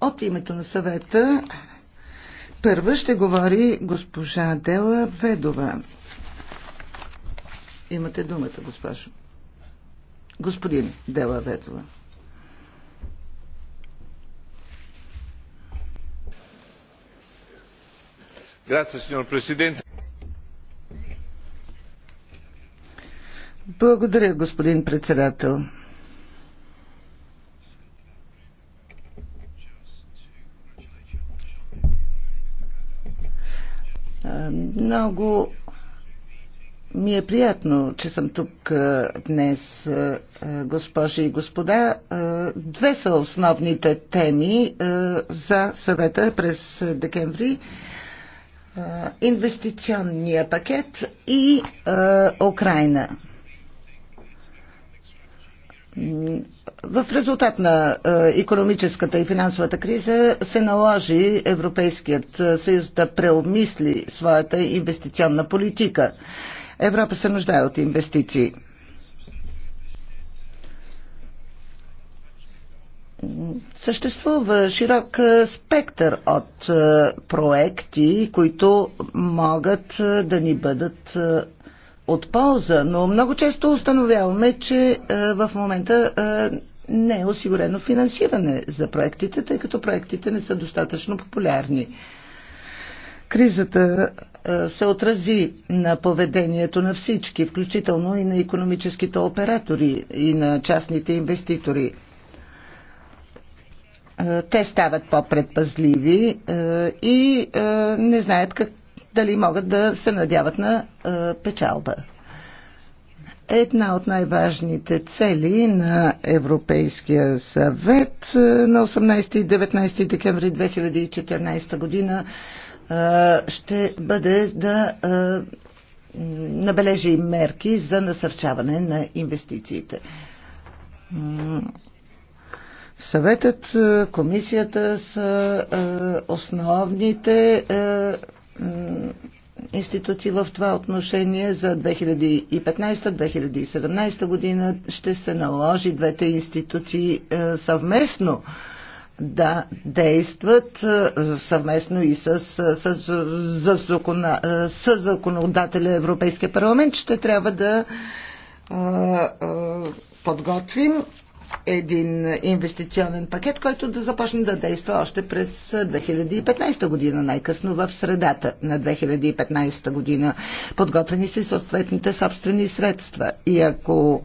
От името на съвета първа ще говори госпожа Дела Ведова. Имате думата, госпожо. Господин Дела Ведова. Грация, сеньор президент. Благодаря, господин председател. Много ми е приятно, че съм тук днес, госпожи и господа. Две са основните теми за съвета през декември. Инвестиционния пакет и Украина. В резултат на економическата и финансовата криза се наложи Европейският е, съюз да преобмисли своята инвестиционна политика. Европа се нуждае от инвестиции. Съществува широк е, спектър от е, проекти, които могат да ни бъдат от полза, но много често установяваме, че е, в момента е, не е осигурено финансиране за проектите, тъй като проектите не са достатъчно популярни. Кризата е, се отрази на поведението на всички, включително и на економическите оператори и на частните инвеститори. Те стават по-предпазливи и не знаят как дали могат да се надяват на печалба. Една от най-важните цели на Европейския съвет на 18 и 19 декември 2014 година ще бъде да набележи мерки за насърчаване на инвестициите. Съветът, комисията са основните институции в това отношение за 2015-2017 година ще се наложи двете институции е, съвместно да действат е, съвместно и с, с, с, с, закона, е, с законодателя Европейския парламент. Ще трябва да подготвим един инвестиционен пакет, който да започне да действа още през 2015 година, най-късно в средата на 2015 година. Подготвени са съответните собствени средства. И ако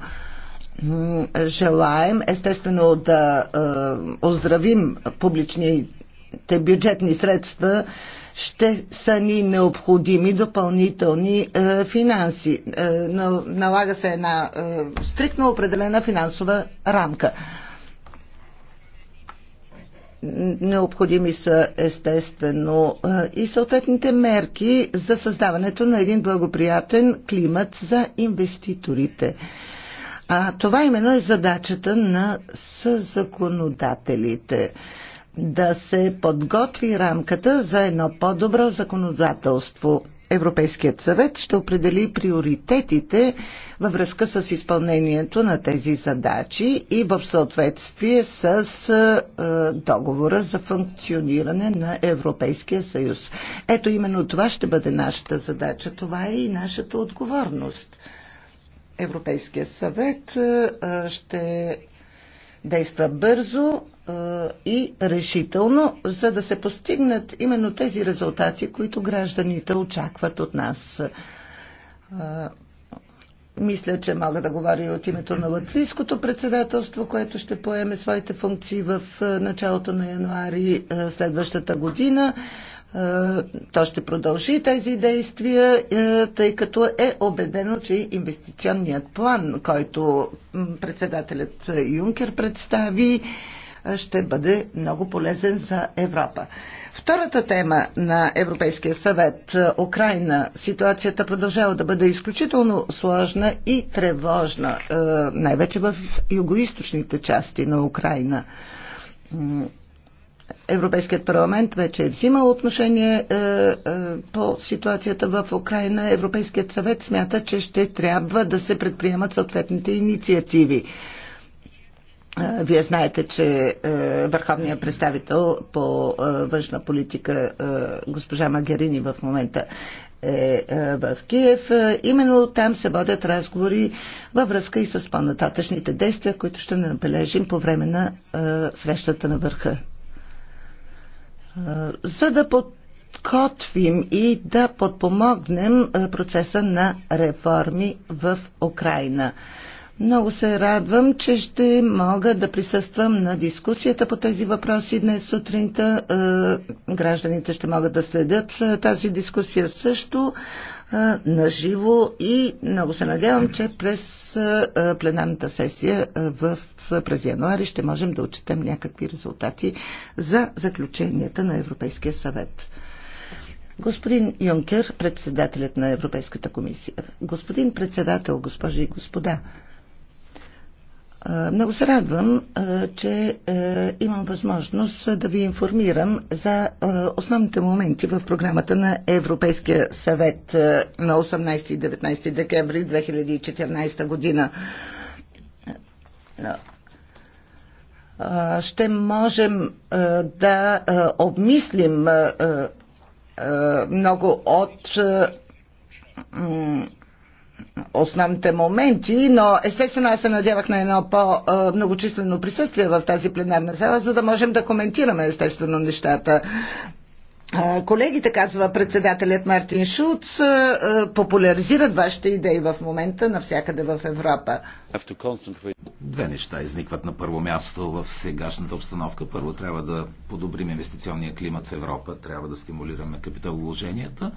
желаем, естествено, да оздравим публичните бюджетни средства, ще са ни необходими допълнителни е, финанси. Е, налага се една е, стрикно определена финансова рамка. Необходими са естествено е, и съответните мерки за създаването на един благоприятен климат за инвеститорите. А това именно е задачата на съзаконодателите. законодателите да се подготви рамката за едно по-добро законодателство. Европейският съвет ще определи приоритетите във връзка с изпълнението на тези задачи и в съответствие с е, договора за функциониране на Европейския съюз. Ето именно това ще бъде нашата задача. Това е и нашата отговорност. Европейския съвет е, е, ще действа бързо, и решително, за да се постигнат именно тези резултати, които гражданите очакват от нас. Мисля, че мога да говоря и от името на латвийското председателство, което ще поеме своите функции в началото на януари следващата година. То ще продължи тези действия, тъй като е убедено, че инвестиционният план, който председателят Юнкер представи, ще бъде много полезен за Европа. Втората тема на Европейския съвет е, – Украина. Ситуацията продължава да бъде изключително сложна и тревожна, е, най-вече в югоисточните части на Украина. Европейският парламент вече е взимал отношение е, по ситуацията в Украина. Европейският съвет смята, че ще трябва да се предприемат съответните инициативи. Вие знаете, че е, върховният представител по е, външна политика е, госпожа Магерини в момента е в Киев. Именно там се водят разговори във връзка и с по-нататъчните действия, които ще набележим по време на срещата на върха. За да подкотвим и да подпомогнем процеса на реформи в Украина. Много се радвам, че ще мога да присъствам на дискусията по тези въпроси днес сутринта. Е, гражданите ще могат да следят е, тази дискусия също е, наживо и много се надявам, че през пленарната сесия в през януари ще можем да отчетем някакви резултати за заключенията на Европейския съвет. Господин Юнкер, председателят на Европейската комисия. Господин председател, госпожи и господа, много се радвам, че имам възможност да ви информирам за основните моменти в програмата на Европейския съвет на 18 и 19 декември 2014 година. Ще можем да обмислим много от основните моменти, но естествено аз се надявах на едно по-многочислено присъствие в тази пленарна зала, за да можем да коментираме естествено нещата. Колегите, казва председателят Мартин Шулц, популяризират вашите идеи в момента навсякъде в Европа. Две неща изникват на първо място в сегашната обстановка. Първо трябва да подобрим инвестиционния климат в Европа, трябва да стимулираме капиталовложенията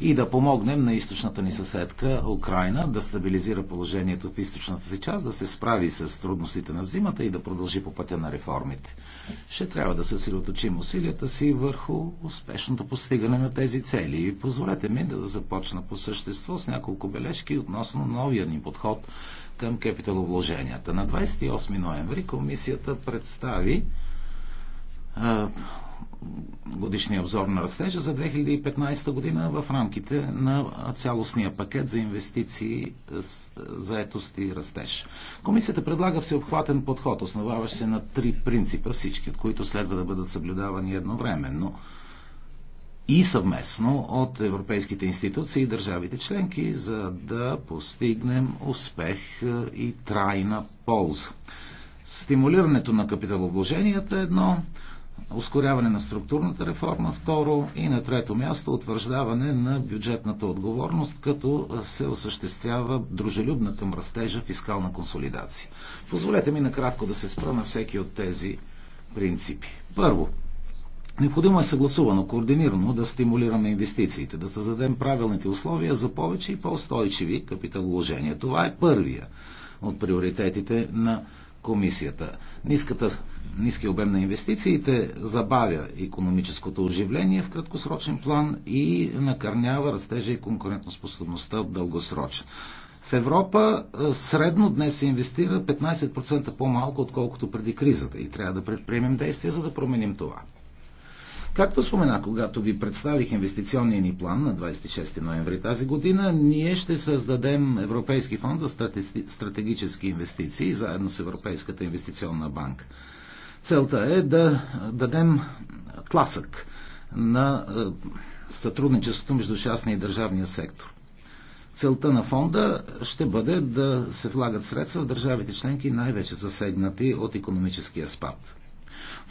и да помогнем на източната ни съседка Украина да стабилизира положението в източната си част, да се справи с трудностите на зимата и да продължи по пътя на реформите. Ще трябва да съсредоточим усилията си върху успешното постигане на тези цели. И позволете ми да започна по същество с няколко бележки относно новия ни подход към капиталовложенията. На 28 ноември комисията представи годишния обзор на растежа за 2015 година в рамките на цялостния пакет за инвестиции, заетост и растеж. Комисията предлага всеобхватен подход, основаващ се на три принципа, всички от които следва да бъдат съблюдавани едновременно и съвместно от европейските институции и държавите членки, за да постигнем успех е, и трайна полза. Стимулирането на капиталовложенията е едно, ускоряване на структурната реформа, второ и на трето място утвърждаване на бюджетната отговорност, като се осъществява дружелюбна към растежа фискална консолидация. Позволете ми накратко да се спра на всеки от тези принципи. Първо, Необходимо е съгласувано, координирано да стимулираме инвестициите, да създадем правилните условия за повече и по-устойчиви капиталовложения. Това е първия от приоритетите на комисията. Ниската, ниския обем на инвестициите забавя економическото оживление в краткосрочен план и накърнява растежа и конкурентоспособността в дългосрочен. В Европа е, средно днес се инвестира 15% по-малко, отколкото преди кризата и трябва да предприемем действия, за да променим това. Както спомена, когато ви представих инвестиционния ни план на 26 ноември тази година, ние ще създадем Европейски фонд за стратегически инвестиции заедно с Европейската инвестиционна банка. Целта е да дадем тласък на е, сътрудничеството между частния и държавния сектор. Целта на фонда ще бъде да се влагат средства в държавите членки, най-вече засегнати от економическия спад.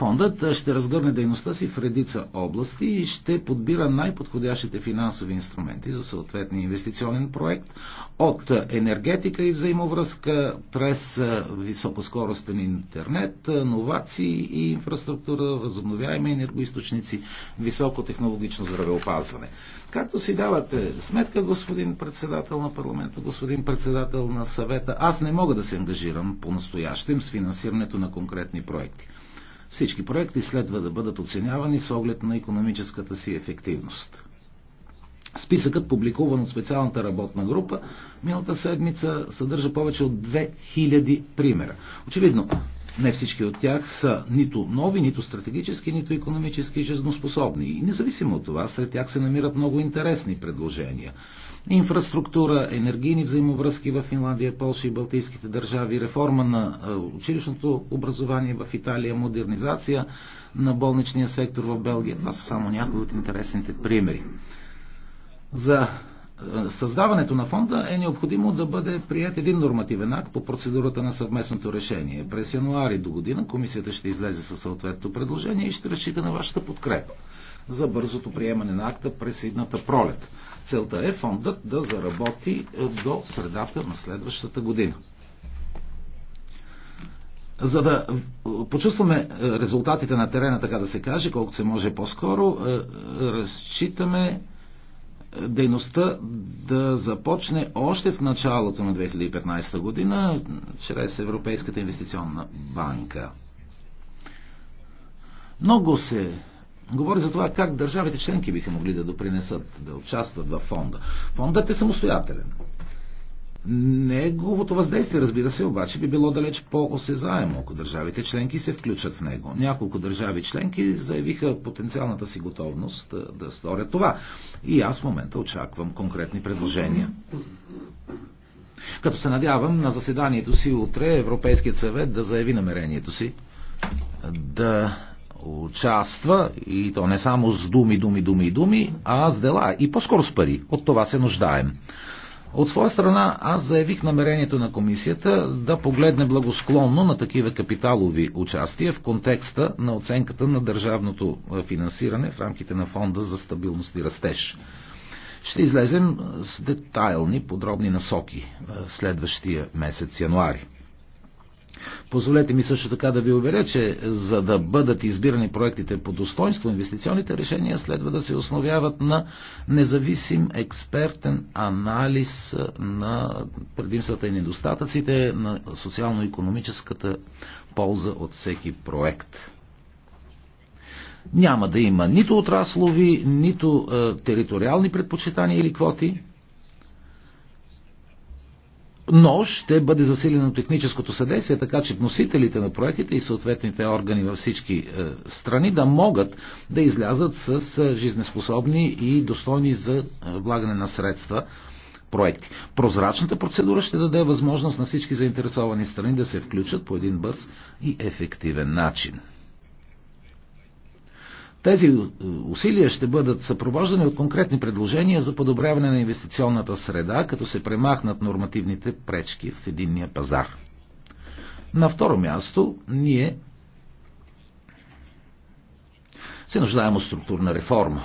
Фондът ще разгърне дейността си в редица области и ще подбира най-подходящите финансови инструменти за съответния инвестиционен проект от енергетика и взаимовръзка през високоскоростен интернет, новации и инфраструктура, възобновяеми енергоисточници, високотехнологично здравеопазване. Както си давате сметка, господин председател на парламента, господин председател на съвета, аз не мога да се ангажирам по-настоящем с финансирането на конкретни проекти. Всички проекти следва да бъдат оценявани с оглед на економическата си ефективност. Списъкът, публикуван от специалната работна група, миналата седмица съдържа повече от 2000 примера. Очевидно, не всички от тях са нито нови, нито стратегически, нито економически жизнеспособни. И независимо от това, сред тях се намират много интересни предложения инфраструктура, енергийни взаимовръзки в Финландия, Польша и Балтийските държави, реформа на е, училищното образование в Италия, модернизация на болничния сектор в Белгия. Това са само някои от интересните примери. За е, създаването на фонда е необходимо да бъде прият един нормативен акт по процедурата на съвместното решение. През януари до година комисията ще излезе със съответното предложение и ще разчита на вашата подкрепа за бързото приемане на акта през едната пролет. Целта е фондът да заработи е, до средата на следващата година. За да е, почувстваме е, резултатите на терена, така да се каже, колкото се може по-скоро, разчитаме дейността да започне още в началото на 2015 година чрез Европейската инвестиционна банка. Много се Говори за това как държавите членки биха могли да допринесат, да участват в фонда. Фондът е самостоятелен. Неговото въздействие, разбира се, обаче би било далеч по-осезаемо, ако държавите членки се включат в него. Няколко държави членки заявиха потенциалната си готовност да, да сторят това. И аз в момента очаквам конкретни предложения. Като се надявам на заседанието си утре Европейският съвет да заяви намерението си да участва и то не само с думи, думи, думи, думи, а с дела и по-скоро с пари. От това се нуждаем. От своя страна аз заявих намерението на комисията да погледне благосклонно на такива капиталови участия в контекста на оценката на държавното е, финансиране в рамките на Фонда за стабилност и растеж. Ще излезем с детайлни подробни насоки е, следващия месец януари. Позволете ми също така да ви уверя, че за да бъдат избирани проектите по достоинство, инвестиционните решения следва да се основяват на независим експертен анализ на предимствата и недостатъците на социално-економическата полза от всеки проект няма да има нито отраслови, нито е, териториални предпочитания или квоти но ще бъде засилено техническото съдействие, така че вносителите на проектите и съответните органи във всички е, страни да могат да излязат с е, жизнеспособни и достойни за е, влагане на средства проекти. Прозрачната процедура ще даде възможност на всички заинтересовани страни да се включат по един бърз и ефективен начин. Тези е, усилия ще бъдат съпровождани от конкретни предложения за подобряване на инвестиционната среда, като се премахнат нормативните пречки в единния пазар. На второ място, ние се нуждаем от структурна реформа.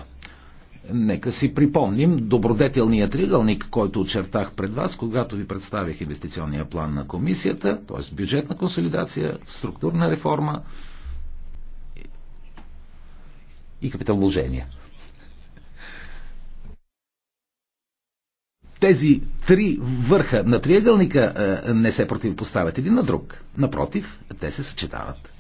Нека си припомним добродетелният тригълник, който очертах пред вас, когато ви представих инвестиционния план на комисията, т.е. бюджетна консолидация, структурна реформа и капиталовложения. Тези три върха на триъгълника е, не се противопоставят един на друг. Напротив, те се съчетават.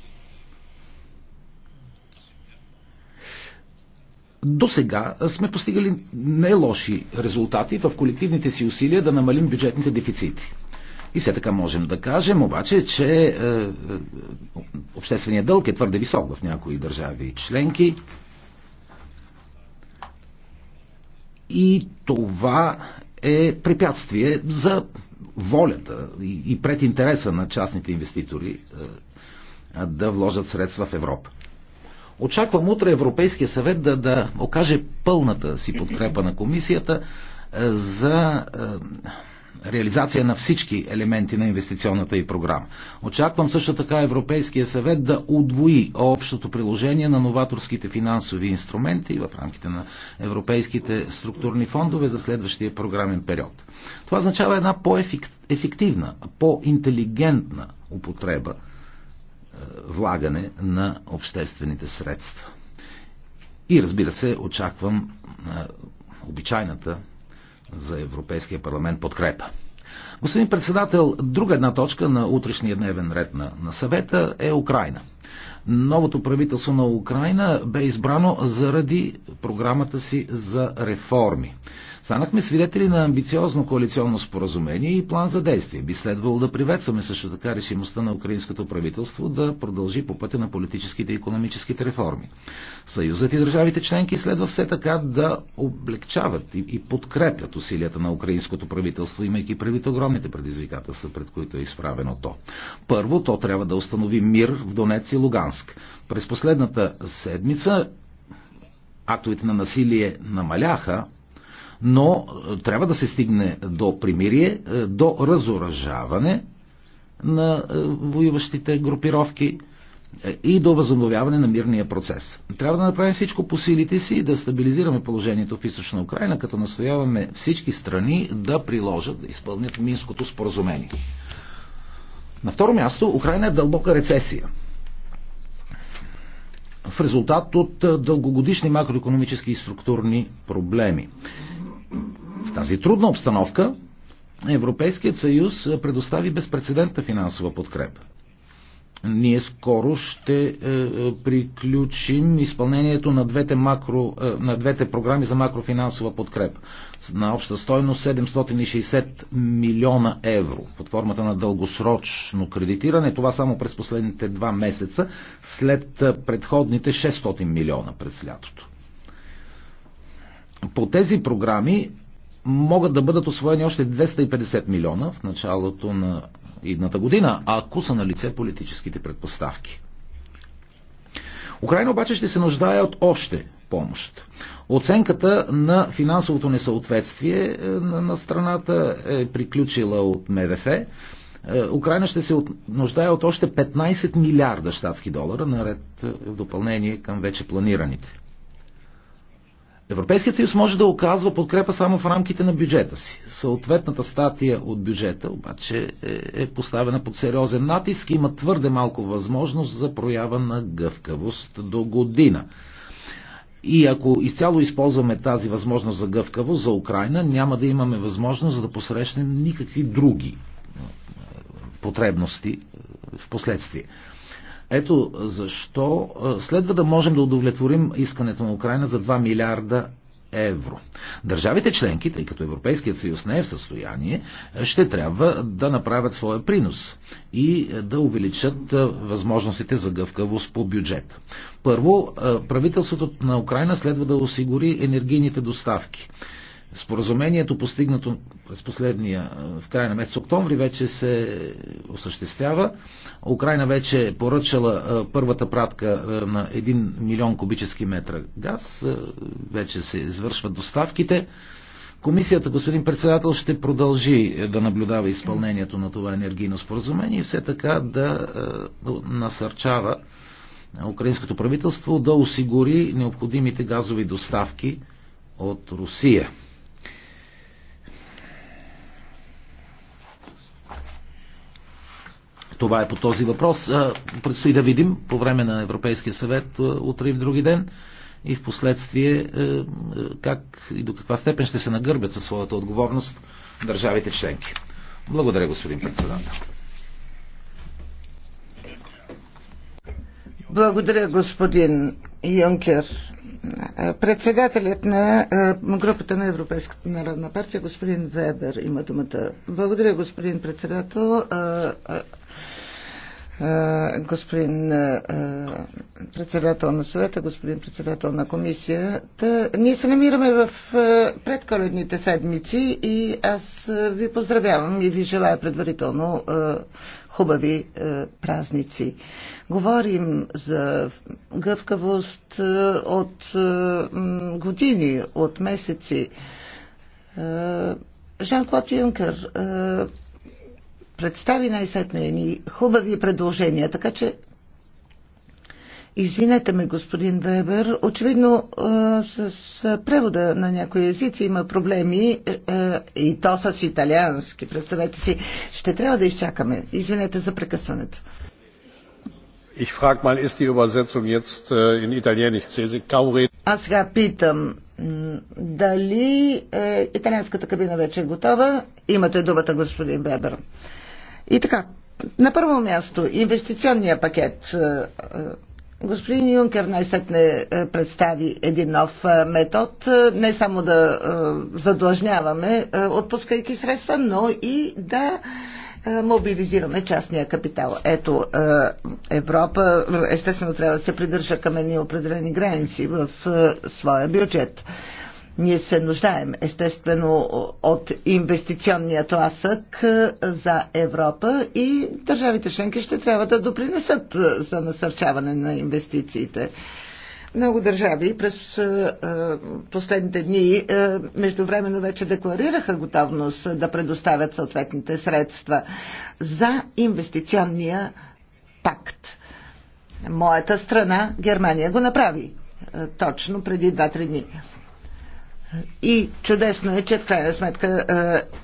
До сега сме постигали не лоши резултати в колективните си усилия да намалим бюджетните дефицити. И все така можем да кажем обаче, че е, е, обществения дълг е твърде висок в някои държави членки. и това е препятствие за волята и пред интереса на частните инвеститори е, да вложат средства в Европа. Очаквам утре Европейския съвет да, да окаже пълната си подкрепа на комисията е, за е, реализация на всички елементи на инвестиционната и програма. Очаквам също така Европейския съвет да удвои общото приложение на новаторските финансови инструменти в рамките на европейските структурни фондове за следващия програмен период. Това означава една по-ефективна, по-интелигентна употреба, е, влагане на обществените средства. И разбира се, очаквам е, обичайната за Европейския парламент подкрепа. Господин председател, друга една точка на утрешния дневен ред на, на съвета е Украина. Новото правителство на Украина бе избрано заради програмата си за реформи. Станахме свидетели на амбициозно коалиционно споразумение и план за действие. Би следвало да приветстваме също така решимостта на украинското правителство да продължи по пътя на политическите и економическите реформи. Съюзът и държавите членки следва все така да облегчават и подкрепят усилията на украинското правителство, имайки предвид огромните предизвикателства, пред които е изправено то. Първо, то трябва да установи мир в Донец и Луганск. През последната седмица актовете на насилие намаляха, но е, трябва да се стигне до примирие, е, до разоръжаване на е, воюващите групировки и до възобновяване на мирния процес. Трябва да направим всичко по силите си и да стабилизираме положението в източна Украина, като настояваме всички страни да приложат, да изпълнят Минското споразумение. На второ място, Украина е в дълбока рецесия. В резултат от дългогодишни макроекономически и структурни проблеми. В тази трудна обстановка Европейският съюз предостави безпредседентна финансова подкрепа. Ние скоро ще е, е, приключим изпълнението на двете, макро, е, на двете програми за макрофинансова подкрепа на обща стойност 760 милиона евро под формата на дългосрочно кредитиране. Това само през последните два месеца след е, предходните 600 милиона през лятото по тези програми могат да бъдат освоени още 250 милиона в началото на идната година, ако са на лице политическите предпоставки. Украина обаче ще се нуждае от още помощ. Оценката на финансовото несъответствие е, на страната е приключила от МВФ. Е, Украина ще се нуждае от още 15 милиарда щатски долара, наред е, в допълнение към вече планираните. Европейският съюз може да оказва подкрепа само в рамките на бюджета си. Съответната статия от бюджета обаче е, е поставена под сериозен натиск и има твърде малко възможност за проява на гъвкавост до година. И ако изцяло използваме тази възможност за гъвкавост за Украина, няма да имаме възможност да посрещнем никакви други е, потребности е, в последствие. Ето защо следва да можем да удовлетворим искането на Украина за 2 милиарда евро. Държавите членки, тъй като Европейският съюз не е в състояние, ще трябва да направят своя принос и да увеличат възможностите за гъвкавост по бюджет. Първо, правителството на Украина следва да осигури енергийните доставки. Споразумението, постигнато през последния, в края на месец октомври, вече се осъществява. Украина вече е поръчала първата пратка на 1 милион кубически метра газ. Вече се извършват доставките. Комисията, господин председател, ще продължи да наблюдава изпълнението на това енергийно споразумение и все така да насърчава украинското правителство да осигури необходимите газови доставки от Русия. Това е по този въпрос. Предстои да видим по време на Европейския съвет утре и в други ден и в последствие е, е, как и до каква степен ще се нагърбят със своята отговорност държавите членки. Благодаря, господин председател. Благодаря, господин Юнкер. Председателят на е, групата на Европейската народна партия, господин Вебер, има думата. Благодаря, господин председател господин председател на съвета, господин председател на комисията. Ние се намираме в предколедните седмици и аз ви поздравявам и ви желая предварително хубави празници. Говорим за гъвкавост от години, от месеци. Жан-Клод Юнкер представи най-сетне едни хубави предложения. Така че, извинете ме, господин Вебер, очевидно е, с превода на някои езици има проблеми е, е, и то с италиански. Представете си, ще трябва да изчакаме. Извинете за прекъсването. Ich frage mal, ist die Übersetzung jetzt äh, in Italienisch? Sie kaum reden. Аз сега питам, дали е, италианската кабина вече е готова? Имате думата, господин Бебер. И така, на първо място, инвестиционния пакет. Е, е, господин Юнкер най-сетне е, представи един нов метод, не само да задлъжняваме, отпускайки средства, но и да мобилизираме частния капитал. Ето, Европа естествено трябва да се придържа към едни определени граници в своя бюджет. Ние се нуждаем естествено от инвестиционния тласък е, за Европа и държавите членки ще трябва да допринесат е, за насърчаване на инвестициите. Много държави през е, последните дни междувременно вече декларираха готовност да предоставят съответните средства за инвестиционния пакт. Моята страна, Германия, го направи точно преди 2-3 дни. И чудесно е, че в крайна сметка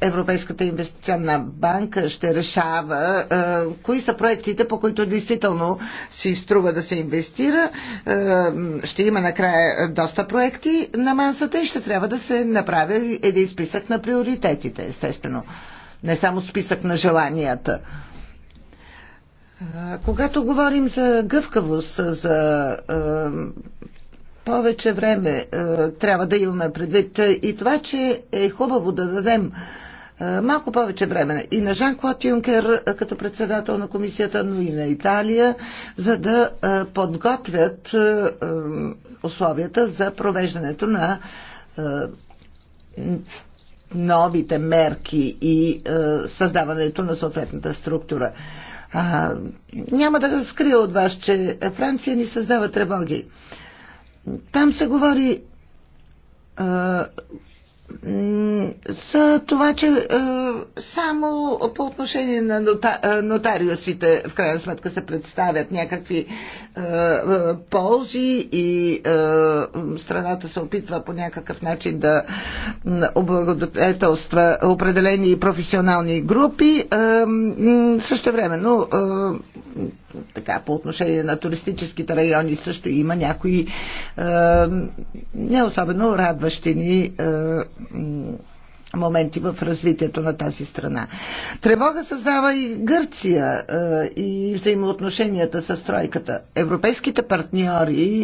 е, Европейската инвестиционна банка ще решава е, кои са проектите, по които действително си струва да се инвестира. Е, ще има накрая доста проекти на масата и ще трябва да се направи един списък на приоритетите, естествено. Не само списък на желанията. Когато говорим за гъвкавост, за повече време. Е, трябва да имаме предвид и това, че е хубаво да дадем е, малко повече време и на Жан-Клод Юнкер е, като председател на комисията, но и на Италия, за да подготвят условията за провеждането на новите мерки и създаването на съответната структура. А, няма да скрия от вас, че Франция ни създава тревоги. Там се говори а, за това, че а, само по отношение на нота, нотариусите в крайна сметка се представят някакви а, ползи и а, страната се опитва по някакъв начин да облагодетелства определени професионални групи. А, също време, но а, така, по отношение на туристическите райони също има някои е, не особено радващи ни е, моменти в развитието на тази страна. Тревога създава и Гърция е, и взаимоотношенията с тройката. Европейските партньори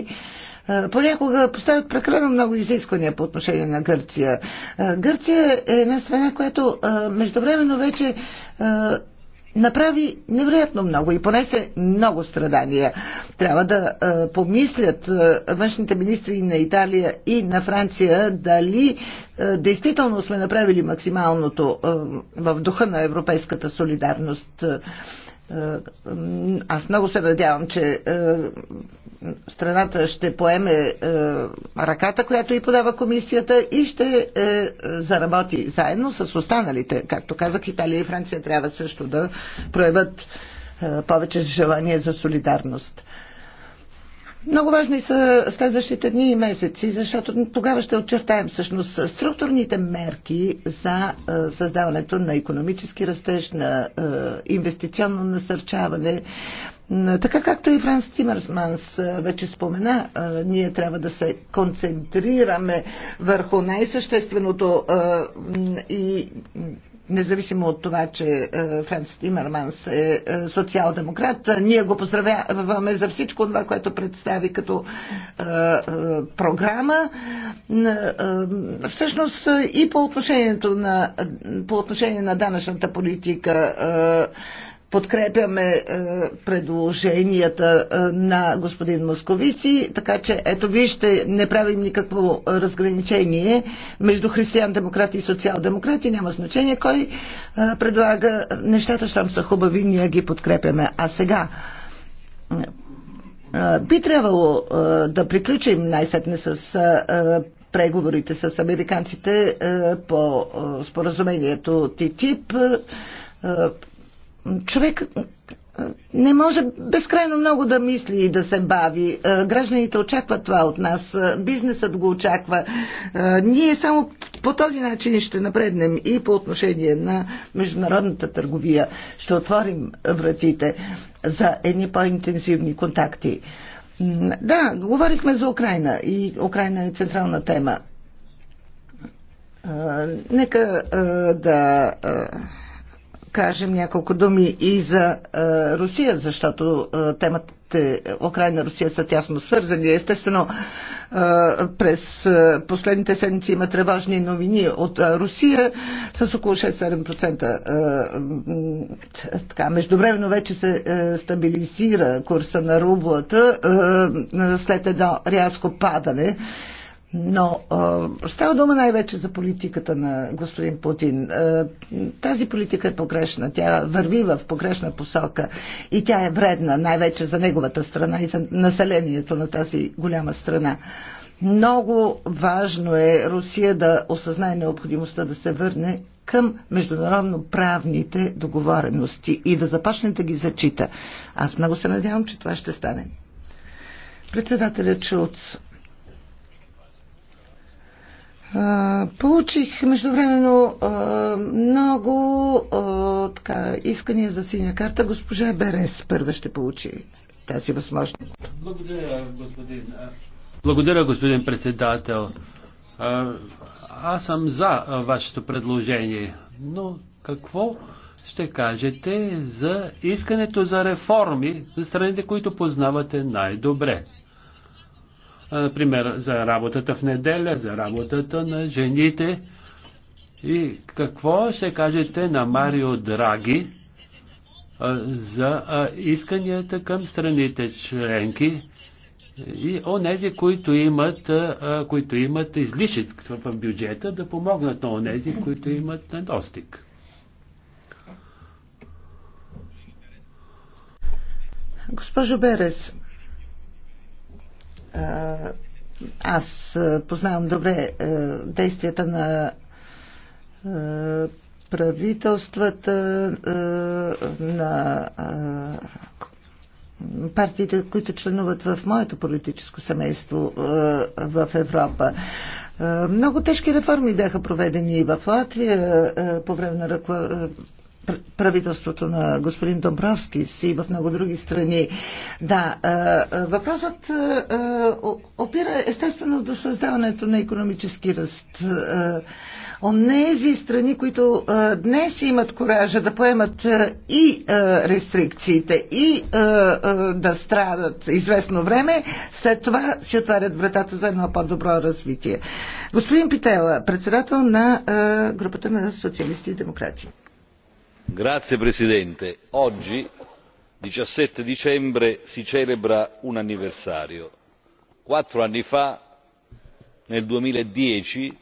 е, понякога поставят прекалено много изисквания по отношение на Гърция. Е, Гърция е една страна, която е, междувременно вече направи невероятно много и понесе много страдания. Трябва да а, е, помислят а, е, външните министри на Италия и на Франция дали а, е, действително сме направили максималното а, в духа на европейската солидарност. Е, аз много се надявам, че е, страната ще поеме е, ръката, която и подава комисията и ще заработи заедно с останалите. Както казах, Италия и Франция трябва също да проявят повече желание за солидарност. Много важни са следващите дни и месеци, защото тогава ще очертаем всъщност структурните мерки за създаването на економически растеж, на инвестиционно насърчаване. Така както и Франс Тимърсманс вече спомена, ние трябва да се концентрираме върху най-същественото и независимо от това, че е, Франц Тимерманс е, е социал-демократ, ние го поздравяваме за всичко това, което представи като е, програма. Всъщност и по, отношението на, по отношение на данъчната политика подкрепяме е, предложенията е, на господин Московици, така че ето вижте, не правим никакво разграничение между християн-демократи и социал-демократи, няма значение кой е, предлага нещата, щом са хубави, ние ги подкрепяме. А сега е, би трябвало е, да приключим най-сетне с е, е преговорите с американците е, по е, споразумението ТИТИП човек не може безкрайно много да мисли и да се бави. Е, гражданите очакват това от нас, е, бизнесът го очаква. Е, ние само по този начин ще напреднем и по отношение на международната търговия. Ще отворим вратите за едни по-интенсивни контакти. Да, говорихме за Украина и Украина е централна тема. Нека да кажем няколко думи и за а, е, Русия, защото а, е, темата е, Украина и Русия са тясно свързани. Естествено, през последните седмици има тревожни новини от Русия с около 6-7%. междувременно вече се стабилизира курса на рублата след едно рязко падане но а, става дума най-вече за политиката на господин Путин. А, тази политика е погрешна. Тя върви в погрешна посока и тя е вредна най-вече за неговата страна и за населението на тази голяма страна. Много важно е Русия да осъзнае необходимостта да се върне към международно правните договорености и да започне да ги зачита. Аз много се надявам, че това ще стане. Председателят Шулц Получих междувременно много така, искания за синя карта. Госпожа Берес първа ще получи тази възможност. Благодаря, господин. Благодаря, господин председател. Аз съм за вашето предложение, но какво ще кажете за искането за реформи за страните, които познавате най-добре? например, за работата в неделя, за работата на жените. И какво ще кажете на Марио Драги за исканията към страните членки и онези, които имат, които имат излишит в бюджета, да помогнат на онези, които имат недостиг? Госпожо Берес, аз познавам добре действията на правителствата, на партиите, които членуват в моето политическо семейство в Европа. Много тежки реформи бяха проведени и в Латвия по време на правителството на господин Домбровски си в много други страни. Да, въпросът опира естествено до създаването на економически ръст. Онези страни, които днес имат коража да поемат и рестрикциите, и да страдат известно време, след това си отварят вратата за едно по-добро развитие. Господин Питела, председател на групата на социалисти и демократи signor presidente onorevoli colleghi oggi diciassette dicembre si celebra un anniversario. quattro anni fa nel duemiladieci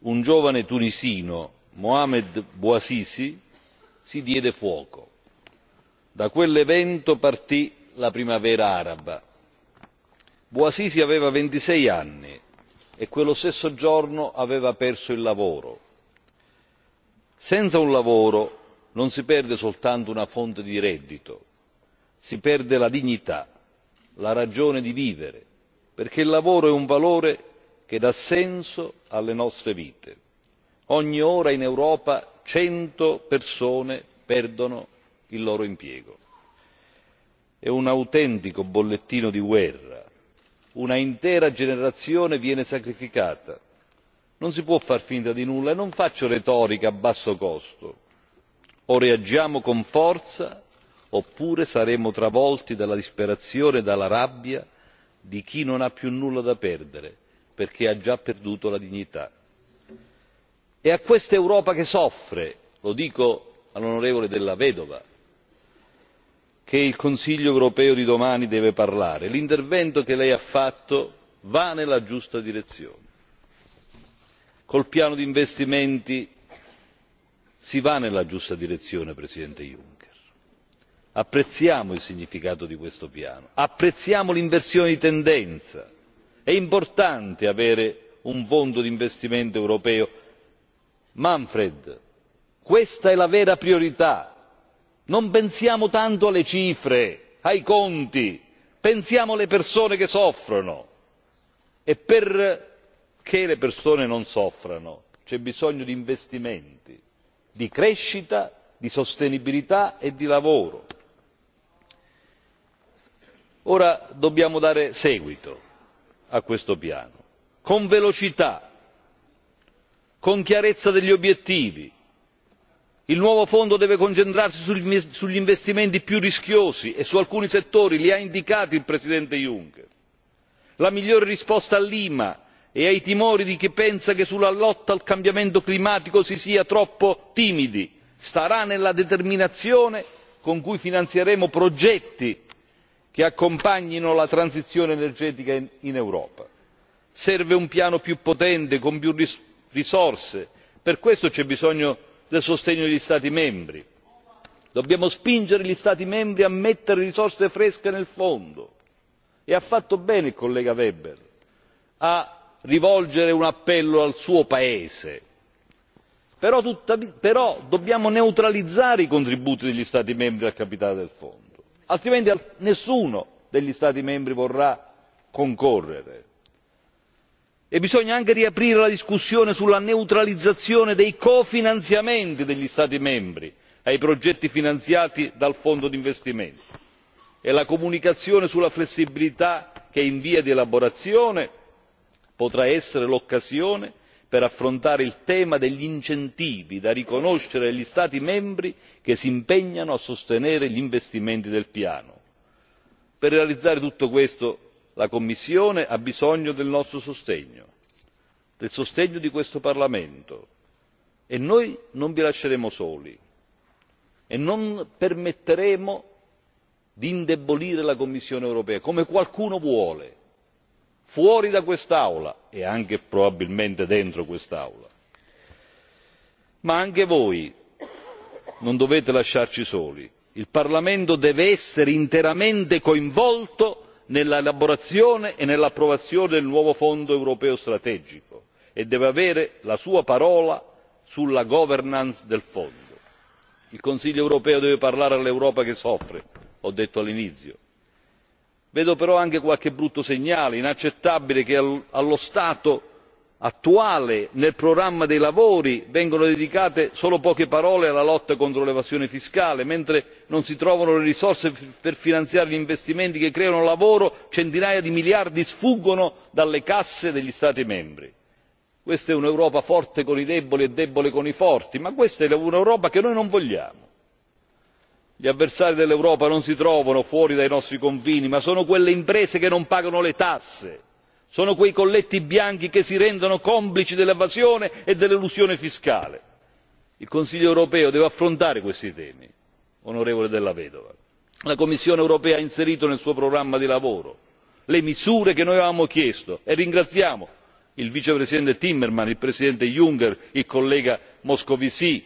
un giovane tunisino mohamed bouazizi si diede fuoco. da quell'evento partì la primavera araba. bouazizi aveva ventisei anni e quello stesso giorno aveva perso il lavoro. senza un lavoro non si perde soltanto una fonte di reddito si perde la dignità la ragione di vivere perché il lavoro è un valore che dà senso alle nostre vite. ogni ora in europa cento persone perdono il loro impiego. è un autentico bollettino di guerra un'intera generazione viene sacrificata. non si può far finta di nulla e non faccio retorica a basso costo o reagiamo con forza oppure saremo travolti dalla disperazione e dalla rabbia di chi non ha più nulla da perdere perché ha già perduto la dignità. è a questa europa che soffre lo dico all'onorevole della vedova che il consiglio europeo di domani deve parlare. l'intervento che lei ha fatto va nella giusta direzione col piano di investimenti si va nella giusta direzione presidente juncker apprezziamo il significato di questo piano apprezziamo l'inversione di tendenza è importante avere un fondo di investimento europeo. manfred questa è la vera priorità non pensiamo tanto alle cifre ai conti pensiamo alle persone che soffrono e perché le persone non soffrano c'è bisogno di investimenti di crescita di sostenibilità e di lavoro. ora dobbiamo dare seguito a questo piano con velocità con chiarezza degli obiettivi. il nuovo fondo deve concentrarsi sugli investimenti più rischiosi e su alcuni settori li ha indicati il presidente juncker. la migliore risposta a lima e ai timori di chi pensa che sulla lotta al cambiamento climatico si sia troppo timidi starà nella determinazione con cui finanzieremo progetti che accompagnino la transizione energetica in europa. serve un piano più potente con più risorse per questo c'è bisogno del sostegno degli stati membri. dobbiamo spingere gli stati membri a mettere risorse fresche nel fondo e ha fatto bene il collega weber rivolgere un appello al suo paese però dobbiamo neutralizzare i contributi degli stati membri al capitale del fondo altrimenti nessuno degli stati membri vorrà concorrere e bisogna anche riaprire la discussione sulla neutralizzazione dei cofinanziamenti degli stati membri ai progetti finanziati dal fondo di investimento e la comunicazione sulla flessibilità che è in via di elaborazione potrà essere l'occasione per affrontare il tema degli incentivi da riconoscere agli stati membri che si impegnano a sostenere gli investimenti del piano. per realizzare tutto questo la commissione ha bisogno del nostro sostegno del sostegno di questo parlamento e noi non vi lasceremo soli e non permetteremo di indebolire la commissione europea come qualcuno vuole fuori da quest'aula e anche probabilmente dentro quest'aula ma anche voi non dovete lasciarci soli il parlamento deve essere interamente coinvolto nell'elaborazione e nell'approvazione del nuovo fondo europeo strategico e deve avere la sua parola sulla governance del fondo. il consiglio europeo deve parlare all'europa che soffre ho detto all'inizio vedo però anche qualche brutto segnale inaccettabile che allo stato attuale nel programma dei lavori vengano dedicate solo poche parole alla lotta contro l'evasione fiscale mentre non si trovano le risorse per finanziare gli investimenti che creano lavoro centinaia di miliardi sfuggono dalle casse degli stati membri. questa è un'europa forte con i deboli e debole con i forti ma questa è un'europa che noi non vogliamo gli avversari dell'europa non si trovano fuori dai nostri confini ma sono quelle imprese che non pagano le tasse sono quei colletti bianchi che si rendono complici dell'evasione e dell'elusione fiscale. il consiglio europeo deve affrontare questi temi onorevole della vedova. la commissione europea ha inserito nel suo programma di lavoro le misure che noi avevamo chiesto e ringraziamo il vicepresidente timmermans il presidente juncker il collega moscovici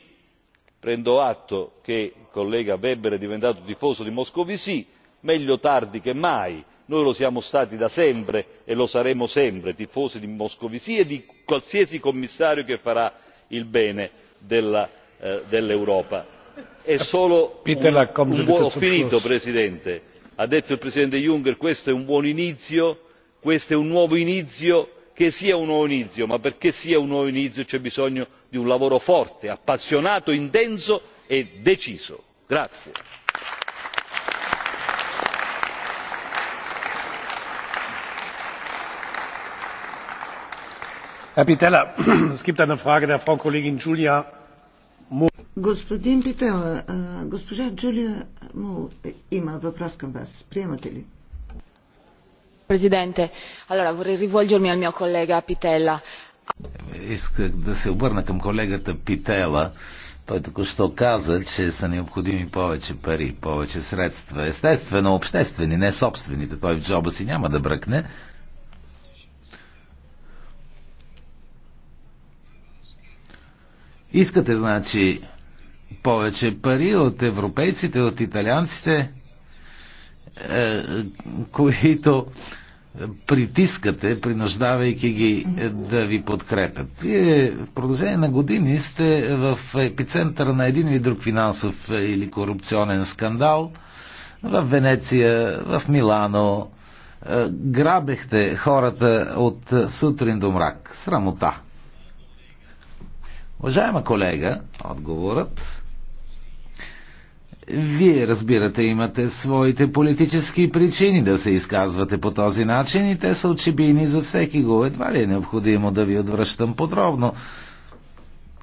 prendo atto che il collega weber è diventato tifoso di moscovici meglio tardi che mai noi lo siamo stati da sempre e lo saremo sempre tifosi di moscovici e di qualsiasi commissario che farà il bene dell'europa. ho finito presidente ha detto il presidente juncker questo è un buon inizio questo è un nuovo inizio che sia un nuovo inizio ma perché sia un nuovo inizio c'è bisogno di un lavoro forte appassionato intenso e deciso. господин presidente vorrei rivolgermi al mio collega pittella Исках да се обърна към колегата Питела. Той току-що каза, че са необходими повече пари, повече средства. Естествено, обществени, не собствените. Той в джоба си няма да бръкне. Искате, значи, повече пари от европейците, от италианците, е, които притискате, принуждавайки ги е, да ви подкрепят. Вие в продължение на години сте в епицентъра на един или друг финансов е, или корупционен скандал. В Венеция, в Милано. Е, грабехте хората от сутрин до мрак. Срамота. Уважаема колега, отговорът вие, разбирате, имате своите политически причини да се изказвате по този начин и те са очебини за всеки го. Едва ли е необходимо да ви отвръщам подробно.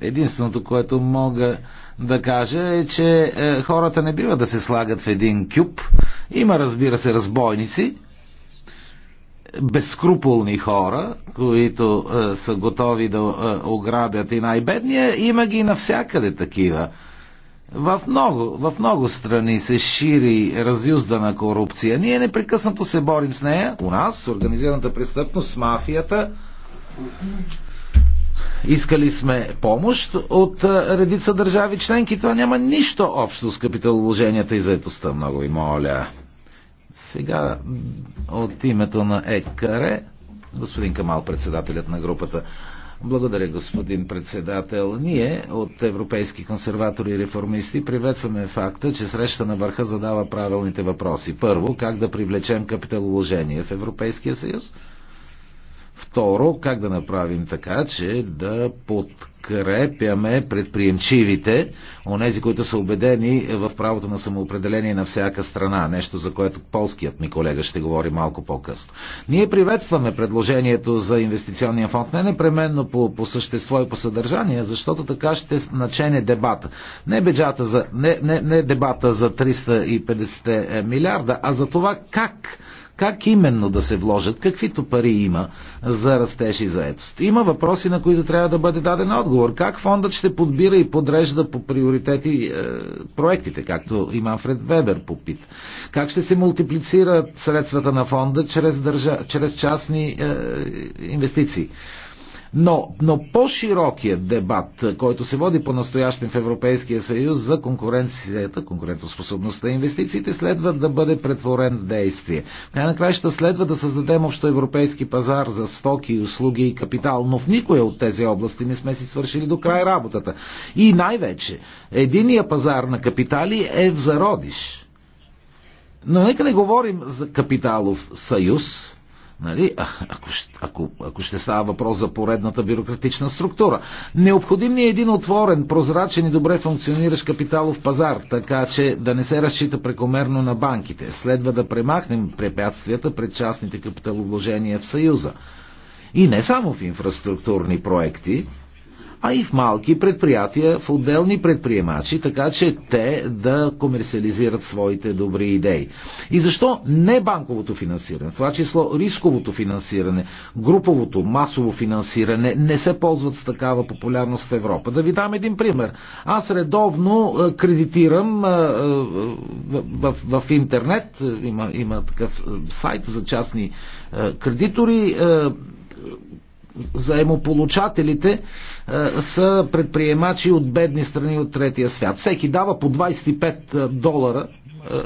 Единственото, което мога да кажа е, че е, хората не бива да се слагат в един кюб. Има, разбира се, разбойници, безкруполни хора, които е, са готови да е, ограбят и най-бедния. Има ги навсякъде такива. В много, в много страни се шири разюздана корупция. Ние непрекъснато се борим с нея. У нас, с организираната престъпност, с мафията. Искали сме помощ от редица държави членки. Това няма нищо общо с капиталовложенията и заедостта. Много ви моля. Сега от името на ЕКАРЕ, господин Камал, председателят на групата. Благодаря, господин председател. Ние от европейски консерватори и реформисти приветстваме факта, че среща на върха задава правилните въпроси. Първо, как да привлечем капиталовложение в Европейския съюз? Второ, как да направим така, че да подкрепим подкрепяме предприемчивите, онези, които са убедени в правото на самоопределение на всяка страна, нещо за което полският ми колега ще говори малко по-късно. Ние приветстваме предложението за инвестиционния фонд, не непременно по, по същество и по съдържание, защото така ще начене дебата. Не, за, не, не, не дебата за 350 е, милиарда, а за това как как именно да се вложат, каквито пари има за растеж и заетост? Има въпроси, на които трябва да бъде даден отговор. Как фондът ще подбира и подрежда по приоритети е, проектите, както и Манфред Вебер попит? Как ще се мултиплицират средствата на фонда чрез, държа, чрез частни е, инвестиции? Но, но по-широкият дебат, който се води по-настоящен в Европейския съюз за конкуренцията, конкурентоспособността и инвестициите, следва да бъде претворен в действие. най на следва да създадем общоевропейски пазар за стоки, услуги и капитал, но в никоя от тези области не сме си свършили до край работата. И най-вече, единия пазар на капитали е в зародиш. Но нека не говорим за капиталов съюз, Нали? Ако, ако, ако ще става въпрос за поредната бюрократична структура. Необходим ни е един отворен, прозрачен и добре функциониращ капиталов пазар, така че да не се разчита прекомерно на банките. Следва да премахнем препятствията пред частните капиталовложения в Съюза. И не само в инфраструктурни проекти, а и в малки предприятия, в отделни предприемачи, така че те да комерциализират своите добри идеи. И защо не банковото финансиране, това число рисковото финансиране, груповото, масово финансиране не се ползват с такава популярност в Европа? Да ви дам един пример. Аз редовно е, кредитирам е, е, в, в, в интернет, има, има такъв сайт за частни кредитори, заемополучателите е, са предприемачи от бедни страни от третия свят. Всеки дава по 25 е, долара е,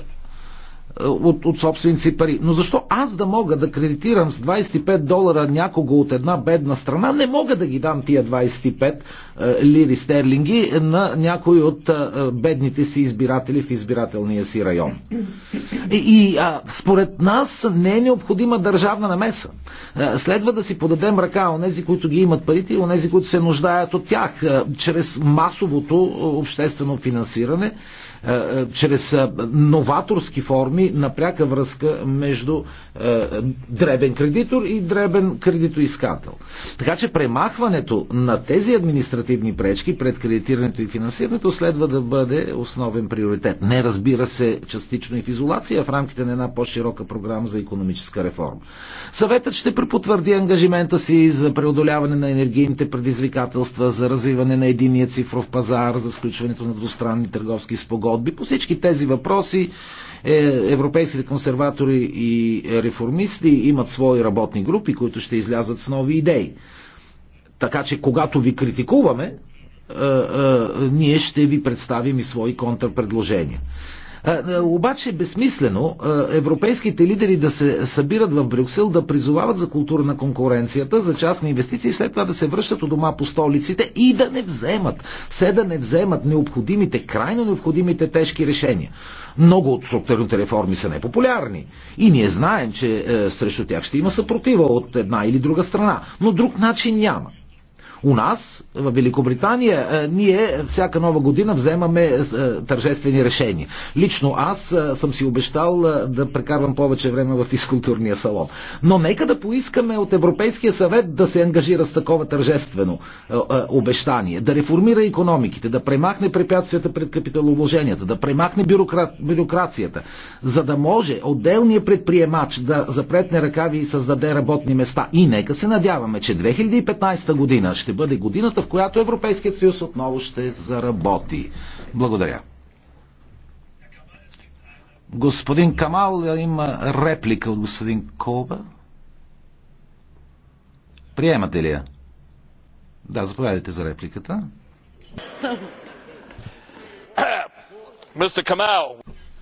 от, от собственици пари. Но защо аз да мога да кредитирам с 25 долара някого от една бедна страна, не мога да ги дам тия 25 е, лири стерлинги на някой от е, бедните си избиратели в избирателния си район. И а, според нас не е необходима държавна намеса. Е, следва да си подадем ръка нези, които ги имат парите и онези, които се нуждаят от тях, чрез масовото обществено финансиране е, е, чрез е, новаторски форми на пряка връзка между дребен кредитор и дребен кредитоискател. Така че премахването на тези административни пречки пред кредитирането и финансирането следва да бъде основен приоритет. Не разбира се частично и в изолация, в рамките на една по-широка програма за економическа реформа. Съветът ще препотвърди ангажимента си за преодоляване на енергийните предизвикателства, за развиване на единия цифров пазар, за сключването на двустранни търговски спогодби спогодби. По всички тези въпроси е, европейските консерватори и реформисти имат свои работни групи, които ще излязат с нови идеи. Така че, когато ви критикуваме, е, е, ние ще ви представим и свои контрпредложения. Обаче безсмислено европейските лидери да се събират в Брюксел, да призовават за култура на конкуренцията, за частни инвестиции, след това да се връщат у дома по столиците и да не вземат, все да не вземат необходимите, крайно необходимите тежки решения. Много от структурните реформи са непопулярни и ние знаем, че е, срещу тях ще има съпротива от една или друга страна, но друг начин няма. У нас, в Великобритания, е, ние всяка нова година вземаме е, тържествени решения. Лично аз е, съм си обещал да прекарвам повече време в физкултурния салон. Но нека да поискаме от Европейския съвет да се ангажира с такова тържествено обещание, да реформира економиките, да премахне препятствията пред капиталовложенията, да премахне бюрокра... бюрокрацията, за да може отделният предприемач да запретне ръкави и създаде работни места. И нека се надяваме, че 2015 година ще ще бъде годината, в която Европейският съюз отново ще заработи. Благодаря. Господин Камал има реплика от господин Коба. Приемате ли я? Да, заповядайте за репликата.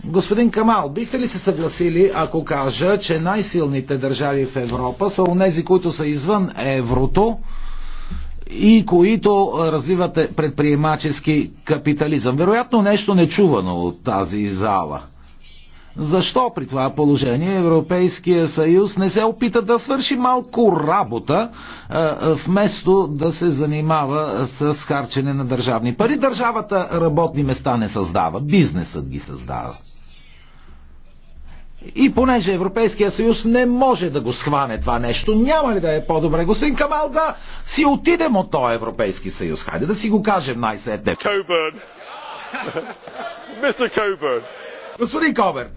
Господин Камал, бихте ли се съгласили, ако кажа, че най-силните държави в Европа са нези, които са извън еврото, и които развиват предприемачески капитализъм. Вероятно нещо нечувано от тази зала. Защо при това положение Европейския съюз не се опита да свърши малко работа, е, вместо да се занимава с харчене на държавни пари? Държавата работни места не създава, бизнесът ги създава. И понеже Европейския съюз не може да го схване това нещо, няма ли да е по-добре, господин Камал, да си отидем от този Европейски съюз? Хайде да си го кажем най-сетне. Кобърн. Мистер Кобърн. Господин Кобърн,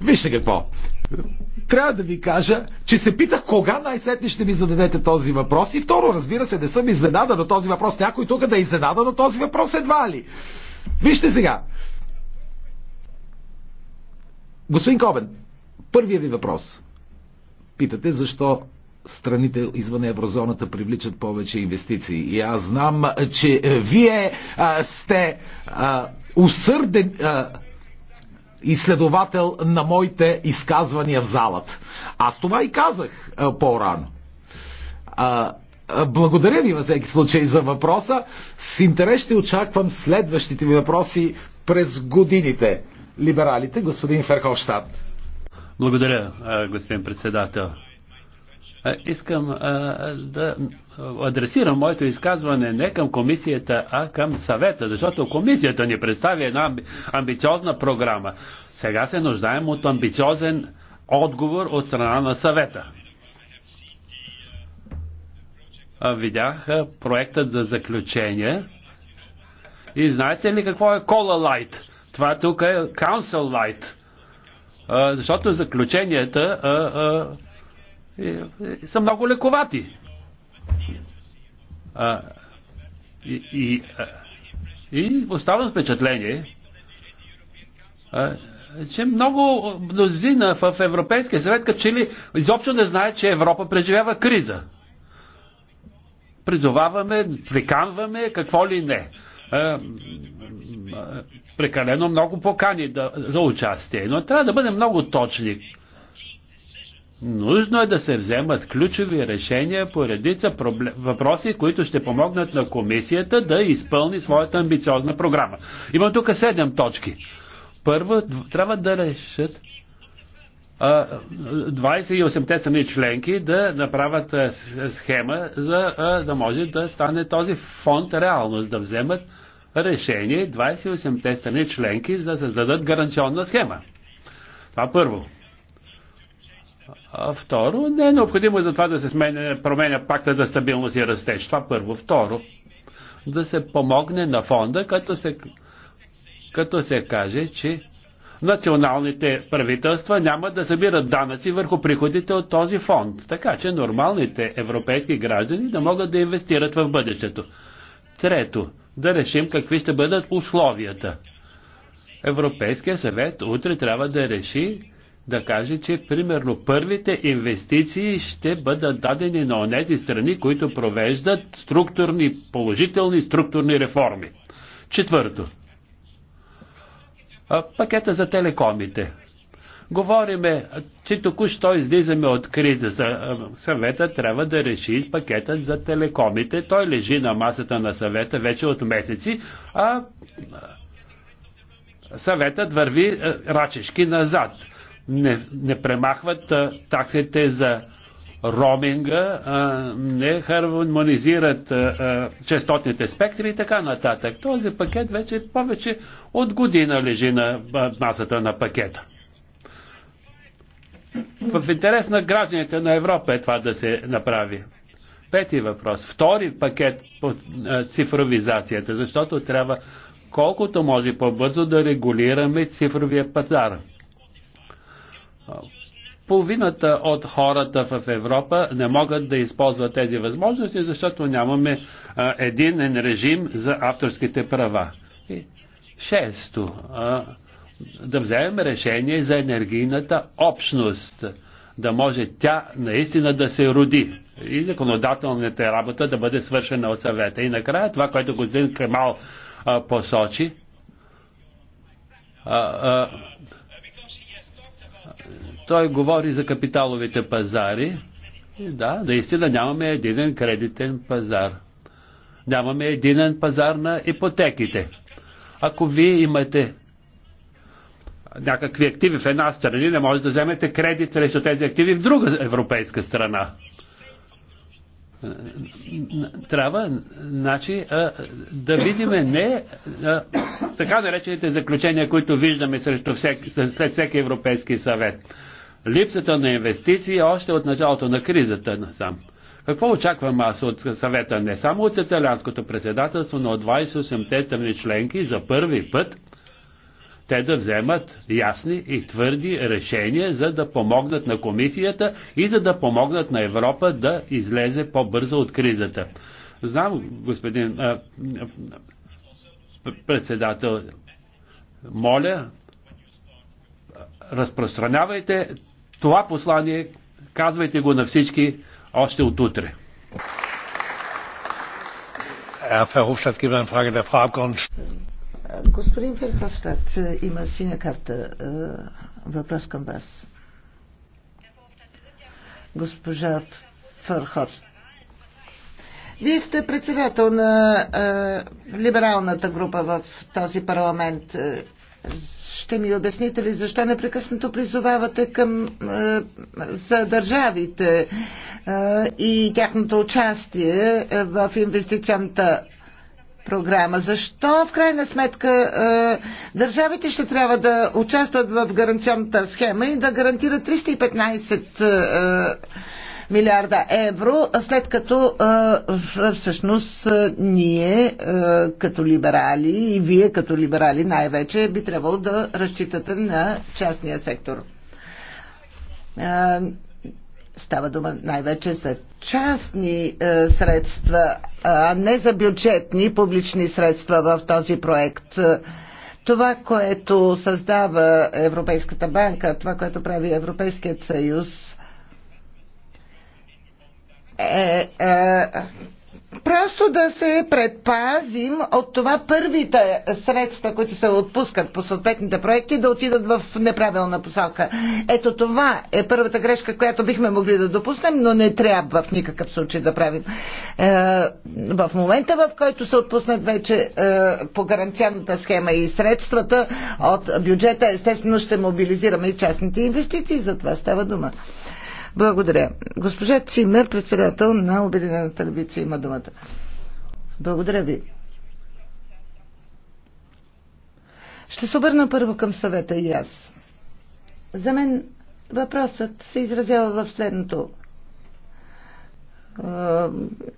вижте какво. Трябва да ви кажа, че се питах кога най-сетне ще ми зададете този въпрос. И второ, разбира се, не съм изненадан от този въпрос. Някой тук да е изненадан от този въпрос едва ли. Вижте сега. Господин Кобен, Първия ви въпрос. Питате защо страните извън еврозоната привличат повече инвестиции. И аз знам, че вие а, сте а, усърден а, изследовател на моите изказвания в залът. Аз това и казах по-рано. Благодаря ви във всеки случай за въпроса. С интерес ще очаквам следващите ви въпроси през годините. Либералите, господин Ферховщад. Благодаря, господин председател. Искам да адресирам моето изказване не към комисията, а към съвета, защото комисията ни представи една амбициозна програма. Сега се нуждаем от амбициозен отговор от страна на съвета. Видях проектът за заключение. И знаете ли какво е Cola Light? Това тук е Council Light – защото заключенията а, а, са много лековати. А, и, и, и оставам впечатление, а, че много мнозина в Европейския съвет, като че ли изобщо не знае, че Европа преживява криза. Призоваваме, приканваме, какво ли не. Е, прекалено много покани да, за участие. Но трябва да бъдем много точни. Нужно е да се вземат ключови решения по редица проблем, въпроси, които ще помогнат на комисията да изпълни своята амбициозна програма. Имам тук седем точки. Първо, трябва да решат 28-те страни членки да направят схема, за да може да стане този фонд реалност, да вземат решение 28-те страни членки за да създадат гаранционна схема. Това първо. А второ, не е необходимо за това да се смене, променя пакта за стабилност и растеж. Това първо. Второ, да се помогне на фонда, като се, като се каже, че националните правителства няма да събират данъци върху приходите от този фонд, така че нормалните европейски граждани да могат да инвестират в бъдещето. Трето, да решим какви ще бъдат условията. Европейския съвет утре трябва да реши да каже, че примерно първите инвестиции ще бъдат дадени на онези страни, които провеждат структурни, положителни структурни реформи. Четвърто, Пакета за телекомите. Говориме, че току-що излизаме от криза. Съвета трябва да реши пакетът за телекомите. Той лежи на масата на съвета вече от месеци, а съветът върви рачешки назад. Не, не премахват таксите за роминга, не хармонизират частотните спектри и така нататък. Този пакет вече повече от година лежи на масата на пакета. В интерес на гражданите на Европа е това да се направи. Пети въпрос. Втори пакет по цифровизацията, защото трябва колкото може по-бързо да регулираме цифровия пазар половината от хората в Европа не могат да използват тези възможности, защото нямаме а, един режим за авторските права. И шесто, а, да вземем решение за енергийната общност, да може тя наистина да се роди и законодателната работа да бъде свършена от съвета. И накрая това, което господин Кремал а, посочи, а, а, той говори за капиталовите пазари. И да, наистина нямаме единен кредитен пазар. Нямаме единен пазар на ипотеките. Ако вие имате някакви активи в една страна, не може да вземете кредит срещу тези активи в друга европейска страна. Трябва, значи, да видим не така наречените заключения, които виждаме срещу всек, след всеки Европейски съвет липсата на инвестиции още от началото на кризата насам. Какво очаквам аз от съвета? Не само от италианското председателство, но от 28-те страни членки за първи път те да вземат ясни и твърди решения, за да помогнат на комисията и за да помогнат на Европа да излезе по-бързо от кризата. Знам, господин а, председател, моля, разпространявайте това послание казвайте го на всички още от утре. Господин Ферховстад, е, има синя карта. Е, въпрос към вас. Госпожа Ферховст. Вие сте председател на е, либералната група в този парламент ще ми обясните ли защо непрекъснато призовавате към, е, за държавите е, и тяхното участие в инвестиционната програма. Защо в крайна сметка е, държавите ще трябва да участват в гаранционната схема и да гарантират 315 е, милиарда евро, след като всъщност ние като либерали и вие като либерали най-вече би трябвало да разчитате на частния сектор. Става дума най-вече за частни е, средства, а не за бюджетни публични средства в този проект. Това, което създава Европейската банка, това, което прави Европейският съюз, е, е просто да се предпазим от това първите средства, които се отпускат по съответните проекти, да отидат в неправилна посока. Ето това е първата грешка, която бихме могли да допуснем, но не трябва в никакъв случай да правим. Е, в момента, в който се отпуснат вече е, по гаранционната схема и средствата от бюджета, естествено ще мобилизираме и частните инвестиции. За това става дума. Благодаря. Госпожа Цимер, председател на Обединената левица, има думата. Благодаря ви. Ще се обърна първо към съвета и аз. За мен въпросът се изразява в следното.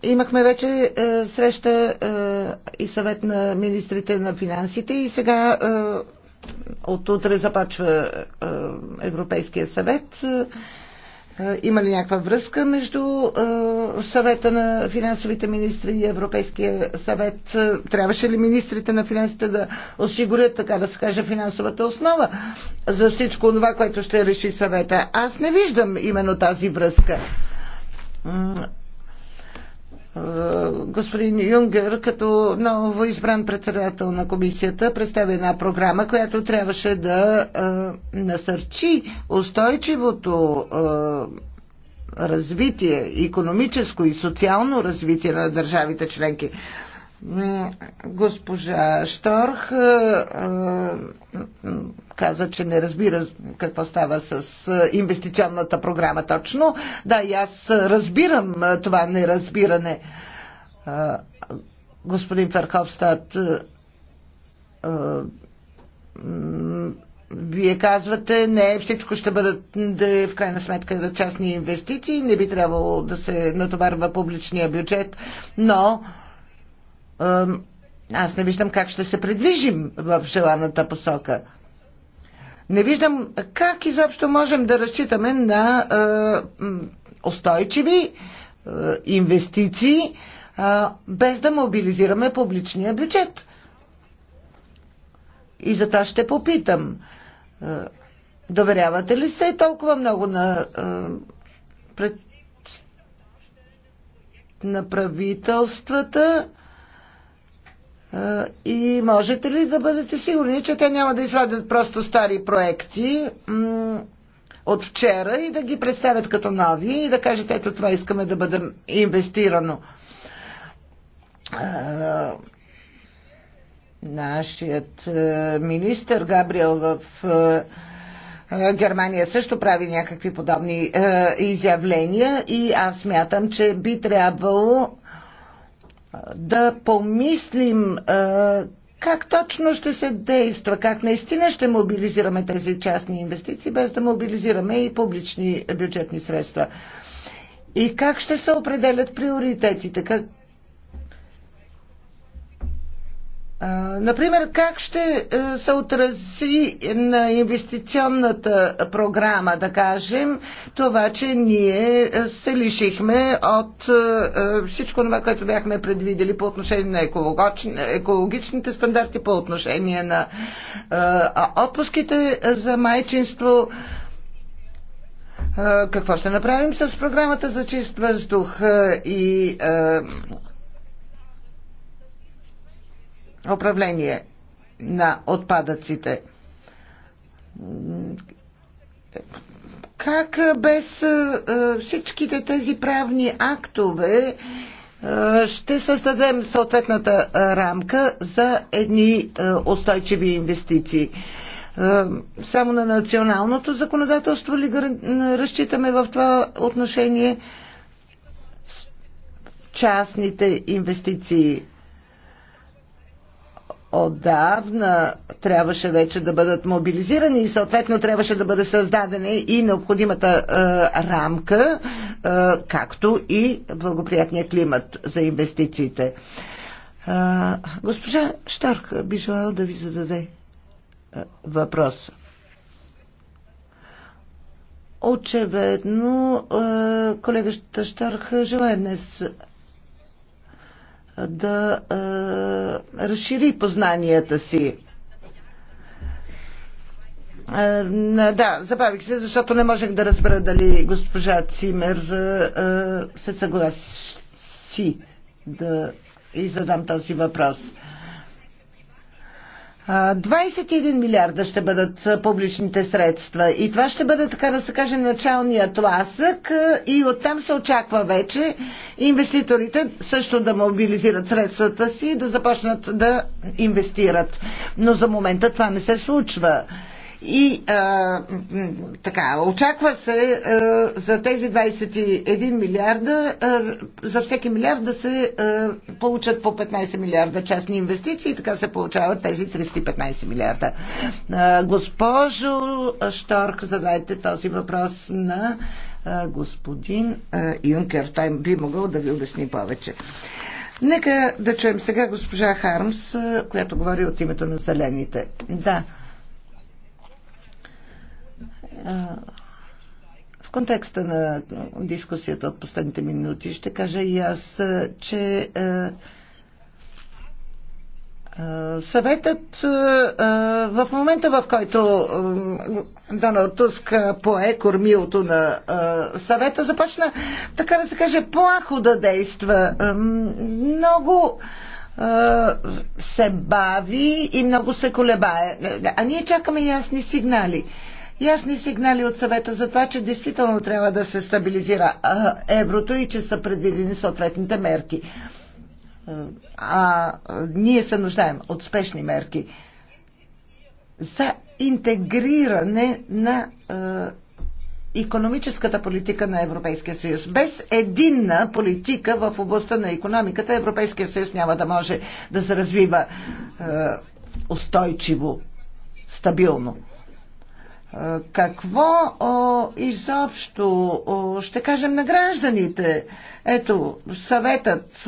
Имахме вече е, среща е, и съвет на министрите на финансите и сега е, от утре започва Европейския съвет. Е, има ли някаква връзка между е, съвета на финансовите министри и Европейския съвет? Е, трябваше ли министрите на финансите да осигурят, така да се каже, финансовата основа за всичко това, което ще реши съвета? Аз не виждам именно тази връзка. Е, господин Юнгер, като ново избран председател на комисията, представи една програма, която трябваше да е, насърчи устойчивото е, развитие, економическо и социално развитие на държавите членки. Госпожа Шторх е, е, каза, че не разбира какво става с е, инвестиционната програма точно. Да, и аз разбирам това неразбиране. Господин Ферховстад, вие казвате, не, всичко ще бъдат да, в крайна сметка за частни инвестиции, не би трябвало да се натоварва публичния бюджет, но аз не виждам как ще се придвижим в желаната посока. Не виждам как изобщо можем да разчитаме на е, устойчиви е, инвестиции, е, без да мобилизираме публичния бюджет. И за това ще попитам. Е, доверявате ли се толкова много на, е, пред, на правителствата? И можете ли да бъдете сигурни, че те няма да извадят просто стари проекти от вчера и да ги представят като нови и да кажат, ето това искаме да бъдем инвестирано. Нашият министр Габриел в Германия също прави някакви подобни изявления и аз мятам, че би трябвало да помислим как точно ще се действа, как наистина ще мобилизираме тези частни инвестиции, без да мобилизираме и публични бюджетни средства. И как ще се определят приоритетите, как, Например, как ще е, се отрази на инвестиционната програма, да кажем, това, че ние е, се лишихме от е, всичко това, което бяхме предвидели по отношение на екологичните стандарти, по отношение на отпуските за майчинство. Какво ще направим с програмата за чист въздух и управление на отпадъците. Как без всичките тези правни актове ще създадем съответната рамка за едни устойчиви инвестиции? Само на националното законодателство ли разчитаме в това отношение? Частните инвестиции отдавна трябваше вече да бъдат мобилизирани и съответно трябваше да бъде създадена и необходимата е, рамка, е, както и благоприятния климат за инвестициите. Е, госпожа Штарк би желала да ви зададе е, въпрос. Очевидно, е, колегата Штарх желая днес да а, разшири познанията си. А, да, забавих се, защото не можех да разбера дали госпожа Цимер а, се съгласи да и задам този въпрос. 21 милиарда ще бъдат публичните средства и това ще бъде, така да се каже, началният ласък и оттам се очаква вече инвеститорите също да мобилизират средствата си и да започнат да инвестират. Но за момента това не се случва. И а, така, очаква се а, за тези 21 милиарда, а, за всеки милиард да се а, получат по 15 милиарда частни инвестиции и така се получават тези 315 милиарда. А, госпожо Шторк, задайте този въпрос на а, господин а, Юнкер. Той би могъл да ви обясни повече. Нека да чуем сега госпожа Хармс, която говори от името на зелените. Да. В контекста на дискусията от последните минути ще кажа и аз, че Съветът в момента, в който Доналд Туск пое кормилото на съвета, започна, така да се каже, плахо да действа. Много се бави и много се колебае. А ние чакаме ясни сигнали ясни сигнали от съвета за това, че действително трябва да се стабилизира еврото и че са предвидени съответните мерки. А ние се нуждаем от спешни мерки за интегриране на економическата политика на Европейския съюз. Без единна политика в областта на економиката Европейския съюз няма да може да се развива е, устойчиво, стабилно какво изобщо ще кажем на гражданите? Ето, съветът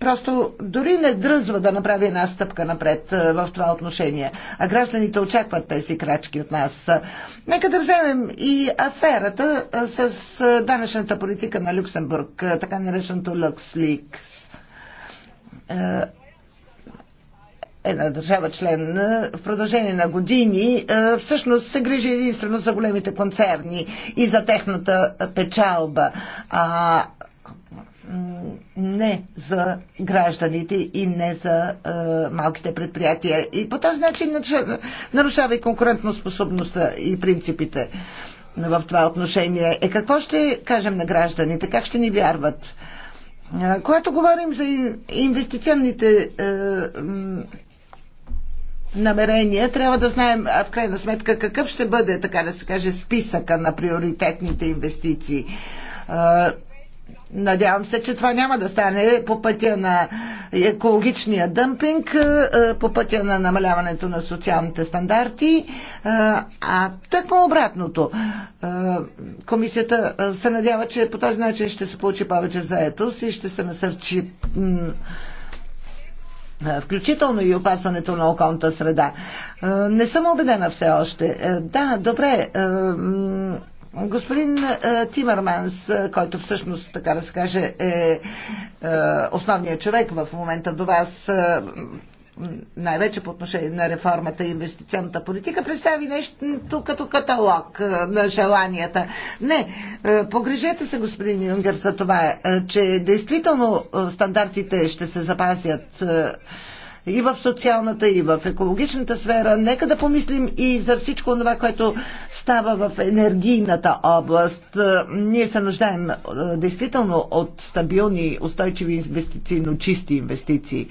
просто дори не дръзва да направи една стъпка напред в това отношение. А гражданите очакват тези крачки от нас. Нека да вземем и аферата с данъчната политика на Люксембург, така нареченото LuxLeaks една държава член в продължение на години всъщност се грижи единствено за големите концерни и за техната печалба, а не за гражданите и не за малките предприятия. И по този начин нарушава и конкурентоспособността и принципите в това отношение. Е какво ще кажем на гражданите? Как ще ни вярват? Когато говорим за инвестиционните намерения, трябва да знаем в крайна сметка какъв ще бъде, така да се каже, списъка на приоритетните инвестиции. Надявам се, че това няма да стане по пътя на екологичния дъмпинг, по пътя на намаляването на социалните стандарти, а тъкмо обратното. Комисията се надява, че по този начин ще се получи повече заетост и ще се насърчи включително и опасването на околната среда. Не съм убедена все още. Да, добре. Господин Тимърманс, който всъщност, така да се каже, е основният човек в момента до вас, най-вече по отношение на реформата и инвестиционната политика, представи нещо като каталог е, на желанията. Не, е, погрежете се, господин Юнгер, за това, е, че действително стандартите ще се запазят и в социалната, и в екологичната сфера. Нека да помислим и за всичко това, което става в енергийната област. Ние се нуждаем действително от стабилни, устойчиви инвестиции, но чисти инвестиции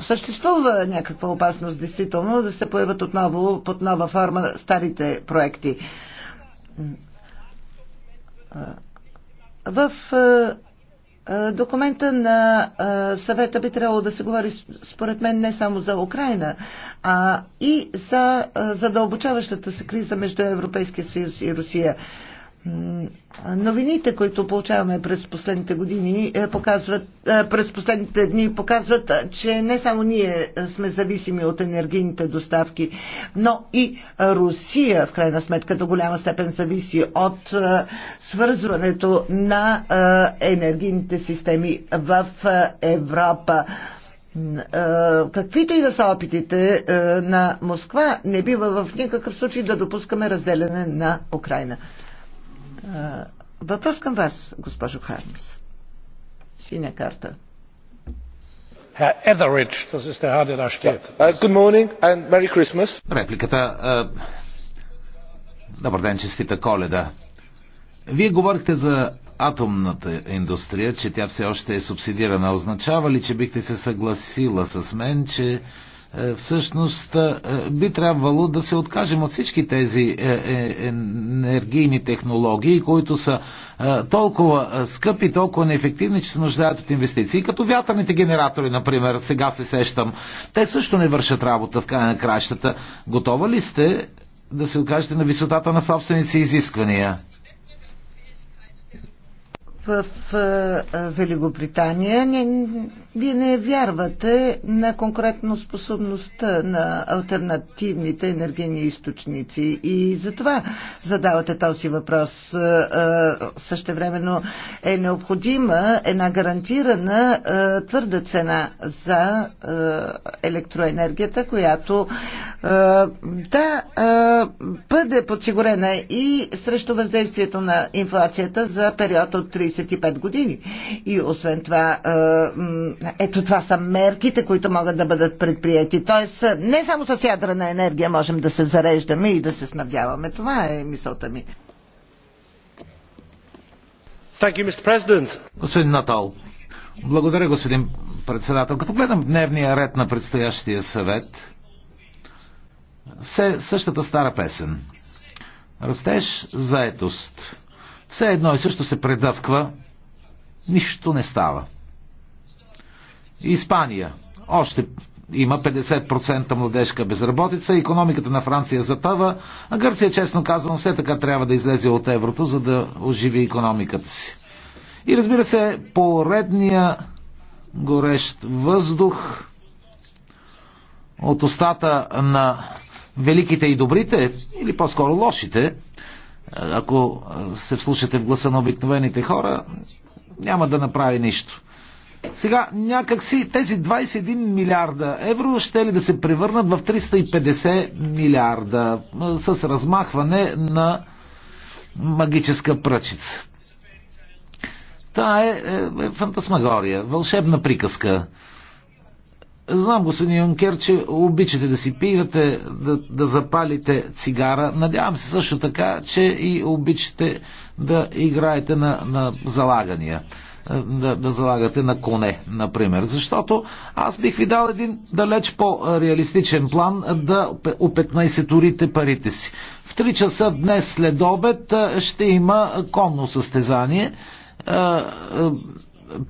съществува някаква опасност, действително, да се появят отново под нова форма старите проекти. В документа на съвета би трябвало да се говори, според мен, не само за Украина, а и за задълбочаващата се криза между Европейския съюз и Русия. Новините, които получаваме през последните години, е, показват, е, през последните дни показват, е, че не само ние сме зависими от енергийните доставки, но и Русия, в крайна сметка, до голяма степен зависи от свързването на енергийните системи в Европа. Каквито и да са опитите на Москва, не бива в никакъв случай да допускаме разделяне на Украина. Въпрос към вас, госпожо Хармс. Синя карта. Etheridge, das ist der Herr, der da steht. Uh, uh, good morning and Merry Christmas. Репликата. Добър ден, честита коледа. Вие говорихте за атомната индустрия, че тя все още е субсидирана. Означава ли, че бихте се съгласила с мен, че е, всъщност е, би трябвало да се откажем от всички тези е, енергийни технологии, които са толкова скъпи, толкова неефективни, че се нуждаят от инвестиции. Като вятърните генератори, например, сега се сещам, те също не вършат работа в края на кращата. Готова ли сте да се окажете на висотата на собственици изисквания? В Великобритания вие не вярвате на конкретно способността на альтернативните енергийни източници и затова задавате този въпрос. Е, е, също времено е необходима една гарантирана е, твърда цена за електроенергията, която да бъде подсигурена и срещу въздействието на инфлацията за период от 35 години. И освен това ето това са мерките, които могат да бъдат предприяти. Тоест, не само с ядрена енергия можем да се зареждаме и да се снабдяваме. Това е мисълта ми. You, господин Натал, благодаря, господин председател. Като гледам дневния ред на предстоящия съвет, все същата стара песен. Растеж, заетост. Все едно и също се предъвква, нищо не става. Испания. Още има 50% младежка безработица, економиката на Франция затава, а Гърция, честно казвам, все така трябва да излезе от еврото, за да оживи економиката си. И разбира се, поредния горещ въздух от устата на великите и добрите, или по-скоро лошите, ако се вслушате в гласа на обикновените хора, няма да направи нищо. Сега някакси тези 21 милиарда евро ще ли да се превърнат в 350 милиарда с размахване на магическа пръчица. Та е, е, е фантасмагория, вълшебна приказка. Знам, господин Юнкер, че обичате да си пивате, да, да запалите цигара. Надявам се също така, че и обичате да играете на, на залагания. Е, да, да залагате на коне, например. Защото аз бих ви дал един далеч по-реалистичен план да опетнайсеторите парите си. В 3 часа днес след обед е, ще има конно състезание. 15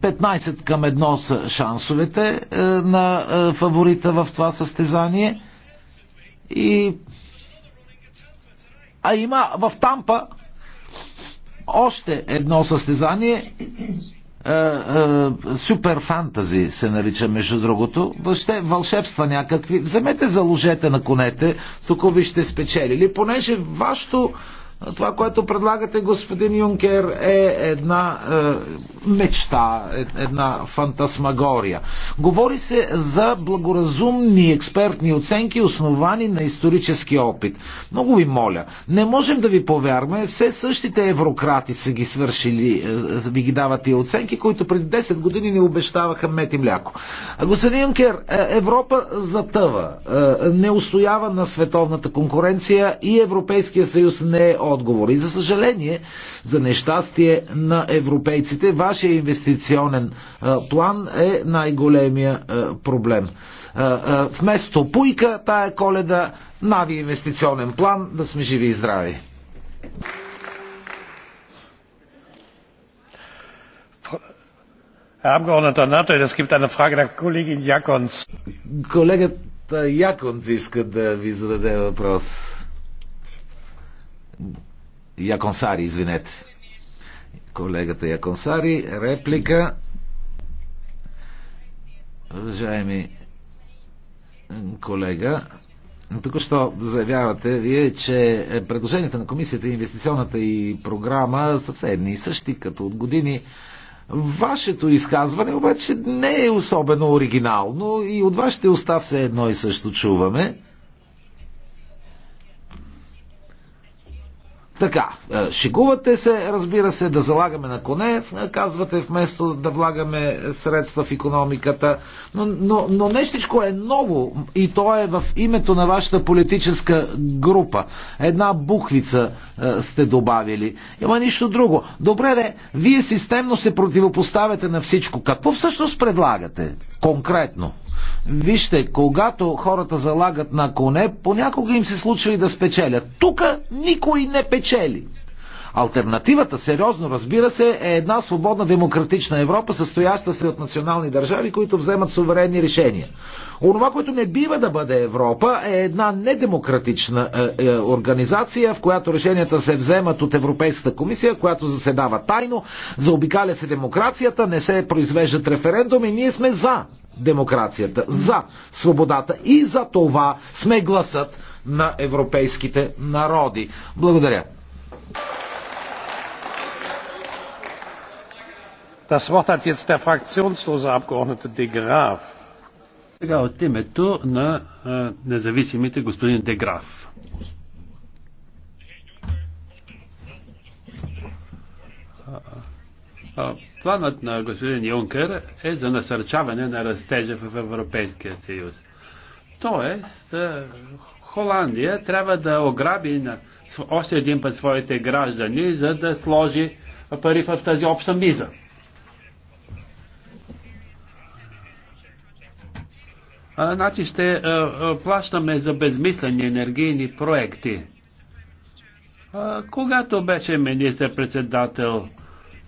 е, към 1 са шансовете на фаворита в това състезание. И... А има в Тампа още едно състезание е, е, супер фантази се нарича, между другото. Въобще вълшебства някакви. Вземете заложете на конете, тук ви ще спечелили, понеже вашето това, което предлагате, господин Юнкер, е една е, мечта, е, една фантасмагория. Говори се за благоразумни експертни оценки, основани на исторически опит. Много ви моля, не можем да ви повярваме, все същите еврократи са ги свършили, е, ви ги дават тия оценки, които преди 10 години ни обещаваха мед и мляко. Господин Юнкер, е, Европа затъва, е, не устоява на световната конкуренция и Европейския съюз не е отговор. И за съжаление, за нещастие на европейците, вашия инвестиционен план е най-големия проблем. Вместо пуйка, тая коледа, нави инвестиционен план, да сме живи и здрави. колегата Яконс иска да ви зададе въпрос. Яконсари, извинете. Колегата Яконсари, реплика. Уважаеми колега, Току-що заявявате вие, че предложенията на комисията и инвестиционната и програма са все едни и същи, като от години. Вашето изказване обаче не е особено оригинално и от вашите уста все едно и също чуваме. Така, е, шегувате се, разбира се, да залагаме на коне, е, казвате, вместо да влагаме средства в економиката. Но, но, но нещичко е ново и то е в името на вашата политическа група. Една буквица е, сте добавили. Има нищо друго. Добре, де, вие системно се противопоставяте на всичко. Какво всъщност предлагате конкретно? Вижте, когато хората залагат на коне, понякога им се случва и да спечелят. Тук никой не печели. Альтернативата, сериозно разбира се, е една свободна демократична Европа, състояща се от национални държави, които вземат суверенни решения. Онова, което не бива да бъде Европа, е една недемократична е, е, организация, в която решенията се вземат от Европейската комисия, която заседава тайно, заобикаля се демокрацията, не се произвеждат референдуми. Ние сме за демокрацията, за свободата и за това сме гласът на европейските народи. Благодаря. Das Wort hat jetzt der fraktionslose Abgeordnete de Graaf. Сега от името на а, независимите господин Деграф. планът на господин Юнкер е за насърчаване на растежа в Европейския съюз. Тоест, Холандия трябва да ограби на, още един път своите граждани, за да сложи пари в тази обща миза. а, значи ще а, е, а, е, плащаме за безмислени енергийни проекти. А, когато беше министър-председател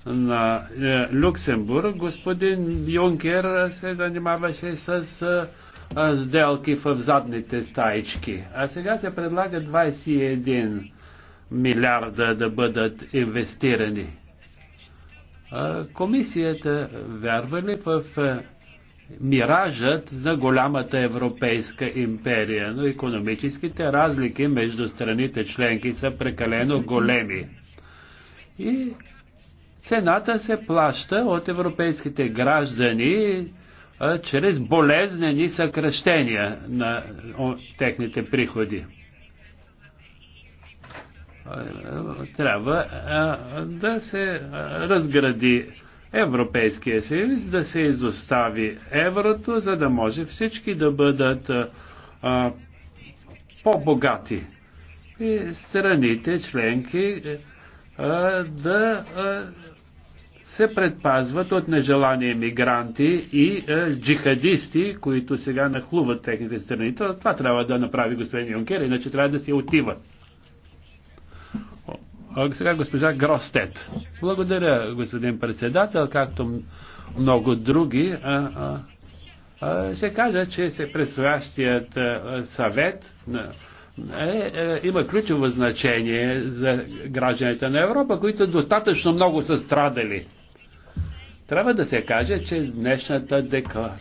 на е, Люксембург, господин Юнкер се занимаваше с е, а, сделки в задните стаички. А сега се предлага 21 милиарда да бъдат инвестирани. А, комисията вярва ли в миражът на голямата европейска империя, но економическите разлики между страните членки са прекалено големи. И цената се плаща от европейските граждани а, чрез болезнени съкръщения на о, техните приходи. А, трябва а, да се разгради Европейския съюз, да се изостави еврото, за да може всички да бъдат по-богати. И страните, членки а, да а, се предпазват от нежелани емигранти и а, джихадисти, които сега нахлуват техните страни. Това трябва да направи господин Юнкер, иначе трябва да си отиват. Сега госпожа Гростет. Благодаря, господин председател, както много други. А, а, а, ще кажа, че се предстоящият съвет е, е, има ключово значение за гражданите на Европа, които достатъчно много са страдали. Трябва да се каже, че днешната декла...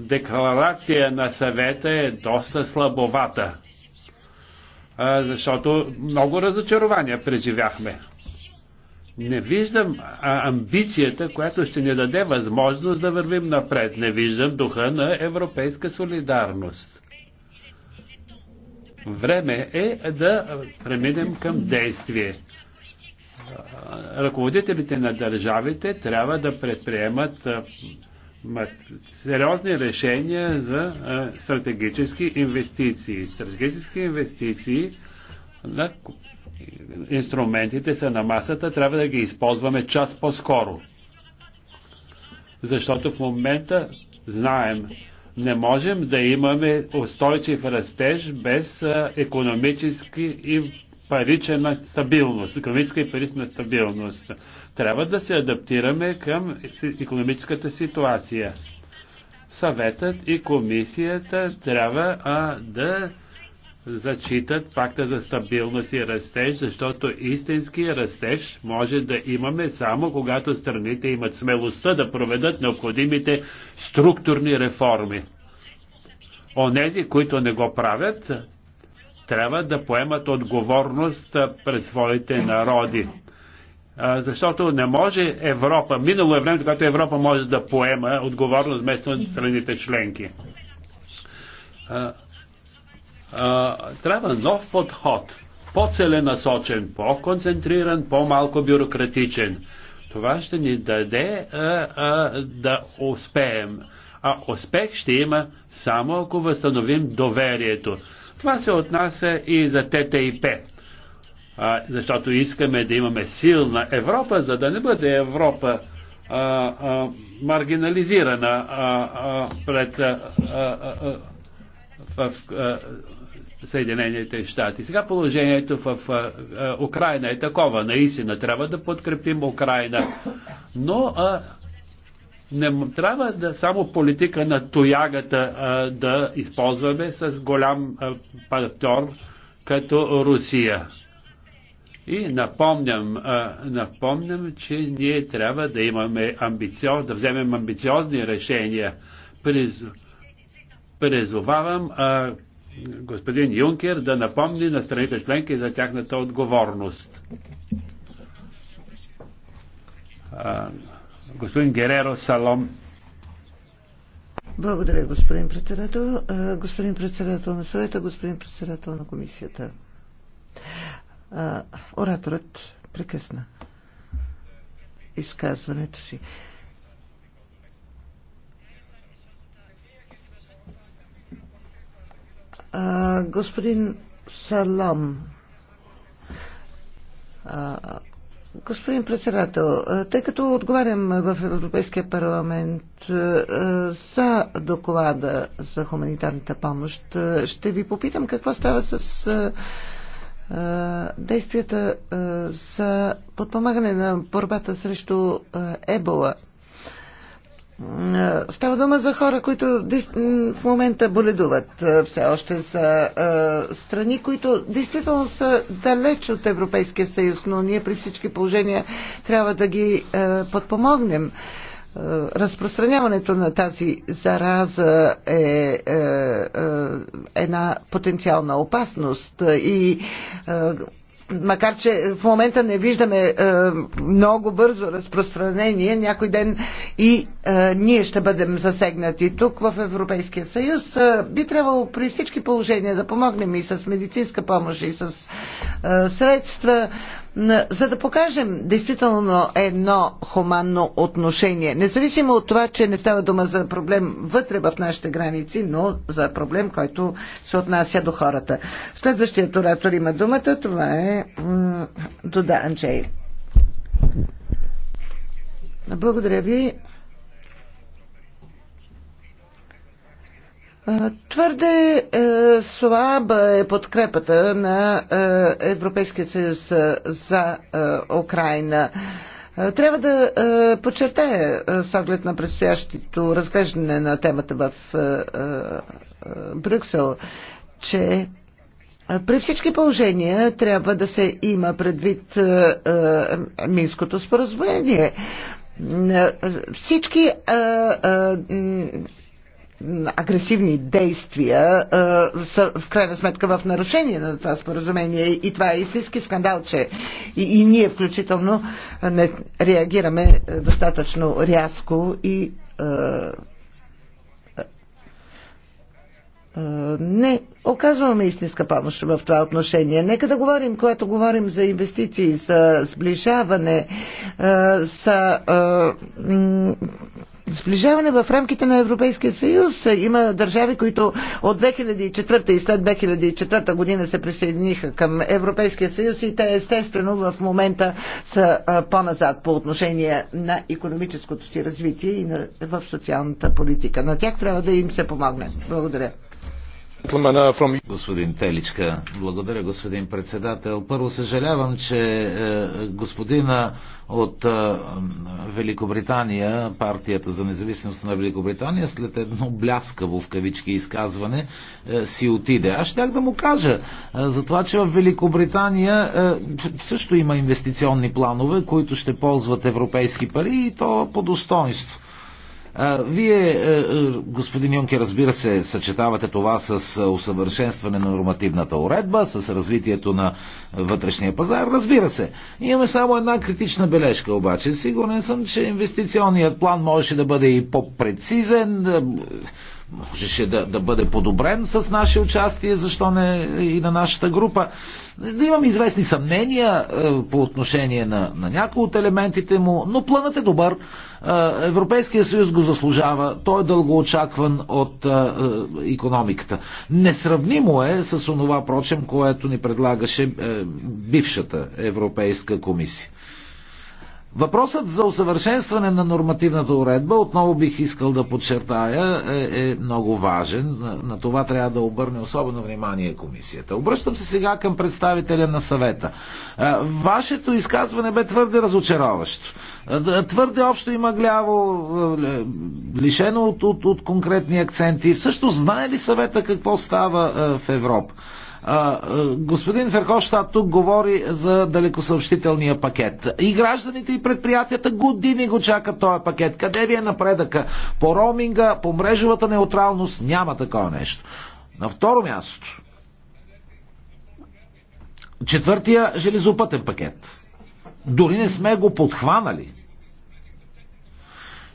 декларация на съвета е доста слабовата защото много разочарования преживяхме. Не виждам амбицията, която ще ни даде възможност да вървим напред. Не виждам духа на европейска солидарност. Време е да преминем към действие. Ръководителите на държавите трябва да предприемат сериозни решения за стратегически инвестиции. Стратегически инвестиции на инструментите са на масата, трябва да ги използваме час по-скоро. Защото в момента знаем, не можем да имаме устойчив растеж без економически и парична стабилност, економическа и парична стабилност. Трябва да се адаптираме към економическата ситуация. Съветът и комисията трябва а, да зачитат пакта за стабилност и растеж, защото истински растеж може да имаме само когато страните имат смелостта да проведат необходимите структурни реформи. Онези, които не го правят, трябва да поемат отговорност пред своите народи. Защото не може Европа, минало е време, когато Европа може да поема отговорност вместо страните членки. Трябва нов подход, по-целенасочен, по-концентриран, по-малко бюрократичен. Това ще ни даде а, а, да успеем. А успех ще има само ако възстановим доверието. Това се отнася и за ТТИП. А, защото искаме да имаме силна Европа, за да не бъде Европа а, а, маргинализирана а, а, пред а, а, а, в а, Съединените щати. Сега положението в а, а, Украина е такова. Наистина трябва да подкрепим Украина. Но а, не трябва да само политика на тоягата а, да използваме с голям партньор като Русия. И напомням, а, напомням, че ние трябва да имаме амбициоз, да вземем амбициозни решения. Приз, призовавам а, господин Юнкер да напомни на страните членки за тяхната отговорност. А, Господин Гереро Салом. Благодаря, господин председател. Господин председател на съвета, господин председател на комисията. Ораторът прекъсна изказването си. господин Салам, Господин председател, е, тъй като отговарям в Европейския парламент е, за доклада за хуманитарната помощ, е, ще ви попитам какво става с действията за подпомагане на борбата срещу ебола. Е, става дума за хора, които в момента боледуват е, все още са е, страни, които действително са далеч от Европейския съюз, но ние при всички положения трябва да ги подпомогнем. Разпространяването на тази зараза е, една потенциална опасност и макар че в момента не виждаме е, много бързо разпространение, някой ден и е, ние ще бъдем засегнати тук в Европейския съюз. Е, би трябвало при всички положения да помогнем и с медицинска помощ, и с е, средства за да покажем действително едно хуманно отношение. Независимо от това, че не става дума за проблем вътре в нашите граници, но за проблем, който се отнася до хората. Следващият оратор има думата. Това е Дода Анджей. Благодаря ви. Твърде е, слаба е подкрепата на е, Европейския съюз е, за е, Украина. Е, трябва да е, подчертая е, с оглед на предстоящото разглеждане на темата в е, е, Брюксел, че е, при всички положения трябва да се има предвид е, е, Минското споразумение. Всички е, е, агресивни действия са в крайна сметка в нарушение на това споразумение и това е истински скандал, че и, и ние включително не реагираме е, достатъчно рязко и не оказваме истинска помощ в това отношение. Нека да говорим, когато говорим за инвестиции, за сближаване, за е, сближаване в рамките на Европейския съюз. Има държави, които от 2004 и след 2004 година се присъединиха към Европейския съюз и те естествено в момента са по-назад по отношение на економическото си развитие и на, в социалната политика. На тях трябва да им се помогне. Благодаря. Господин Теличка, благодаря господин председател. Първо съжалявам, че е, господина от е, Великобритания, партията за независимост на Великобритания, след едно бляскаво в кавички изказване е, си отиде. Аз щях да му кажа за това, че в Великобритания също има инвестиционни планове, които ще ползват европейски пари и то по достоинство. Вие, е, е, господин Юнке, разбира се, съчетавате това с е, усъвършенстване на нормативната уредба, с развитието на вътрешния пазар, разбира се. Имаме само една критична бележка обаче. Сигурен съм, че инвестиционният план можеше да бъде и по-прецизен, можеше да, да бъде подобрен с наше участие, защо не и на нашата група. Имам известни съмнения е, по отношение на, на някои от елементите му, но планът е добър. Е, Европейския съюз го заслужава. Той е дълго очакван от економиката. Е, Несравнимо е с онова, прочем, което ни предлагаше бившата Европейска комисия. Въпросът за усъвършенстване на нормативната уредба, отново бих искал да подчертая, е, е много важен. На, на това трябва да обърне особено внимание комисията. Обръщам се сега към представителя на съвета. Вашето изказване бе твърде разочароващо. Твърде общо има гляво, лишено от, от, от конкретни акценти. Всъщност знае ли съвета какво става в Европа? Господин Ферхоштад тук говори за далекосъобщителния пакет. И гражданите и предприятията години го чакат този пакет. Къде ви е напредъка? По роуминга, по мрежовата неутралност няма такова нещо. На второ място, четвъртия железопътен пакет. Дори не сме го подхванали.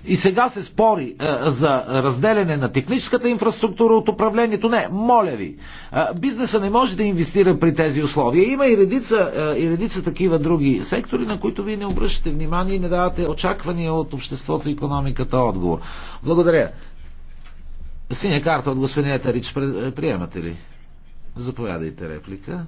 И сега се спори а, е, за разделяне на техническата инфраструктура от управлението. Не, моля ви, а, е, бизнеса не може да инвестира при тези условия. Има и редица, а, е, и редица такива други сектори, на които вие не обръщате внимание и не давате очаквания от обществото и економиката отговор. Благодаря. Синя карта от господин Етарич, приемате ли? Заповядайте реплика.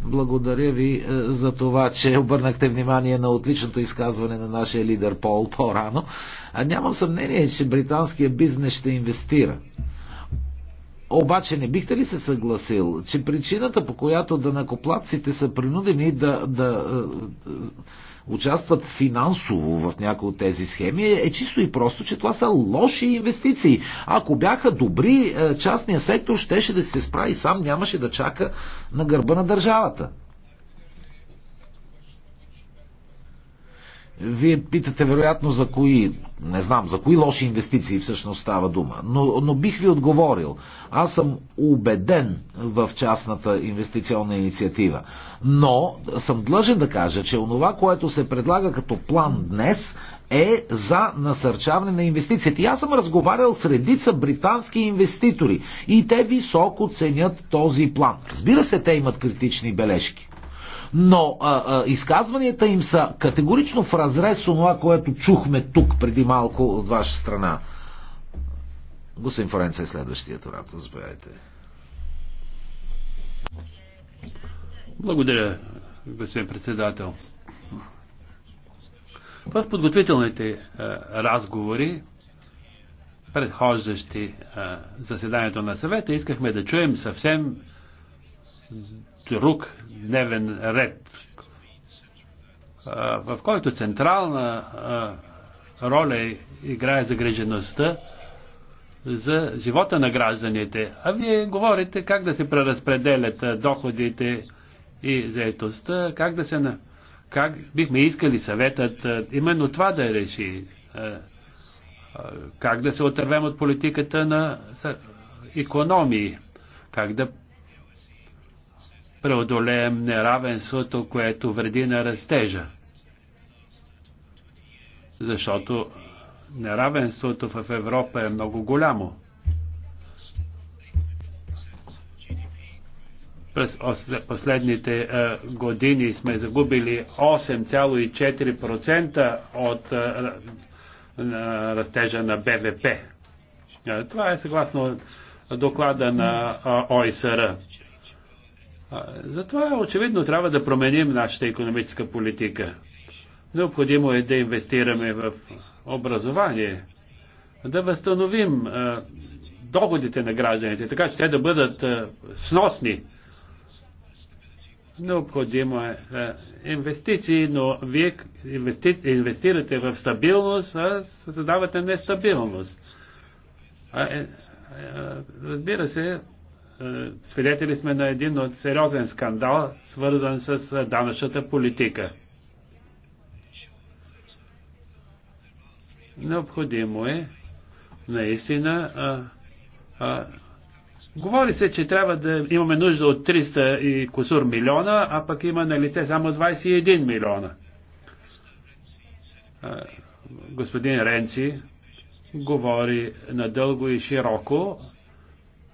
Благодаря ви е, за това, че обърнахте внимание на отличното изказване на нашия лидер Пол по-рано. А нямам съмнение, че британския бизнес ще инвестира. Обаче не бихте ли се съгласил, че причината по която да накоплаците са принудени да, да, да е, участват финансово в някои от тези схеми, е чисто и просто, че това са лоши инвестиции. Ако бяха добри, е, частния сектор щеше да се справи сам, нямаше да чака на гърба на държавата. Вие питате вероятно за кои, не знам, за кои лоши инвестиции всъщност става дума, но, но бих ви отговорил. Аз съм убеден в частната инвестиционна инициатива, но съм длъжен да кажа, че онова, което се предлага като план днес е за насърчаване на инвестициите. И аз съм разговарял с редица британски инвеститори и те високо ценят този план. Разбира се, те имат критични бележки но а, а, изказванията им са категорично в разрез с това, което чухме тук преди малко от ваша страна. Господин Форенца е следващият оратор. Заповядайте. Благодаря, господин председател. В подготвителните а, разговори, предхождащи а, заседанието на съвета, искахме да чуем съвсем друг дневен ред, в който централна роля играе загрежеността за живота на гражданите. А вие говорите как да се преразпределят доходите и заетостта, как да се... Как бихме искали съветът именно това да реши. Как да се отървем от политиката на економии. Как да преодолеем неравенството, което вреди на растежа. Защото неравенството в Европа е много голямо. През последните е, години сме загубили 8,4% от е, растежа на БВП. Е, това е съгласно доклада на ОИСР. Затова очевидно трябва да променим нашата економическа политика. Необходимо е да инвестираме в образование, да възстановим доходите на гражданите, така че те да бъдат сносни. Необходимо е инвестиции, но вие инвестирате в стабилност, а създавате нестабилност. Е, разбира се, е, свидетели сме на един от сериозен скандал, свързан с е, данъчната политика. Необходимо е наистина. А, а, говори се, че трябва да имаме нужда от 300 и косур милиона, а пък има на лице само 21 милиона. А, господин Ренци говори надълго и широко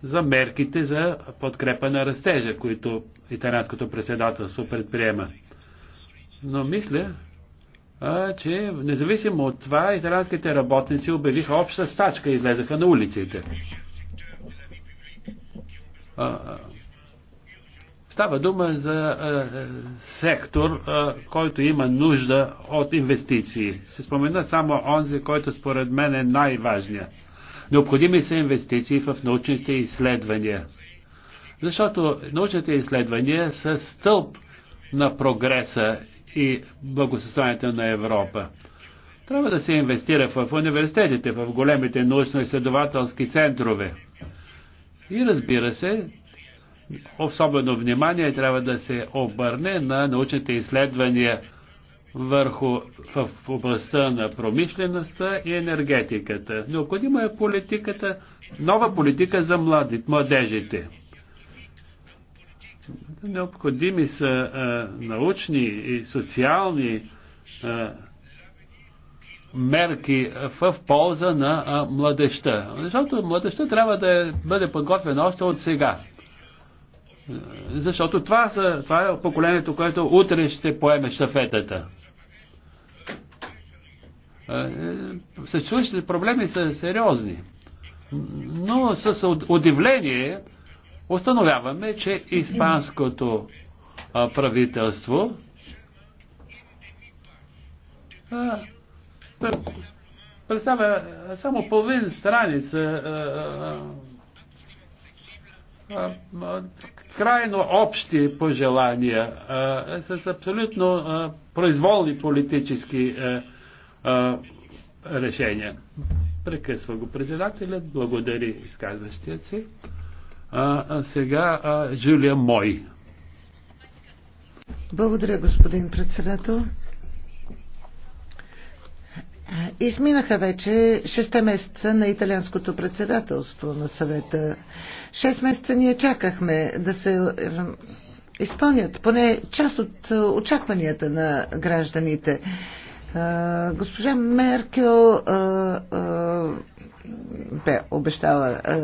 за мерките за подкрепа на растежа, които италианското председателство предприема. Но мисля, а, че независимо от това, италианските работници обявиха обща стачка и излезаха на улиците. А, става дума за а, сектор, а, който има нужда от инвестиции. Ще спомена само онзи, който според мен е най-важният Необходими са инвестиции в научните изследвания. Защото научните изследвания са стълб на прогреса и благосъстоянието на Европа. Трябва да се инвестира в университетите, в големите научно-изследователски центрове. И разбира се, особено внимание трябва да се обърне на научните изследвания върху в областта на промишлеността и енергетиката. Необходима е политиката, нова политика за младите, младежите. Необходими са а, научни и социални а, мерки в полза на а, младеща. Защото младеща трябва да бъде подготвена още от сега. Защото това, са, това е поколението, което утре ще поеме шафетата. Е, съществуващите проблеми са сериозни. Но с удивление установяваме, че испанското правителство представя само половин страница крайно общи пожелания с абсолютно произволни политически а, решения. Прекъсва го председателят, благодари изказващият се. А, а сега а, Жулия Мой. Благодаря, господин председател. Изминаха вече 6 месеца на италианското председателство на съвета. 6 месеца ние чакахме да се е, изпълнят поне част от е, очакванията на гражданите. Госпожа Меркел бе обещала е,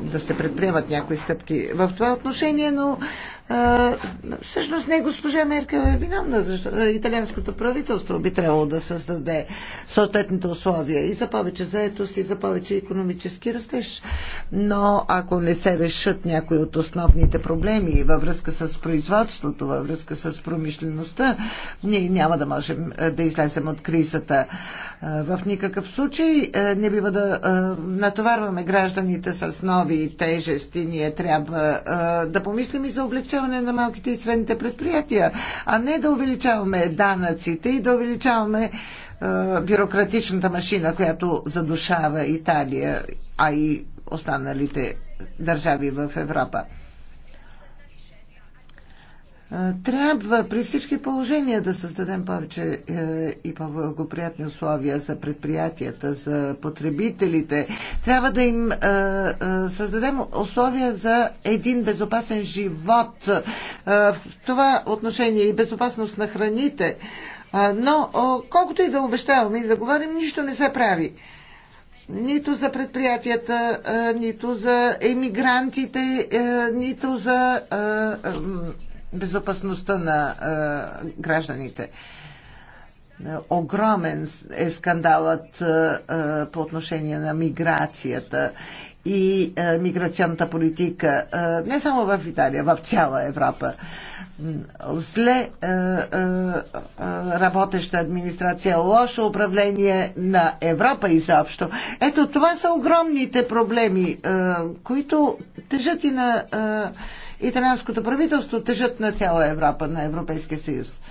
да се предприемат някои стъпки в това отношение, но е, всъщност не госпожа Меркел е виновна, защото е, италианското правителство би трябвало да създаде съответните условия и за повече заетост, и за повече економически растеж. Но ако не се решат някои от основните проблеми във връзка с производството, във връзка с промишлеността, ние няма да можем да излезем от кризата. В никакъв случай не би бива да а, натоварваме гражданите с нови тежести. Ние трябва а, да помислим и за облегчаване на малките и средните предприятия, а не да увеличаваме данъците и да увеличаваме а, бюрократичната машина, която задушава Италия, а и останалите държави в Европа. Е, трябва при всички положения да създадем повече е, и по-благоприятни условия за предприятията, за потребителите. Трябва да им е, създадем условия за един безопасен живот. В това отношение и безопасност на храните. Но колкото и да обещаваме и да говорим, нищо не се прави нито за предприятията, нито за емигрантите, нито за безопасността на е, гражданите. Огромен е скандалът е, е, по отношение на миграцията и миграционната политика не само в Италия, в цяла Европа. Зле работеща администрация, лошо управление на Европа изобщо. Ето това са огромните проблеми, които тежат и на италианското правителство тежат на цяла Европа, на Европейския съюз.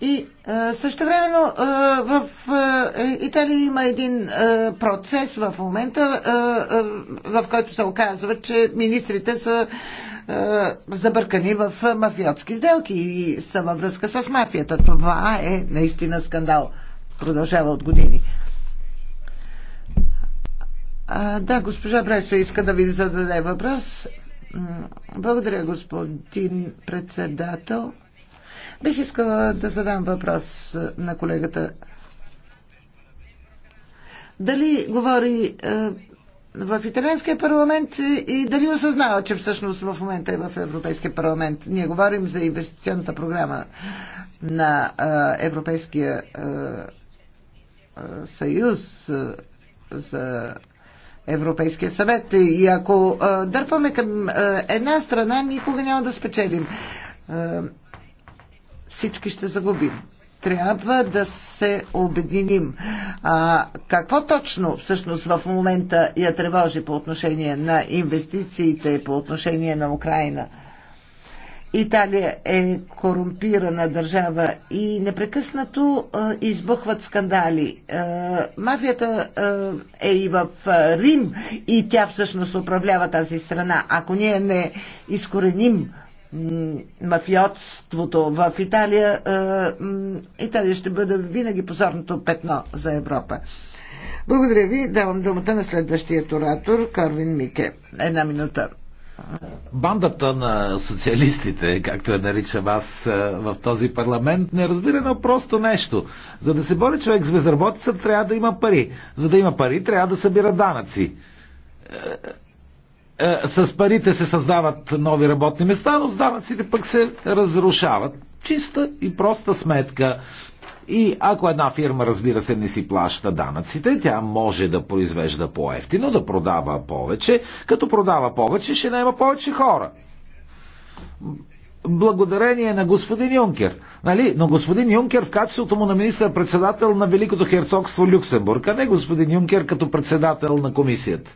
И а, също времено а, в а, е, Италия има един а, процес в момента, а, а, в който се оказва, че министрите са а, забъркани в мафиотски сделки и са във връзка с мафията. Това е наистина скандал. Продължава от години. А, да, госпожа Бреса, иска да ви зададе въпрос. Благодаря, господин председател. Бих искала да задам въпрос на колегата. Дали говори е, в италианския парламент и дали осъзнава, че всъщност в момента е в Европейския парламент. Ние говорим за инвестиционната програма на е, Европейския е, е съюз е, за Европейския съвет. И ако дърпаме към една страна, никога няма да спечелим. Всички ще загубим трябва да се обединим. А, какво точно всъщност в момента я тревожи по отношение на инвестициите, по отношение на Украина? Италия е корумпирана държава и непрекъснато а, избухват скандали. А, мафията а, е и в а, Рим и тя всъщност управлява тази страна. Ако ние не изкореним мафиотството в Италия, Италия ще бъде винаги позорното петно за Европа. Благодаря ви. Давам думата на следващия оратор Карвин Мике. Една минута. Бандата на социалистите, както я наричам аз е, в този парламент, не разбира едно просто нещо. За да се бори човек с безработица, трябва да има пари. За да има пари, трябва да събира данъци. Е, е, с парите се създават нови работни места, но с данъците пък се разрушават. Чиста и проста сметка. И ако една фирма, разбира се, не си плаща данъците, тя може да произвежда по-ефтино, да продава повече. Като продава повече, ще найма повече хора. Благодарение на господин Юнкер. Нали? Но господин Юнкер в качеството му на министър-председател на Великото херцогство Люксембург, а не господин Юнкер като председател на комисията.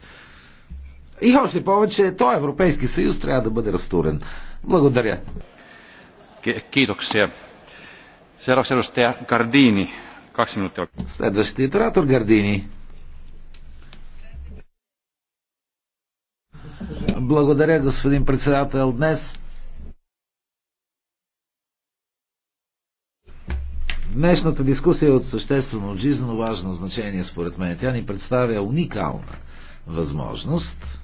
И още повече, то Европейски съюз трябва да бъде разтурен. Благодаря. Китоксия. Следващият оратор Гардини. Благодаря, господин председател. Днес Днешната дискусия е от съществено, жизненно важно значение, според мен. Тя ни представя уникална възможност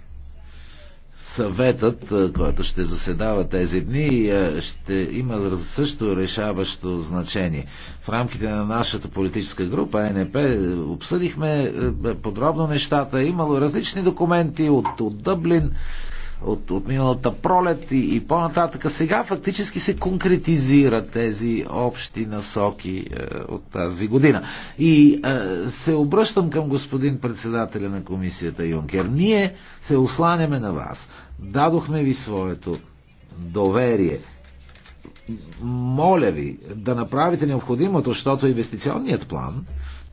Съветът, който ще заседава тези дни, ще има също решаващо значение. В рамките на нашата политическа група НП обсъдихме подробно нещата. Имало различни документи от, от Дъблин от, от миналата пролет и, и по-нататък. Сега фактически се конкретизират тези общи насоки е, от тази година. И е, се обръщам към господин председателя на комисията Юнкер. Ние се осланяме на вас. Дадохме ви своето доверие. Моля ви да направите необходимото, защото инвестиционният план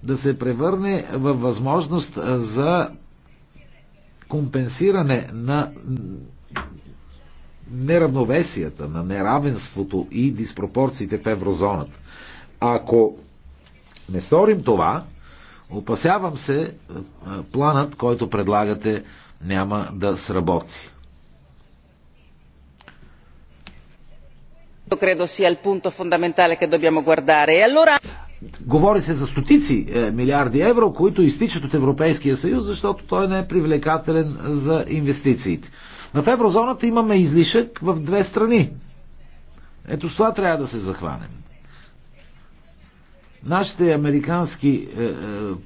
да се превърне в възможност за компенсиране на неравновесията, на неравенството и диспропорциите в еврозоната. Ако не сторим това, опасявам се, планът, който предлагате, няма да сработи. Credo sia il punto fondamentale che dobbiamo guardare. E allora... Говори се за стотици е, милиарди евро, които изтичат от Европейския съюз, защото той не е привлекателен за инвестициите. Но в еврозоната имаме излишък в две страни. Ето с това трябва да се захванем. Нашите американски е, е,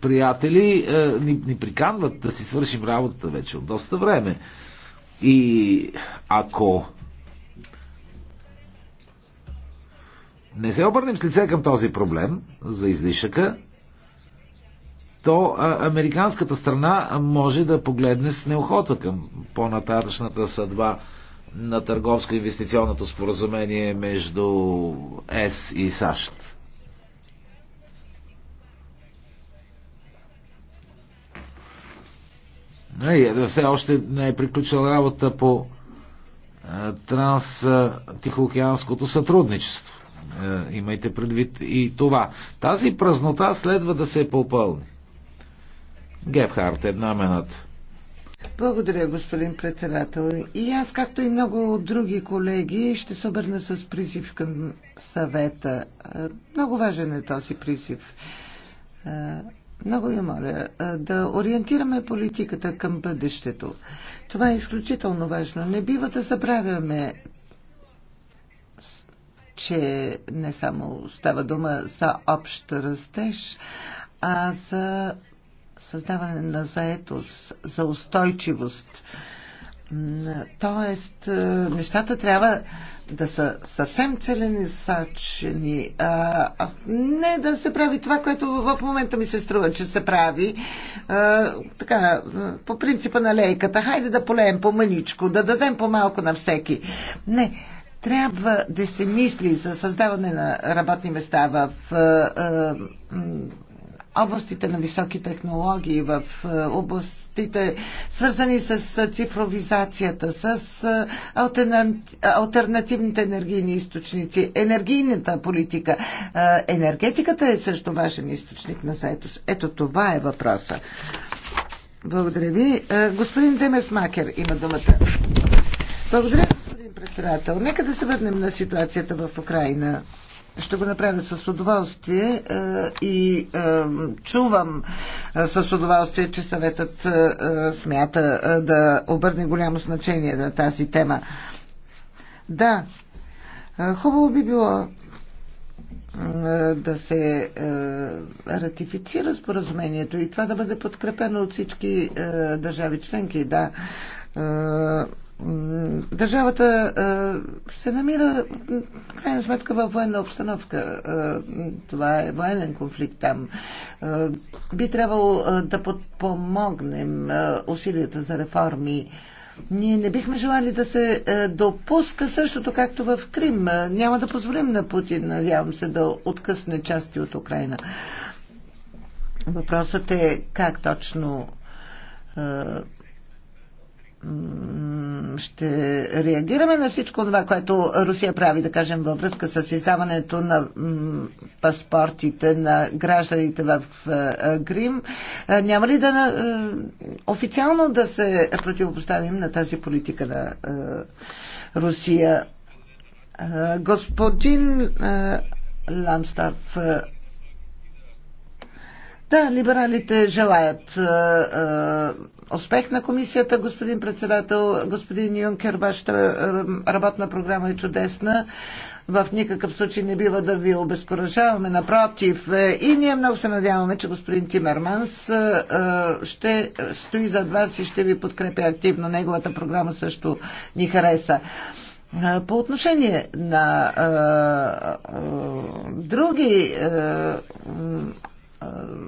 приятели е, ни, ни приканват да си свършим работата вече от доста време. И ако не се обърнем с лице към този проблем за излишъка, то а, американската страна може да погледне с неохота към по-нататъчната съдба на търговско-инвестиционното споразумение между ЕС и САЩ. Не, все още не е приключила работа по транс-тихоокеанското сътрудничество. Е, имайте предвид и това. Тази празнота следва да се попълни. Гебхарт, една минута. Благодаря, господин председател. И аз, както и много други колеги, ще се обърна с призив към съвета. Много важен е този призив. Е, много ви моля е, да ориентираме политиката към бъдещето. Това е изключително важно. Не бива да забравяме че не само става дума за общ растеж, а за създаване на заетост, за устойчивост. Тоест, е, нещата трябва да са съвсем целенасочени, а не да се прави това, което в момента ми се струва, че се прави. А, е, така, е, по принципа на лейката, хайде да полеем по мъничко, да дадем по малко на всеки. Не, трябва да се мисли за създаване на работни места в е, е, областите на високи технологии, в е, областите свързани с цифровизацията, с альтернативните енергийни източници, енергийната политика. Енергетиката е също важен източник на заетост. Ето това е въпроса. Благодаря ви. Господин Демес Макер има думата. Благодаря, господин председател. Нека да се върнем на ситуацията в Украина. Ще го направя с удоволствие е, и е, чувам е, с удоволствие, че съветът смята да обърне голямо значение на тази тема. Да, хубаво би било да се ратифицира споразумението и това да бъде подкрепено от всички държави членки. Да Държавата се намира, в крайна сметка, във военна обстановка. Това е военен конфликт там. Би трябвало да подпомогнем усилията за реформи. Ние не бихме желали да се допуска същото, както в Крим. Няма да позволим на Путин, надявам се, да откъсне части от Украина. Въпросът е как точно ще реагираме на всичко това, което Русия прави, да кажем, във връзка с издаването на паспортите на гражданите в е, е, Грим. Е, няма ли да официално да се противопоставим на тази политика на Русия? Господин Ламстарф, да, либералите желаят успех на комисията, господин председател. Господин Юнкер, вашата е, работна програма е чудесна. В никакъв случай не бива да ви обезкуражаваме, напротив. Е, и ние много се надяваме, че господин Тимерманс е, ще стои зад вас и ще ви подкрепя активно. Неговата програма също ни хареса. По отношение на а, а, други а,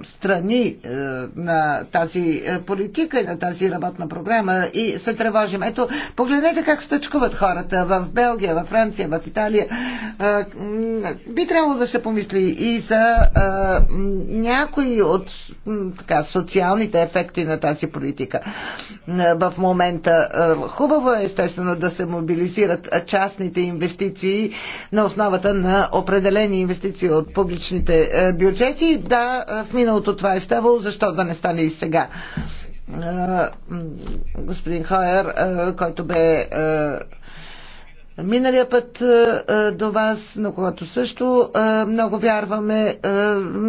страни е, на тази е, политика и на тази работна програма и се тревожим. Ето, погледнете как стъчкуват хората в Белгия, в Франция, в Италия. Е, би трябвало да се помисли и за някои от така, социалните ефекти на тази политика в момента. Хубаво е, естествено, да се мобилизират частните инвестиции на основата на определени инвестиции от публичните бюджети. Да, в миналото това е ставало, защо да не стане и сега? Господин Хоер, който бе Миналия път е, е, до вас, на когато също е, много вярваме,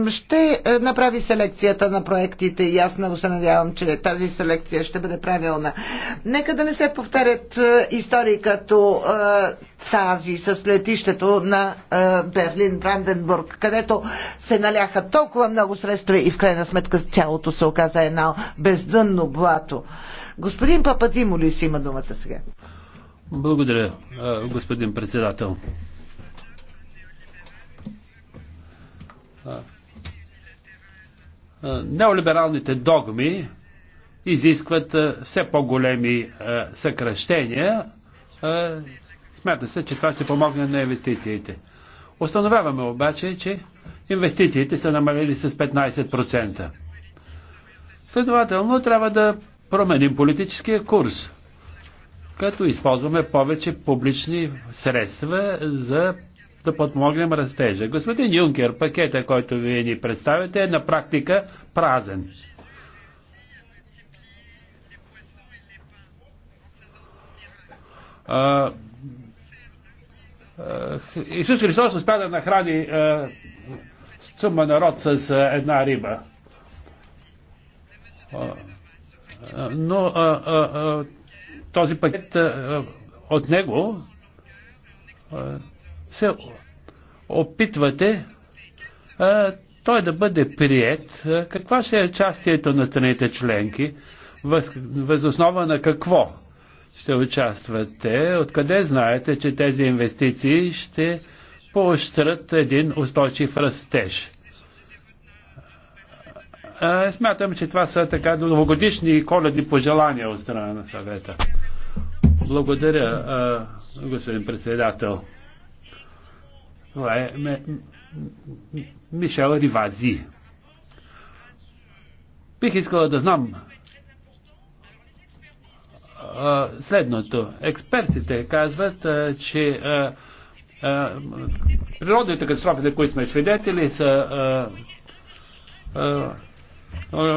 ще направи селекцията на проектите и аз много се надявам, че тази селекция ще бъде правилна. Нека да не се повтарят истории като тази с летището на Берлин, Бранденбург, където се наляха толкова много средства и в крайна сметка цялото се оказа едно бездънно блато. Господин си има думата сега. Благодаря, господин председател. Неолибералните догми изискват все по-големи съкръщения. Смята се, че това ще помогне на инвестициите. Остановяваме обаче, че инвестициите са намалили с 15%. Следователно, трябва да променим политическия курс като използваме повече публични средства за да подмогнем растежа. Господин Юнкер, пакета, който вие ни представите, е на практика празен. А, а, Исус Христос успя да нахрани сума народ с а, една риба. А, но а, а, този пакет, от него се опитвате той да бъде прият. Каква ще е частието на страните членки? Възоснова на какво ще участвате? Откъде знаете, че тези инвестиции ще поощрят един устойчив растеж? Смятам, че това са така новогодишни и коледни пожелания от страна на съвета. Благодаря, господин председател. Това е Мишел Ривази. Бих искала да знам следното. Експертите казват, че природните катастрофи, на които сме свидетели, са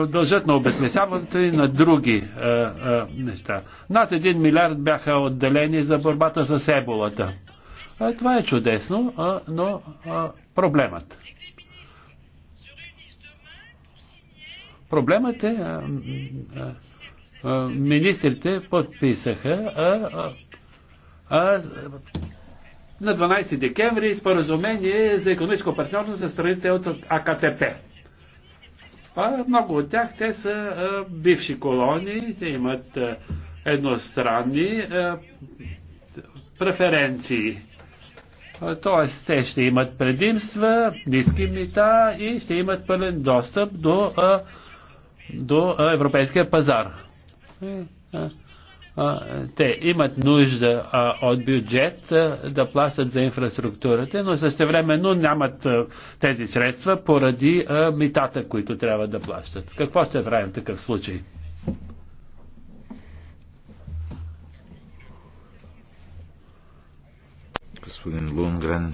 дължат на обезмисяването и на други а, е, а, е, неща. Над 1 милиард бяха отделени за борбата с еболата. А, е, това е чудесно, а, но а, проблемът. Проблемът е, а, а, а, министрите подписаха а, а, а, на 12 декември споразумение за економическо партньорство за страните от АКТП. А, много от тях те са а, бивши колонии, те имат а, едностранни а, преференции. Т.е. те ще имат предимства, ниски мита и ще имат пълен достъп до, а, до а, европейския пазар. Е, а, те имат нужда от бюджет да плащат за инфраструктурата, но същевременно нямат тези средства поради митата, които трябва да плащат. Какво ще правим в такъв случай? Господин Лунгрен,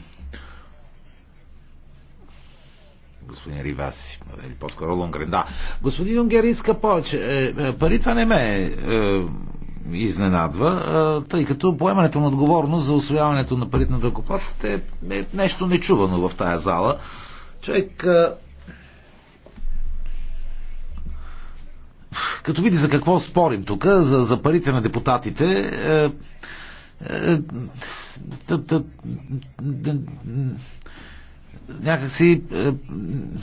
господин Риваси, или по-скоро Лунгрен, да. Господин Юнгер иска повече. Е, е, пари това не ме е, е изненадва, тъй като поемането на отговорност за освояването на парите на дъкоплаците е, е нещо нечувано в тая зала. Човек като види за какво спорим тук, за, за парите на депутатите, е, е, е, някакси е,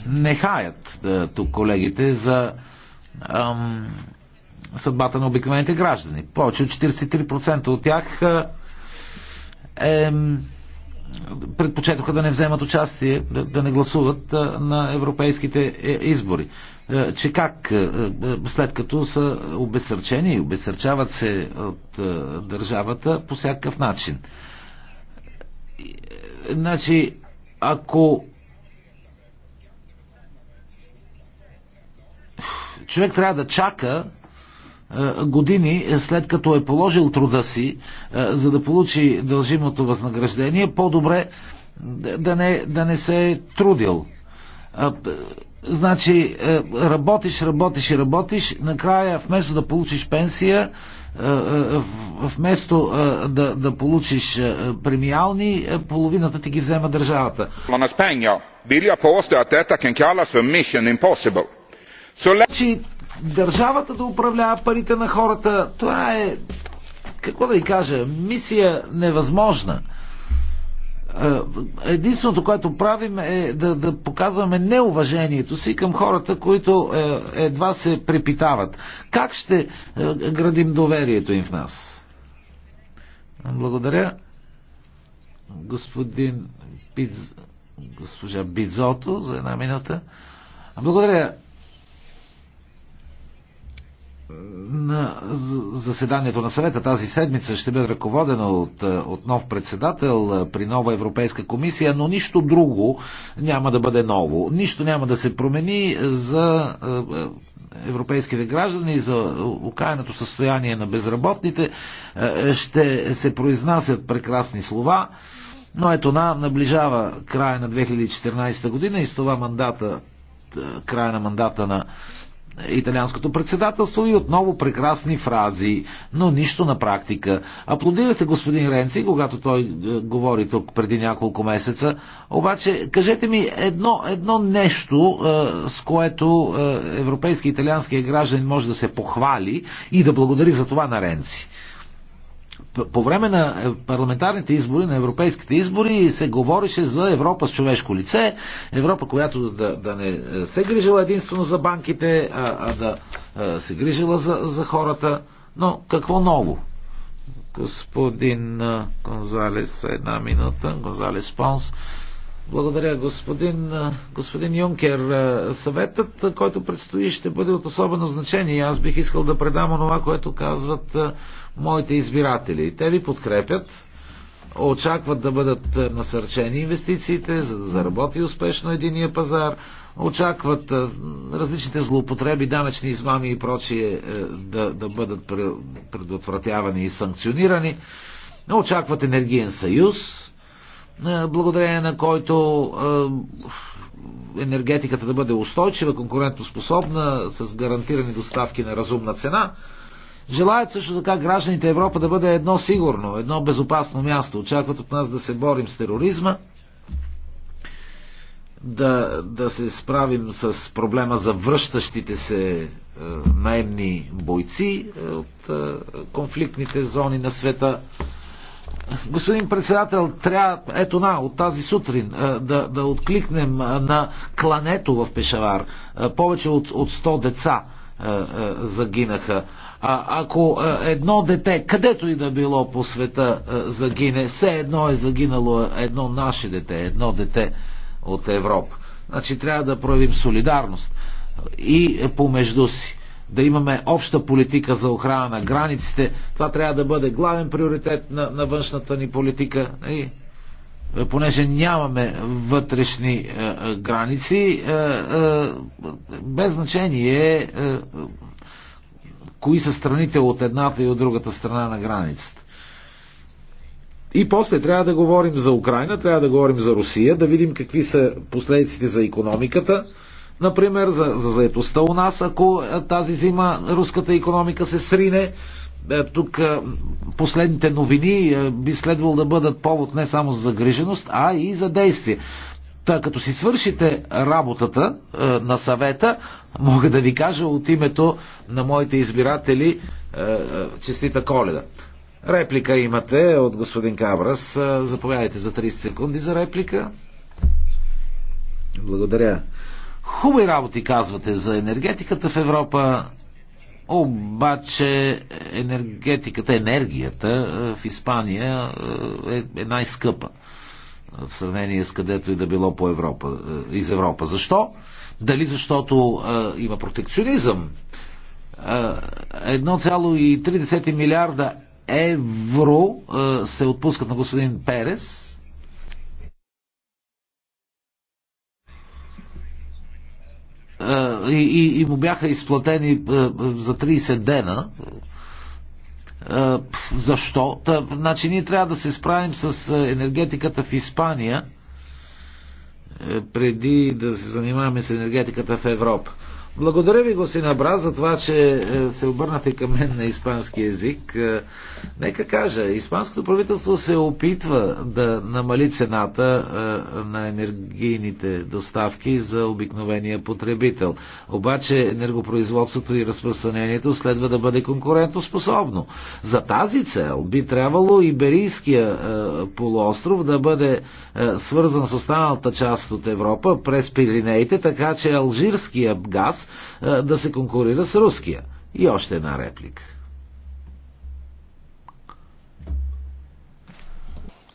не хаят е, тук колегите за съдбата на обикновените граждани. Повече от 43% от тях е, е, предпочетоха да не вземат участие, да, да не гласуват е, на европейските е, избори. Че как, след като са обесърчени и обесърчават се от държавата по всякакъв начин. Значи, ако човек трябва да чака е, години е, след като е положил труда си, е, за да получи дължимото възнаграждение, по-добре да не, да не се е трудил. Значи, работиш, работиш и работиш, накрая вместо да получиш пенсия, вместо да, да получиш премиални, половината ти ги взема държавата. Значи mission impossible държавата да управлява парите на хората, това е, какво да ви кажа, мисия невъзможна. Е, единственото, което правим е да, да показваме неуважението си към хората, които е, едва се препитават. Как ще е, градим доверието им в нас? Благодаря. Господин Пиз... госпожа Бизото за една минута. Благодаря на заседанието на съвета тази седмица ще бъде ръководена от, е, от нов председател е, при нова Европейска комисия, но нищо друго няма да бъде ново. Нищо няма да се промени за е, европейските граждани, за окаяното състояние на безработните. Ще се произнасят прекрасни слова. Но ето на, наближава края на 2014 година и с това мандата, края на мандата на италианското председателство и отново прекрасни фрази, но нищо на практика. Аплодирате господин Ренци, когато той е, говори тук преди няколко месеца, обаче кажете ми едно, едно нещо, е, с което е, европейски и италианския гражданин може да се похвали и да благодари за това на Ренци по време на е, парламентарните избори, на европейските избори, се говореше за Европа с човешко лице, Европа, която да, да не е, се грижила единствено за банките, а, а да а, се грижила за, за хората. Но какво ново? Господин Гонзалес, една минута, Гонзалес Понс. Благодаря, господин, господин Юнкер. Съветът, който предстои, ще бъде от особено значение. Аз бих искал да предам онова, което казват моите избиратели. Те ви подкрепят, очакват да бъдат насърчени инвестициите, за да заработи успешно единия пазар, очакват различните злоупотреби, данъчни измами и прочие да, да бъдат предотвратявани и санкционирани. Очакват енергиен съюз, благодарение на който енергетиката да бъде устойчива, конкурентоспособна, с гарантирани доставки на разумна цена. Желаят също така гражданите Европа да бъде едно сигурно, едно безопасно място. Очакват от нас да се борим с тероризма, да, да се справим с проблема за връщащите се е, наемни бойци е, от е, конфликтните зони на света. Господин председател, трябва ето на, от тази сутрин е, да, да откликнем е, на клането в Пешавар. Е, повече от, от 100 деца загинаха. А, ако едно дете, където и да било по света, загине, все едно е загинало едно наше дете, едно дете от Европа. Значи трябва да проявим солидарност и помежду си да имаме обща политика за охрана на границите. Това трябва да бъде главен приоритет на, на външната ни политика. И, нали? понеже нямаме вътрешни е, е, граници, е, е, без значение е, е, кои са страните от едната и от другата страна на границата. И после трябва да говорим за Украина, трябва да говорим за Русия, да видим какви са последиците за економиката например, за, за заедостта у нас, ако е, тази зима руската економика се срине. Е, тук е, последните новини би следвало да бъдат повод не само за загриженост, а и за действие. Та, като си свършите работата е, на съвета, мога да ви кажа от името на моите избиратели е, е, честита коледа. Реплика имате от господин Кабрас. Заповядайте за 30 секунди за реплика. Благодаря. Хубави работи казвате за енергетиката в Европа, обаче енергетиката, енергията е, в Испания е, е най-скъпа е, в сравнение с където и да било по Европа, е, из Европа. Защо? Дали защото е, има протекционизъм? Е, 1,3 милиарда евро е, се отпускат на господин Перес Е, и, и му бяха изплатени е, за 30 дена. Е, защо? Та, значи ние трябва да се справим с енергетиката в Испания преди да се занимаваме с енергетиката в Европа. Благодаря ви, господин Абра, за това, че е, се обърнате към мен на испански язик. Е, нека кажа, испанското правителство се опитва да намали цената е, на енергийните доставки за обикновения потребител. Обаче енергопроизводството и разпространението следва да бъде конкурентоспособно. За тази цел би трябвало Иберийския полуостров да бъде свързан с останалата част от Европа през Пиринеите, така че алжирския газ нас да се конкурира с руския. И още една реплика.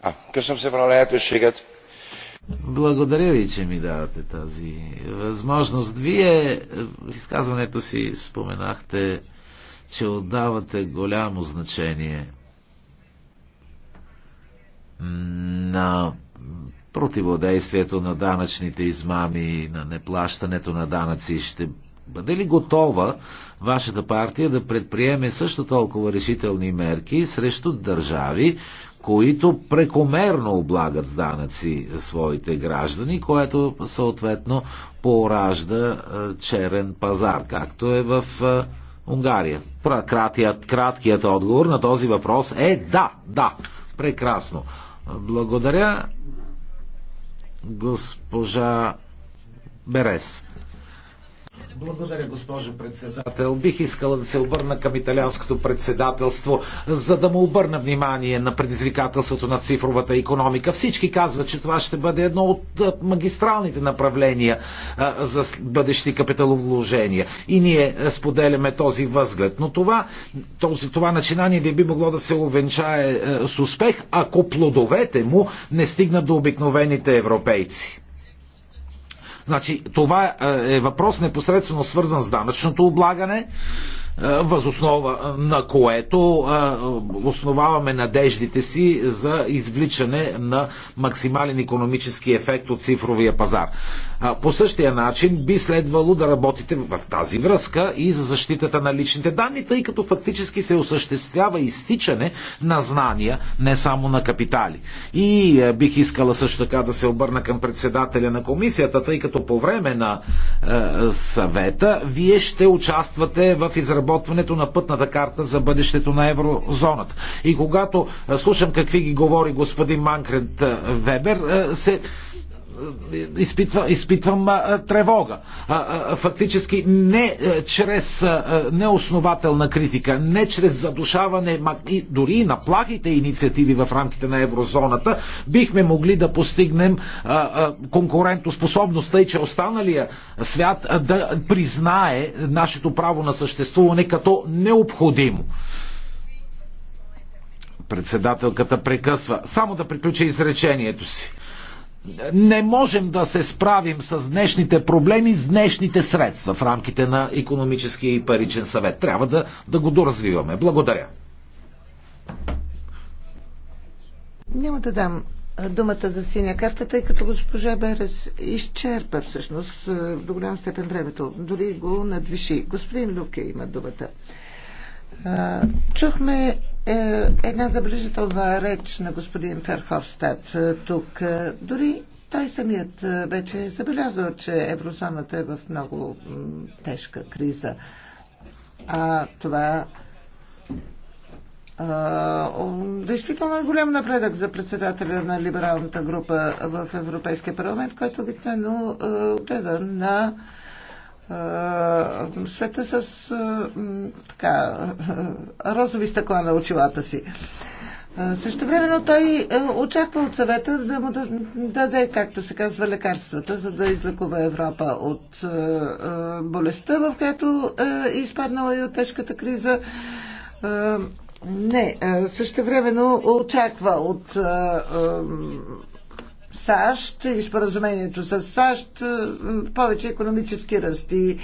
А, късам се пролеято и Благодаря ви, че ми давате тази възможност. Вие в е, изказването си споменахте, че отдавате голямо значение на противодействието на данъчните измами и на неплащането на данъци ще бъде ли готова вашата партия да предприеме също толкова решителни мерки срещу държави, които прекомерно облагат с данъци своите граждани, което съответно поражда е, черен пазар, както е в е, Унгария. Краткият, краткият отговор на този въпрос е да, да, прекрасно. Благодаря госпожа Берес. Благодаря, госпожо председател. Бих искала да се обърна към италианското председателство, за да му обърна внимание на предизвикателството на цифровата економика. Всички казват, че това ще бъде едно от магистралните направления за бъдещи капиталовложения. И ние споделяме този възглед. Но това, този, това начинание не би могло да се увенчае с успех, ако плодовете му не стигнат до обикновените европейци. Значи, това е, е въпрос непосредствено свързан с данъчното облагане, е, възоснова на което е, основаваме надеждите си за извличане на максимален економически ефект от цифровия пазар. По същия начин би следвало да работите в тази връзка и за защитата на личните данни, тъй като фактически се осъществява изтичане на знания, не само на капитали. И е, бих искала също така да се обърна към председателя на комисията, тъй като по време на е, съвета вие ще участвате в изработването на пътната карта за бъдещето на еврозоната. И когато е, слушам какви ги говори господин Манкред е, Вебер, се е, изпитвам, изпитвам а, тревога. А, а, фактически не е, а, чрез а, неоснователна критика, не чрез задушаване и дори и на плахите инициативи в рамките на еврозоната, бихме могли да постигнем а, а, конкурентоспособността и че останалия свят а, да признае нашето право на съществуване като необходимо председателката прекъсва. Само да приключи изречението си не можем да се справим с днешните проблеми с днешните средства в рамките на економическия и паричен съвет. Трябва да, да го доразвиваме. Благодаря. Няма да дам думата за синя карта, тъй като госпожа Берес изчерпа всъщност до голяма степен времето. Дори го надвиши. Господин Люке има думата. Чухме е, една забележителна реч на господин Ферховстад е, тук. Е, дори той самият вече е забелязал, че еврозоната е в много тежка криза. А това действително е голям напредък за председателя на либералната група в Европейския парламент, който обикновено гледа на света с така, розови стъкла на очилата си. Също времено той очаква от съвета да му даде, както се казва, лекарствата, за да излекува Европа от болестта, в която е изпаднала и от тежката криза. Не, също времено очаква от САЩ и споразумението с САЩ повече економически ръст и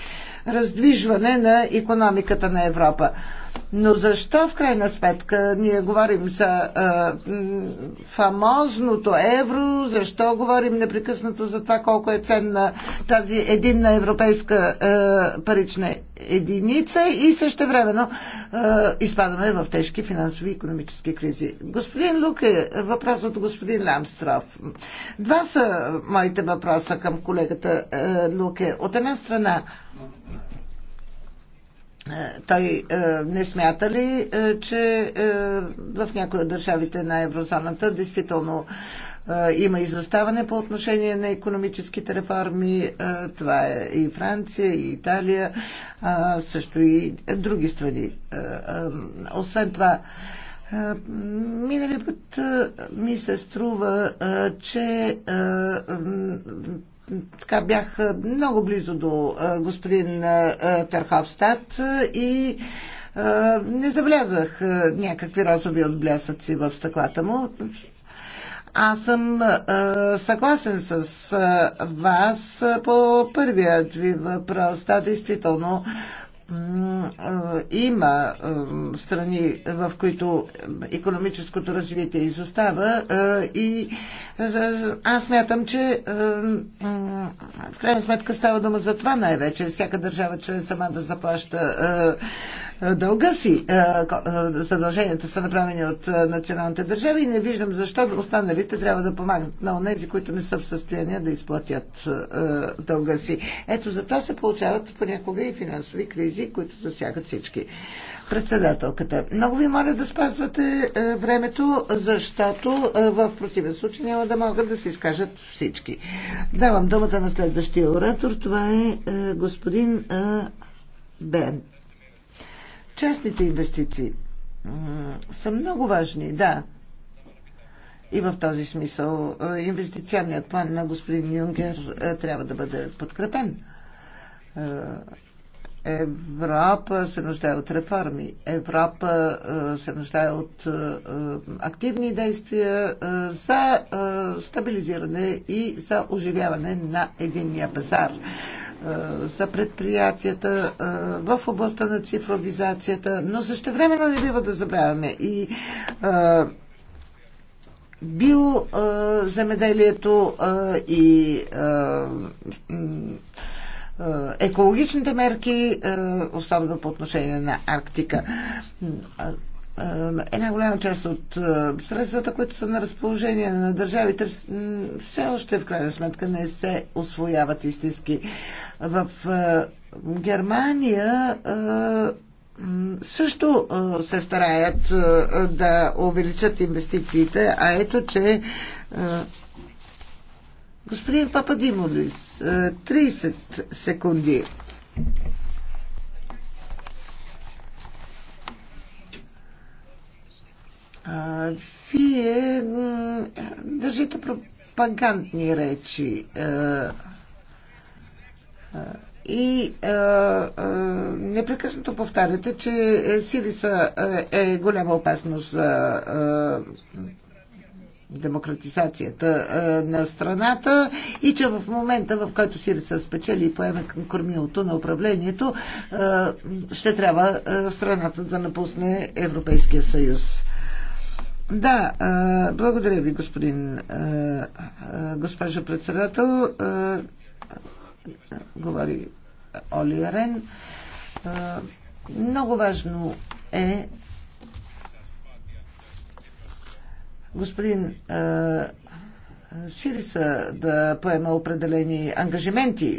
раздвижване на економиката на Европа. Но защо в крайна сметка ние говорим за а, фамозното евро, защо говорим непрекъснато за това колко е ценна тази единна европейска а, парична единица и също времено изпадаме в тежки финансови и економически кризи. Господин Луке, въпрос от господин Ламстров. Два са моите въпроса към колегата а, Луке. От една страна, е, той е, не смята ли, е, че в някои от държавите на еврозоната действително има изоставане по отношение на економическите реформи. Това е и Франция, и Италия, също и други страни. Освен това, Минали път ми се струва, че така бях много близо до господин Перховстат и не забелязах някакви розови отблясъци в стъклата му. Аз съм съгласен с вас по първият ви въпрос. Да, действително, има страни, в които економическото развитие изостава и аз мятам, че в крайна сметка става дума за това най-вече. Всяка държава член сама да заплаща дълга си. Задълженията са направени от националните държави и не виждам защо останалите трябва да помагат на онези, които не са в състояние да изплатят дълга си. Ето за това се получават понякога и финансови кризи, които засягат всички. Председателката, много ви моля да спазвате времето, защото в противен случай няма да могат да се изкажат всички. Давам думата на следващия оратор. Това е господин Бен. Частните инвестиции са много важни, да. И в този смисъл е, инвестиционният план на господин Юнгер е, трябва да бъде подкрепен. Е, Европа се нуждае от реформи. Европа се нуждае от активни действия за стабилизиране и за оживяване на единния пазар за предприятията в областта на цифровизацията, но също времено не бива да забравяме и биоземеделието и екологичните мерки, особено по отношение на Арктика. Е, една голяма част от е, средствата, които са на разположение на държавите, все още в крайна сметка не се освояват истински. В е, Германия също се стараят да увеличат инвестициите, а ето, че господин Пападимолис, 30 секунди. А, Вие държите пропагандни речи и а, а, непрекъснато повтаряте, че Сириса е голяма опасност за демократизацията а, на страната и че в момента, в който Сириса спечели и поеме кормилото на управлението, а, ще трябва а, страната да напусне Европейския съюз. Да, благодаря ви, господин, госпожо председател. Говори Оли Рен. Много важно е господин Сириса да поема определени ангажименти,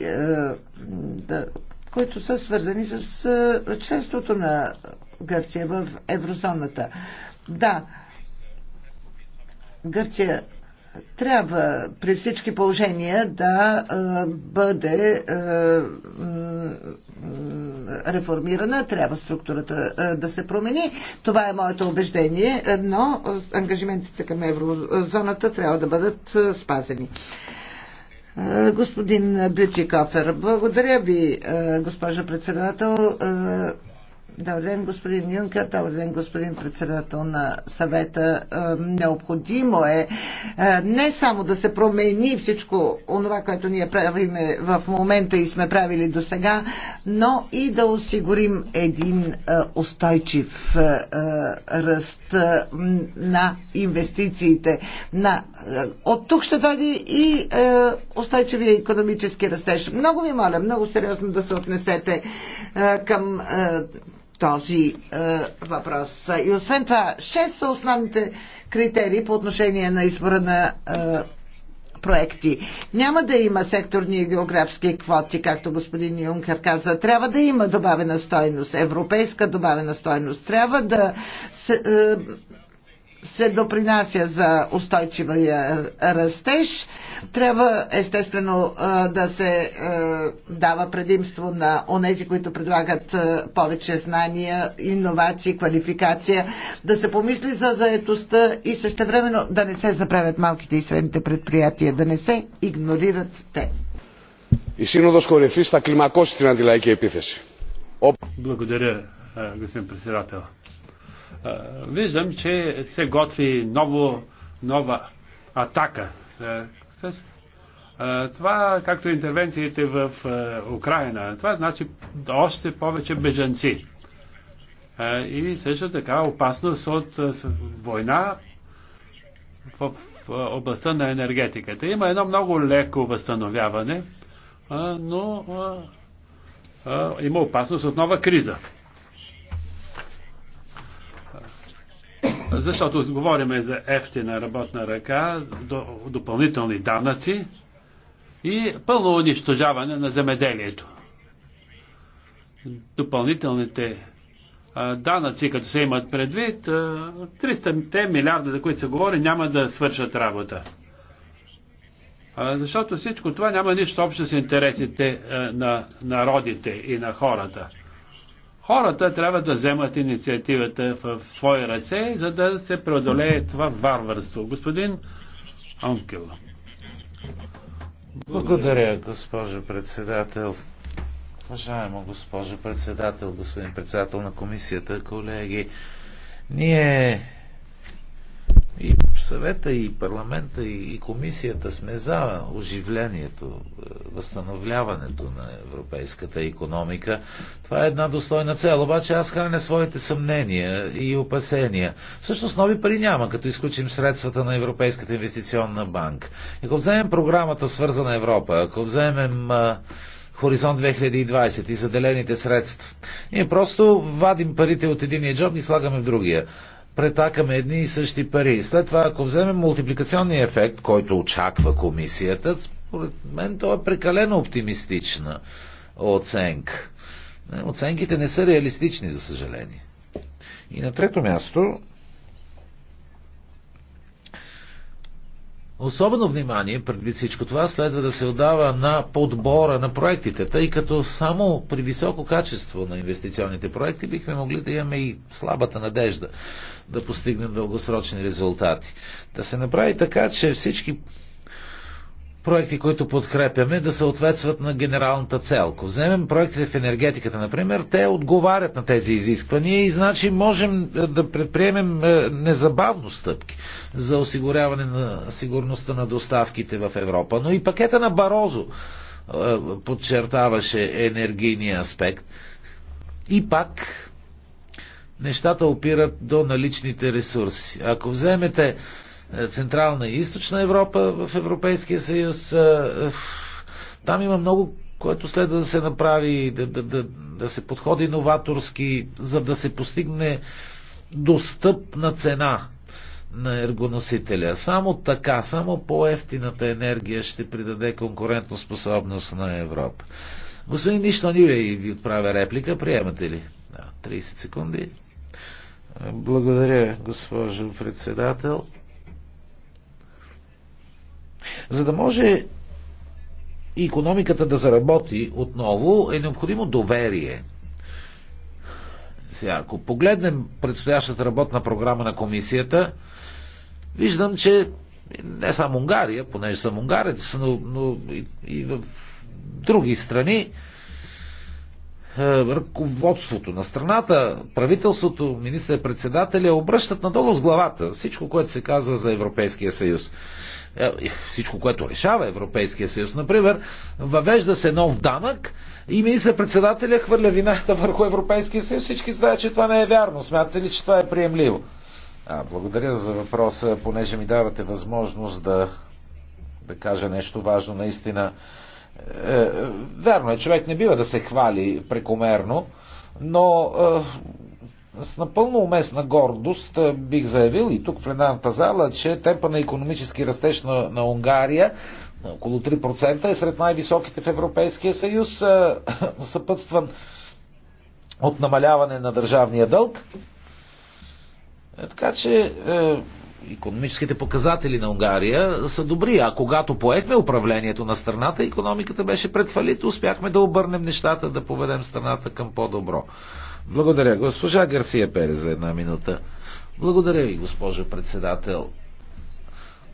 да, които са свързани с членството на Гърция в еврозоната. Да, Гърция трябва при всички положения да бъде реформирана, трябва структурата да се промени. Това е моето убеждение, но ангажиментите към еврозоната трябва да бъдат спазени. Господин Бютикофер, благодаря ви, госпожа председател. Добър ден, господин Юнкер, добър ден, господин председател на съвета. Е, необходимо е, е не само да се промени всичко онова, което ние правиме в момента и сме правили до сега, но и да осигурим един е, устойчив ръст на инвестициите. От тук ще дойде и устойчивия економически растеж. Много ви моля, много сериозно да се отнесете към този е, въпрос. И освен това, 6 са основните критерии по отношение на избора на е, проекти. Няма да има секторни и географски квоти, както господин Юнкер каза. Трябва да има добавена стойност, европейска добавена стойност. Трябва да се, е, се допринася за устойчивия е, растеж. Трябва естествено е, да се е, дава предимство на онези, които предлагат повече знания, иновации, квалификация, да се помисли за заетостта и същевременно да не се забравят малките и средните предприятия, да не се игнорират те. Η Σύνοδος Κορυφής θα κλιμακώσει την αντιλαϊκή επίθεση. Благодаря, господин председател. Виждам, че се готви ново, нова атака. Това, както интервенциите в Украина, това значи още повече бежанци. И също така опасност от война в областта на енергетиката. Има едно много леко възстановяване, но има опасност от нова криза. Защото говориме за ефтина работна ръка, допълнителни данъци и пълно унищожаване на земеделието. Допълнителните данъци, като се имат предвид, 300-те милиарда, за които се говори, няма да свършат работа. Защото всичко това няма нищо общо с интересите на народите и на хората. Хората трябва да вземат инициативата в свои ръце, за да се преодолее това варварство. Господин Анкел. Благодаря, госпожо председател. Уважаема госпожо председател, господин председател на комисията, колеги. Ние и съвета, и парламента, и комисията сме за оживлението, е, възстановляването на европейската економика. Това е една достойна цел, обаче аз храня своите съмнения и опасения. Всъщност нови пари няма, като изключим средствата на Европейската инвестиционна банка. Ако вземем програмата Свързана Европа, ако вземем Хоризонт 2020 и заделените средства. Ние просто вадим парите от единия джоб и слагаме в другия претакаме едни и същи пари. След това, ако вземем мултипликационния ефект, който очаква комисията, според мен то е прекалено оптимистична оценка. Е, оценките не са реалистични, за съжаление. И на трето място, Особено внимание, преди всичко това, следва да се отдава на подбора на проектите, тъй като само при високо качество на инвестиционните проекти бихме могли да имаме и слабата надежда да постигнем дългосрочни резултати. Да се направи така, че всички проекти, които подкрепяме, да съответстват на генералната цел. Ако вземем проектите в енергетиката, например, те отговарят на тези изисквания и значи можем е, да предприемем е, незабавно стъпки за осигуряване на сигурността на доставките в Европа. Но и пакета на Барозо е, подчертаваше енергийния аспект. И пак нещата опират до наличните ресурси. Ако вземете Централна и Източна Европа в Европейския съюз. Там има много, което следва да се направи, да, да, да, да се подходи новаторски, за да се постигне достъпна цена на ергоносителя. Само така, само по-ефтината енергия ще придаде конкурентоспособност на Европа. Господин Нищо и ви отправя реплика. Приемате ли? 30 секунди. Благодаря, госпожо председател. За да може и економиката да заработи отново, е необходимо доверие. Сега, ако погледнем предстоящата работна програма на комисията, виждам, че не само Унгария, понеже съм унгарец, но, но и, и в други страни, е, ръководството на страната, правителството, министър-председателя обръщат надолу с главата всичко, което се казва за Европейския съюз. Е, всичко, което решава Европейския съюз, например, въвежда се нов данък и министър председателя хвърля вината върху Европейския съюз. Всички знаят, че това не е вярно. Смятате ли, че това е приемливо? А, благодаря за въпроса, понеже ми давате възможност да, да кажа нещо важно наистина. Е, е, вярно е, човек не бива да се хвали прекомерно, но е, с напълно уместна гордост бих заявил и тук в пленарната зала, че темпа на економически растеж на, на Унгария около 3% е сред най-високите в Европейския съюз, съпътстван от намаляване на държавния дълг. Е, така че економическите показатели на Унгария са добри, а когато поехме управлението на страната, економиката беше пред успяхме да обърнем нещата, да поведем страната към по-добро. Благодаря. Госпожа Гарсия Перес за една минута. Благодаря ви, госпожо председател.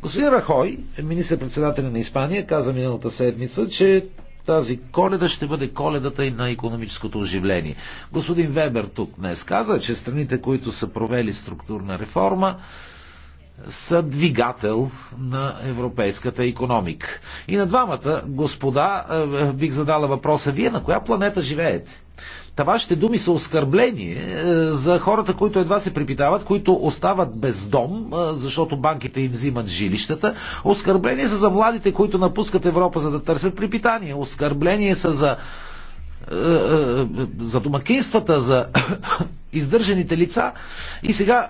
Господин Рахой, министър председател на Испания, каза миналата седмица, че тази коледа ще бъде коледата и на економическото оживление. Господин Вебер тук днес каза, че страните, които са провели структурна реформа, са двигател на европейската економика. И на двамата, господа, е, е, бих задала въпроса, вие на коя планета живеете? Та вашите думи са оскърбление е, за хората, които едва се припитават, които остават без дом, е, защото банките им взимат жилищата. Оскърбление са за младите, които напускат Европа, за да търсят припитание. Оскърбление са за е, за домакинствата, за издържаните лица. И сега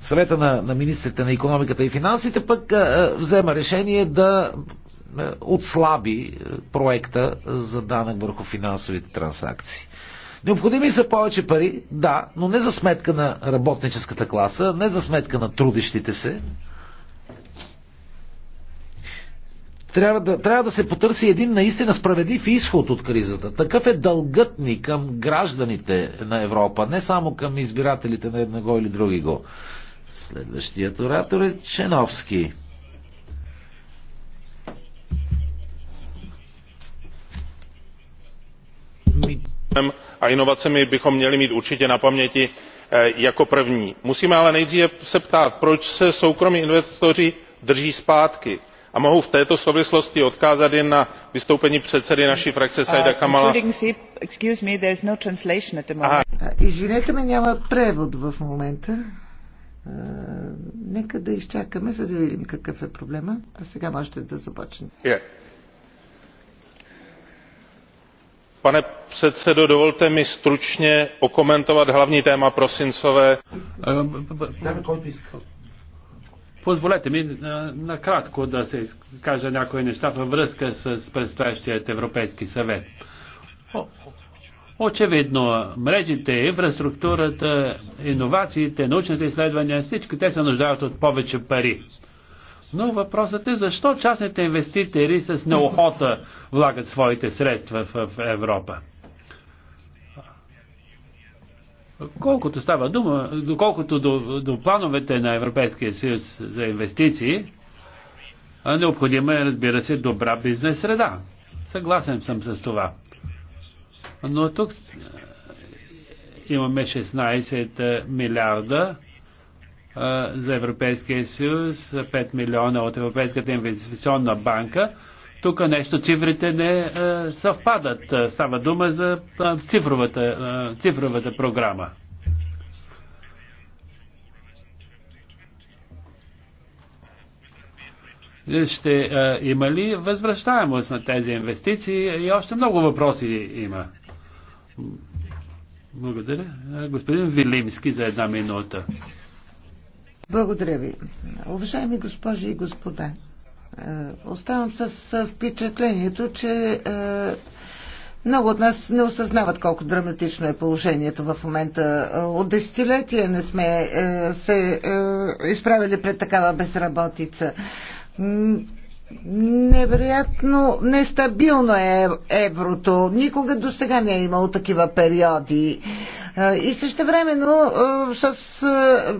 съвета на, на министрите на економиката и финансите пък взема решение да е, отслаби е, проекта за данък върху финансовите транзакции. Необходими са повече пари, да, но не за сметка на работническата класа, не за сметка на трудещите се. Трябва да, трябва да се потърси един наистина справедлив изход от кризата. Такъв е дългът ни към гражданите на Европа, не само към избирателите на едного или други го. Следващият оратор е Ченовски. a inovacemi bychom měli mít určitě na paměti jako první. musíme se ale nejdříve ptát proč se soukromí investoři drží zpátky a mohu v této souvislosti odkázat jen na vystoupení předsedy naší frakce saida kamala pane předsedo dovolte mi stručně okomentovat hlavní téma prosincové Позволете ми накратко да се кажа някои неща във връзка с предстоящият Европейски съвет. Очевидно, мрежите, инфраструктурата, иновациите, научните изследвания, всички те се нуждават от повече пари. Но въпросът е защо частните инвеститори с неохота влагат своите средства в Европа. Колкото става дума, доколкото до, до плановете на Европейския съюз за инвестиции, необходима е, разбира се, добра бизнес среда. Съгласен съм с това. Но тук имаме 16 милиарда за Европейския съюз, 5 милиона от Европейската инвестиционна банка. Тук нещо, цифрите не съвпадат. Става дума за цифровата, цифровата програма. ще а, има ли възвръщаемост на тези инвестиции и още много въпроси има. Благодаря. Господин Вилимски за една минута. Благодаря ви. Уважаеми госпожи и господа, е, оставам с впечатлението, че е, много от нас не осъзнават колко драматично е положението в момента. От десетилетия не сме е, се изправили пред такава безработица. Невероятно нестабилно е еврото. Никога до сега не е имало такива периоди. И също времено с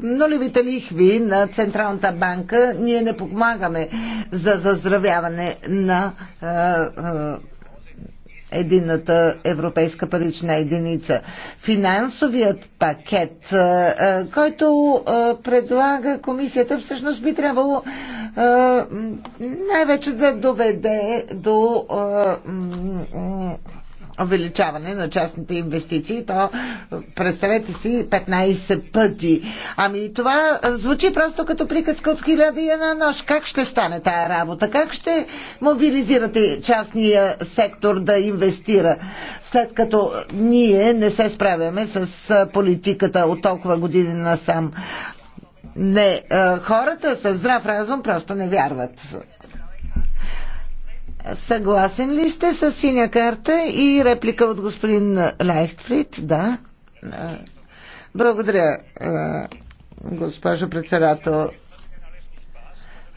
нулевите лихви на Централната банка ние не помагаме за заздравяване на едината европейска парична единица. Финансовият пакет, който предлага комисията, всъщност би трябвало най-вече да доведе до увеличаване на частните инвестиции. То, е, представете си, 15 пъти. Ами това е, звучи просто като приказка от хиляди и една нощ. Как ще стане тая работа? Как ще мобилизирате частния сектор да инвестира, след като ние не се справяме с е, политиката от толкова години насам? Не, хората с здрав разум просто не вярват. Съгласен ли сте с синя карта и реплика от господин Лайхтфрид? Да. Благодаря, госпожо председател.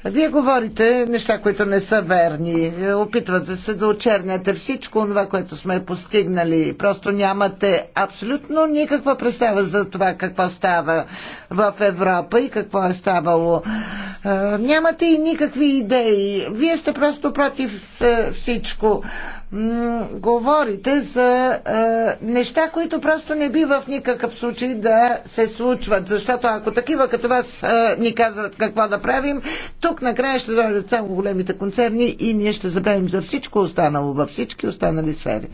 Вие говорите неща, които не са верни. Опитвате се да очерняте всичко това, което сме постигнали. Просто нямате абсолютно никаква представа за това какво става в Европа и какво е ставало. Е, нямате и никакви идеи. Вие сте просто против е, всичко говорите за а, е, неща, които просто не бива в никакъв случай да се случват. Защото ако такива като вас а, е, ни казват какво да правим, тук накрая ще дойдат само големите концерни и ние ще забравим за всичко останало, във всички останали сфери.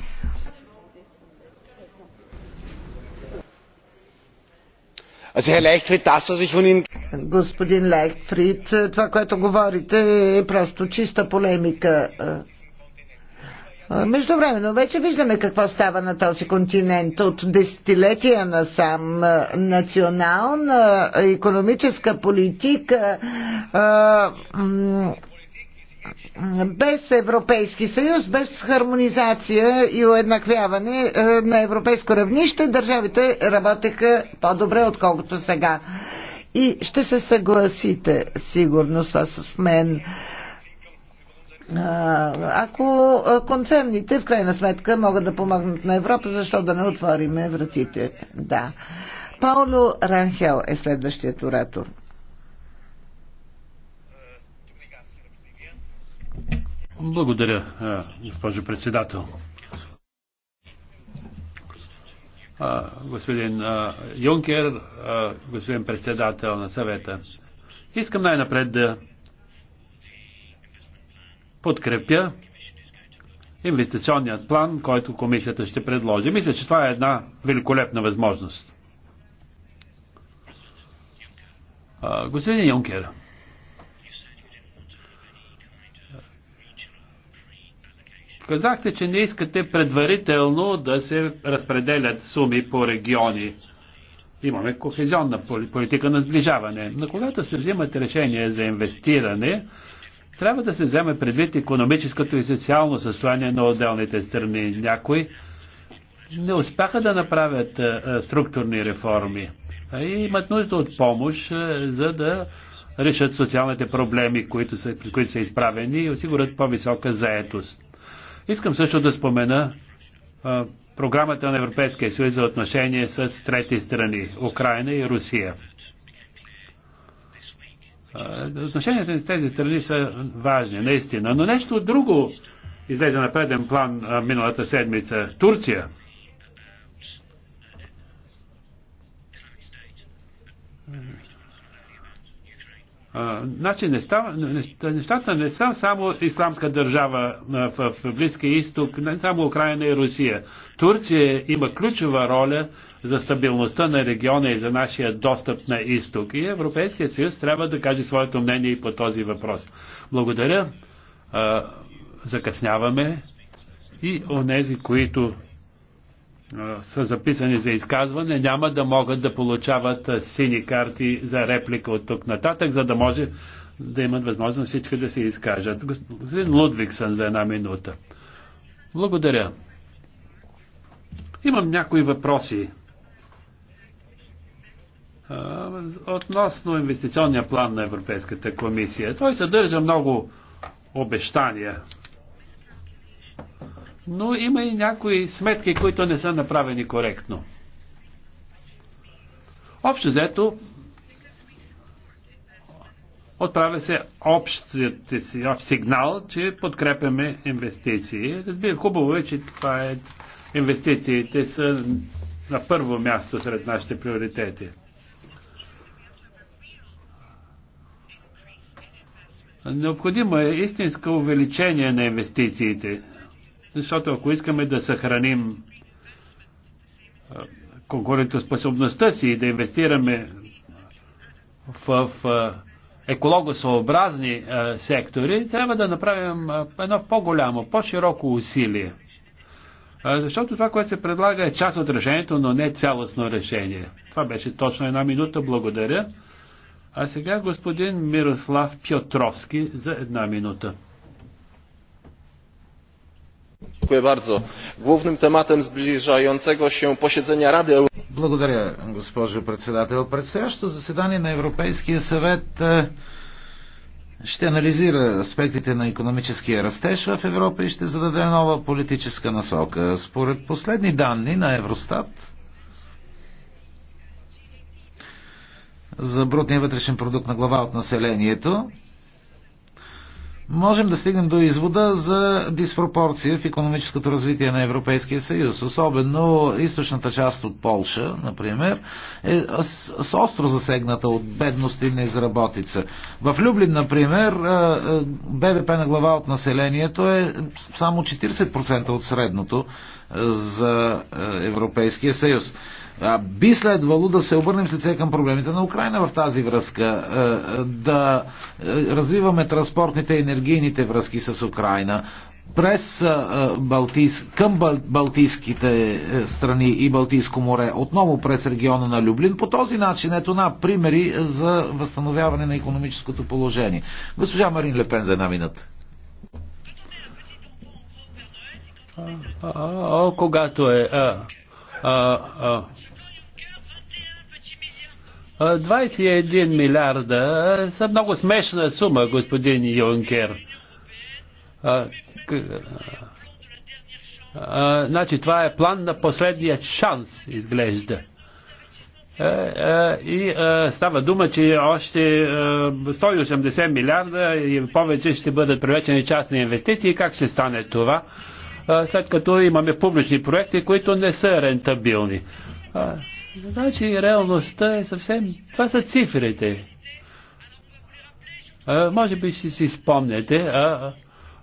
Господин Лейхфрид, това, което говорите е просто чиста полемика. Междувременно вече виждаме какво става на този континент. От десетилетия насам национална економическа политика без Европейски съюз, без хармонизация и уеднаквяване на европейско равнище, държавите работеха по-добре, отколкото сега. И ще се съгласите, сигурно, с мен. Ако концерните в крайна сметка могат да помогнат на Европа, защо да не отвориме вратите? Да. Пауло Ранхел е следващият оратор. Благодаря, госпожо председател. Господин Юнкер, господин председател на съвета, искам най-напред да подкрепя инвестиционният план, който комисията ще предложи. Мисля, че това е една великолепна възможност. Господин Юнкер, казахте, че не искате предварително да се разпределят суми по региони. Имаме кохезионна политика на сближаване. Но когато се взимат решения за инвестиране, трябва да се вземе предвид економическото и социално състояние на отделните страни. Някои не успяха да направят структурни реформи и имат нужда от помощ, за да решат социалните проблеми, които са, които са изправени и осигурят по-висока заетост. Искам също да спомена програмата на Европейския съюз за отношение с трети страни Украина и Русия. Отношенията с тези страни са важни, наистина. Но нещо друго излезе на преден план миналата седмица. Турция. Значи не става, нещата не са само исламска държава в Близкия изток, не само Украина и Русия. Турция има ключова роля за стабилността на региона и за нашия достъп на изток. И Европейския съюз трябва да каже своето мнение и по този въпрос. Благодаря. Закъсняваме и онези, които са записани за изказване, няма да могат да получават сини карти за реплика от тук нататък, за да може да имат възможност всички да се изкажат. Господин Лудвиксън за една минута. Благодаря. Имам някои въпроси относно инвестиционния план на Европейската комисия. Той съдържа много обещания но има и някои сметки, които не са направени коректно. Общо взето, отправя се общият сигнал, че подкрепяме инвестиции. Разбира, хубаво е, че това е, инвестициите са на първо място сред нашите приоритети. Необходимо е истинско увеличение на инвестициите. Защото ако искаме да съхраним конкурентоспособността си и да инвестираме в екологосъобразни сектори, трябва да направим едно по-голямо, по-широко усилие. Защото това, което се предлага е част от решението, но не цялостно решение. Това беше точно една минута. Благодаря. А сега господин Мирослав Пьотровски за една минута. Благодаря, госпожо председател. Предстоящото заседание на Европейския съвет е, ще анализира аспектите на економическия растеж в Европа и ще зададе нова политическа насока. Според последни данни на Евростат за брутния вътрешен продукт на глава от населението, можем да стигнем до извода за диспропорция в економическото развитие на Европейския съюз. Особено източната част от Полша, например, е с остро засегната от бедност и неизработица. В Люблин, например, БВП на глава от населението е само 40% от средното за Европейския съюз. Би следвало да се обърнем с лице към проблемите на Украина в тази връзка, да развиваме транспортните и енергийните връзки с Украина, през Балтийс, към Балтийските е, страни и Балтийско море, отново през региона на Люблин. По този начин ето на примери за възстановяване на економическото положение. Госпожа Марин Лепен за една минута. а, когато е а, 21 милиарда са много смешна сума, господин Юнкер. значи това е план на последния шанс, изглежда. Е, е, и е, става дума, че още 180 милиарда и повече ще бъдат привлечени частни инвестиции. Как ще стане това? след като имаме публични проекти, които не са рентабилни. А, Значи реалността е съвсем... Това са цифрите. А, може би ще си спомняте, а,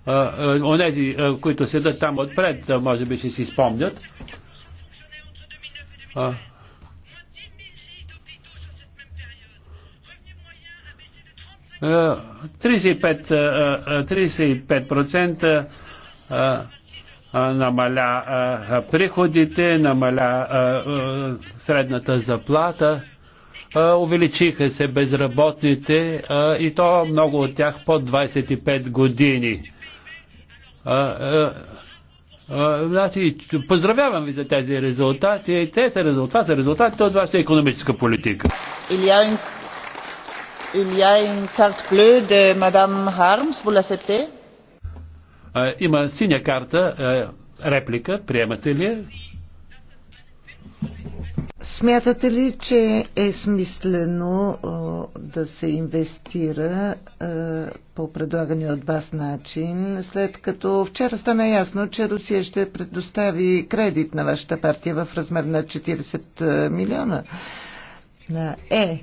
а, а, онези, а, които седат там отпред, а, може би ще си спомнят. А, Uh, 35%, uh, 35% uh, намаля приходите, намаля средната заплата, увеличиха се безработните и то много от тях под 25 години. Значи, поздравявам ви за тези резултати. Те са резултат, са резултатите от вашата економическа политика. Il y a une carte bleue de Madame Harms, vous l'acceptez а, има синя карта, а, реплика, приемате ли Смятате ли, че е смислено да се инвестира по предлагания от вас начин, след като вчера стана ясно, че Русия ще предостави кредит на вашата партия в размер на 40 милиона? Е,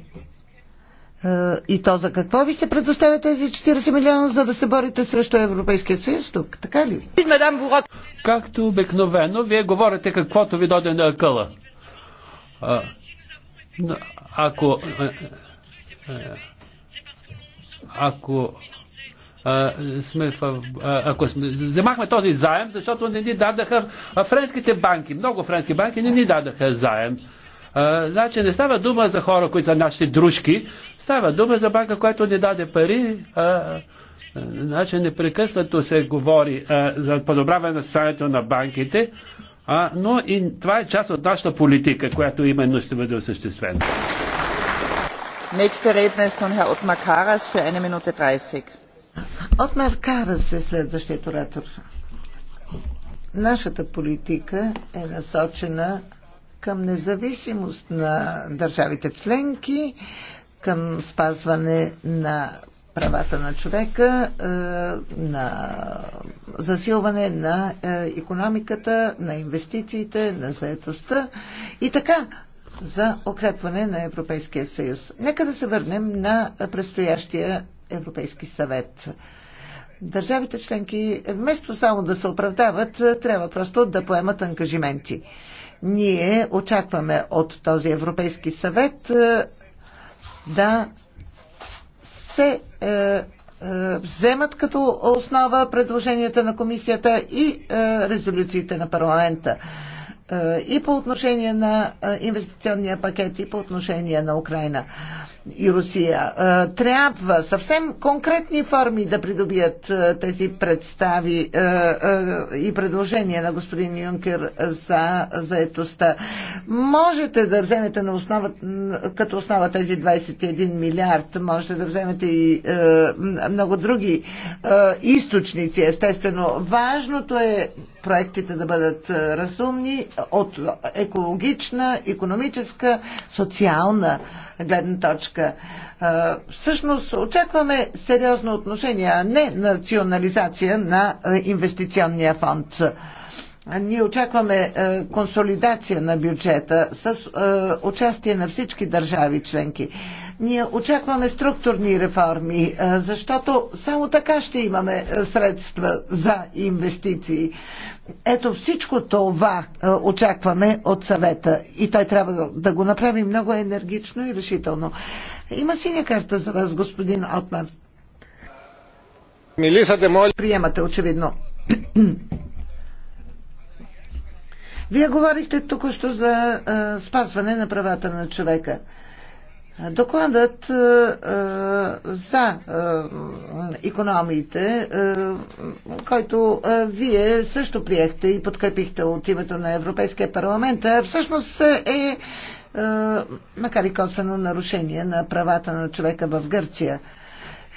е, и то за какво ви се предоставят тези 40 милиона, за да се борите срещу Европейския съюз тук, така ли? Както обикновено, вие говорите каквото ви доде на акъла. А, ако ако а, сме а, ако сме, вземахме този заем, защото не ни дадаха френските банки, много френски банки не ни дадаха заем. А, значи не става дума за хора, които са наши дружки, Става дума за банка, която не даде пари, а, значи непрекъснато се говори а, за подобряване на състоянието на банките, а, но и това е част от нашата политика, която именно ще бъде осъществена. Nächster Redner ist nun 30. е следващият оратор. Нашата политика е насочена към независимост на държавите членки, към спазване на правата на човека, е, на засилване на економиката, на инвестициите, на заетостта и така за укрепване на Европейския съюз. Нека да се върнем на предстоящия Европейски съвет. Държавите членки, вместо само да се оправдават, трябва просто да поемат ангажименти. Ние очакваме от този Европейски съвет е, да се е, е, вземат като основа предложенията на комисията и е, резолюциите на парламента е, и по отношение на е, инвестиционния пакет, и по отношение на Украина и Русия. Трябва съвсем конкретни форми да придобият тези представи и предложения на господин Юнкер за заетостта. Можете да вземете на основа, като основа тези 21 милиард, можете да вземете и много други източници, естествено. Важното е проектите да бъдат разумни от екологична, економическа, социална гледна точка. Всъщност очакваме сериозно отношение, а не национализация на инвестиционния фонд. Ние очакваме консолидация на бюджета с участие на всички държави членки. Ние очакваме структурни реформи, защото само така ще имаме средства за инвестиции. Ето всичко това е, очакваме от съвета и той трябва да го направи много енергично и решително. Има синя карта за вас, господин Отмар. Милисате, моля. Приемате, очевидно. Вие говорихте тук що за а, е, спазване на правата на човека. Докладът е, е, за економиите, е, който вие също приехте и подкрепихте от името на Европейския парламент, всъщност е, макар и косвено нарушение на правата на човека в Гърция.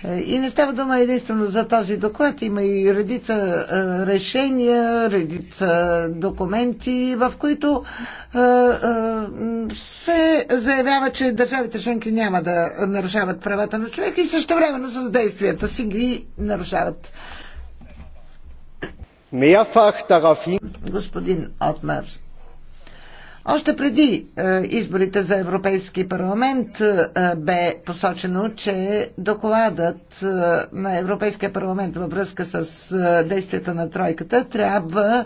И не става дума единствено за този доклад. Има и редица е, решения, редица документи, в които е, е, се заявява, че държавите членки няма да нарушават правата на човека и също времено с действията си ги нарушават. Господин Отмарс, още преди е, изборите за Европейски парламент е, бе посочено, че докладът е, на Европейския парламент във връзка с действията на тройката трябва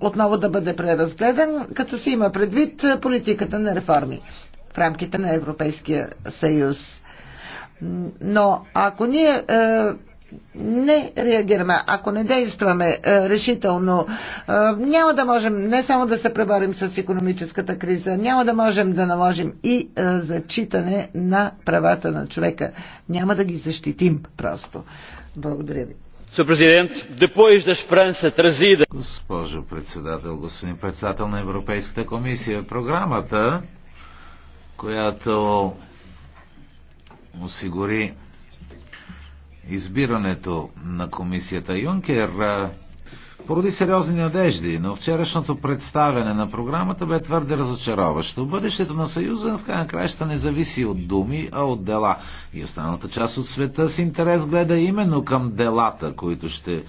отново да бъде преразгледан, като се има предвид политиката на реформи в рамките на Европейския съюз. Но ако ние не реагираме, ако не действаме е, решително, е, няма да можем не само да се преборим с економическата криза, няма да можем да наложим и е, зачитане на правата на човека. Няма да ги защитим просто. Благодаря ви. Госпожо председател, господин председател на Европейската комисия, програмата, която осигури избирането на комисията Юнкер поради сериозни надежди, но вчерашното представяне на програмата бе твърде разочароващо. Бъдещето на Съюза в крайна краща не зависи от думи, а от дела. И останалата част от света с интерес гледа именно към делата, които ще е,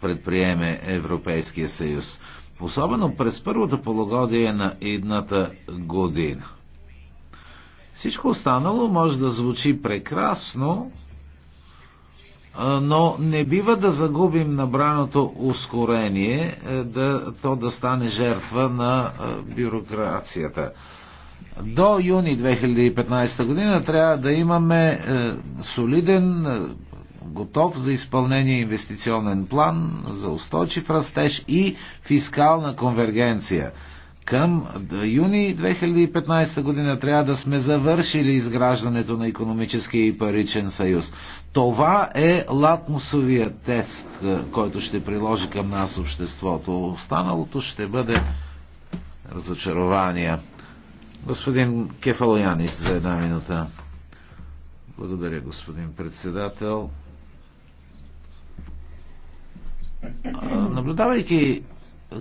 предприеме Европейския съюз. Особено през първото полугодие на едната година. Всичко останало може да звучи прекрасно, но не бива да загубим набраното ускорение, е, да, то да стане жертва на бюрокрацията. До юни 2015 година трябва да имаме е, солиден, е, готов за изпълнение инвестиционен план за устойчив растеж и фискална конвергенция – към юни 2015 година трябва да сме завършили изграждането на економическия и паричен съюз. Това е латмусовия тест, който ще приложи към нас обществото. Останалото ще бъде разочарование. Господин Кефалоянис за една минута. Благодаря, господин председател. Наблюдавайки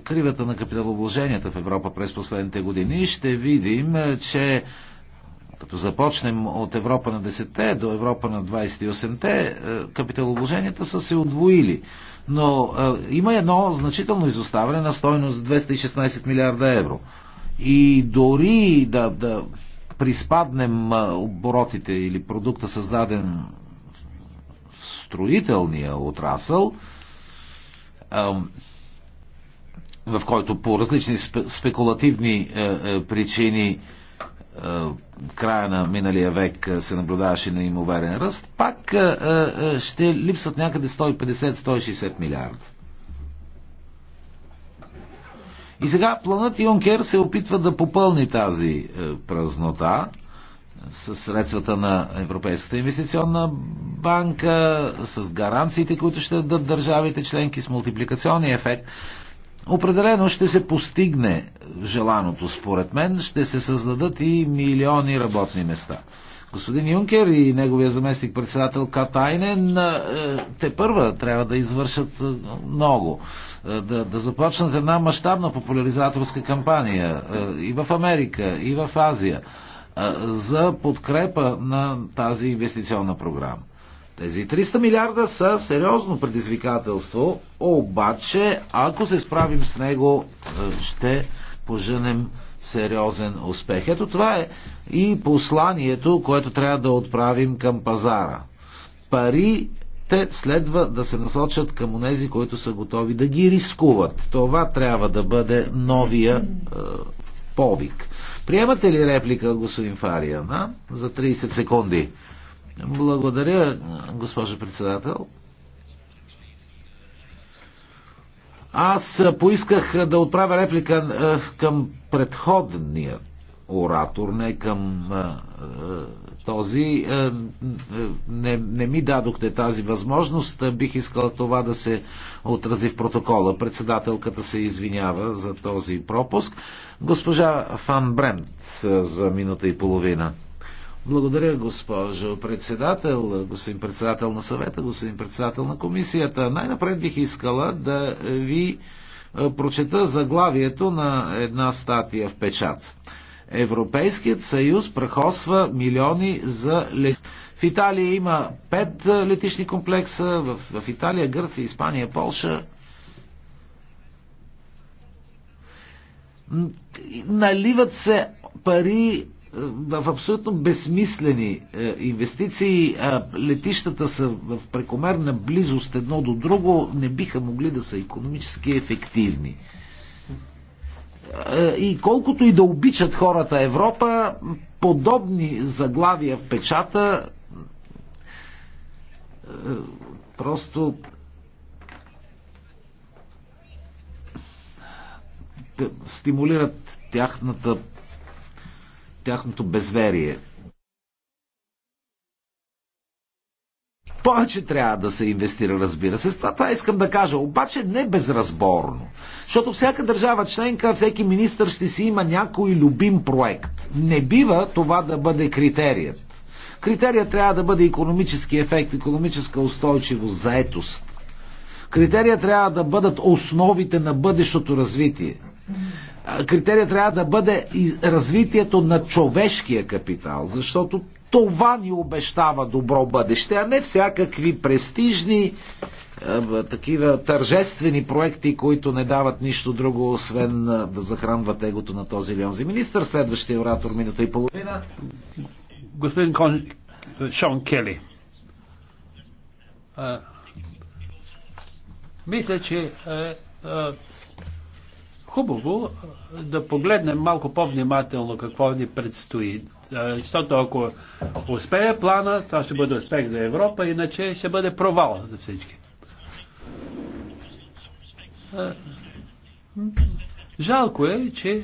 кривата на капиталовложенията в Европа през последните години, ще видим, е, че като започнем от Европа на 10-те до Европа на 28-те, е, капиталовложенията са се удвоили. Но е, има едно значително изоставане на стойност 216 милиарда евро. И дори да, да приспаднем е, оборотите или продукта създаден в строителния отрасъл, е, в който по различни спекулативни е, е, причини е, края на миналия век се наблюдаваше на имоверен ръст, пак ще липсват някъде 150-160 милиарда. И сега планът Юнкер се опитва да попълни тази празнота с средствата на Европейската инвестиционна банка, с гаранциите, които ще дадат държавите членки, с мултипликационния ефект. Определено ще се постигне желаното, според мен, ще се създадат и милиони работни места. Господин Юнкер и неговия заместник председател Катайнен е, те първа трябва да извършат е, много. Е, да, да започнат една мащабна популяризаторска кампания и в Америка, и в Азия за подкрепа на тази инвестиционна програма. Тези 300 милиарда са сериозно предизвикателство, обаче ако се справим с него, е, ще поженем сериозен успех. Ето това е и посланието, което трябва да отправим към пазара. Пари те следва да се насочат към онези, които са готови да ги рискуват. Това трябва да бъде новия е, повик. Приемате ли реплика, господин Фариана, за 30 секунди? Благодаря, госпожо председател. Аз поисках да отправя реплика е, към предходния оратор, не към е, е, този. Не, не ми дадохте тази възможност. Бих искал това да се отрази в протокола. Председателката се извинява за този пропуск. Госпожа Фан Брент за минута и половина. Благодаря, госпожо председател, господин председател на съвета, господин председател на комисията. Най-напред бих искала да ви е, прочета заглавието на една статия в печат. Европейският съюз прахосва милиони за лет. В Италия има пет е, летищни комплекса, в, в Италия, Гърция, Испания, Полша. Наливат се пари в абсолютно безсмислени е, инвестиции. Летищата са в прекомерна близост едно до друго, не биха могли да са економически ефективни. Е, и колкото и да обичат хората Европа, подобни заглавия в печата е, просто стимулират тяхната тяхното безверие. Повече трябва да се инвестира, разбира се. Това, това искам да кажа. Обаче не безразборно. Защото всяка държава членка, всеки министр ще си има някой любим проект. Не бива това да бъде критерият. Критерия трябва да бъде економически ефект, економическа устойчивост, заетост. Критерия трябва да бъдат основите на бъдещото развитие. Критерия трябва да бъде и развитието на човешкия капитал, защото това ни обещава добро бъдеще, а не всякакви престижни е, такива тържествени проекти, които не дават нищо друго, освен е, да захранват егото на този или онзи министр. Следващия оратор, минута и половина. Господин Кон... Шон Кели. А, мисля, че а, е, а, хубаво да погледнем малко по-внимателно какво ни предстои. Защото ако успее плана, това ще бъде успех за Европа, иначе ще бъде провал за всички. Жалко е, че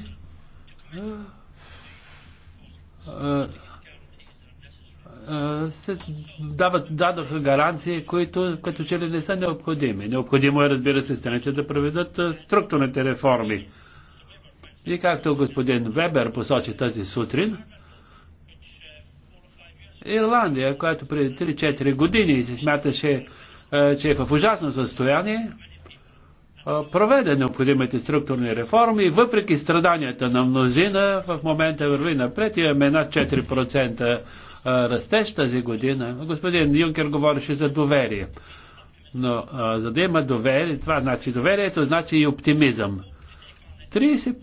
се дават, дадоха гаранции, които като че ли не са необходими. Необходимо е, разбира се, страните да проведат структурните реформи. И както господин Вебер посочи тази сутрин, Ирландия, която преди 3-4 години се смяташе, че е в ужасно състояние, проведе необходимите структурни реформи въпреки страданията на мнозина, в момента върви напред и имаме над 4% растеж тази година. Господин Юнкер говореше за доверие. Но а, за да има доверие, това значи доверието, значи и оптимизъм. 30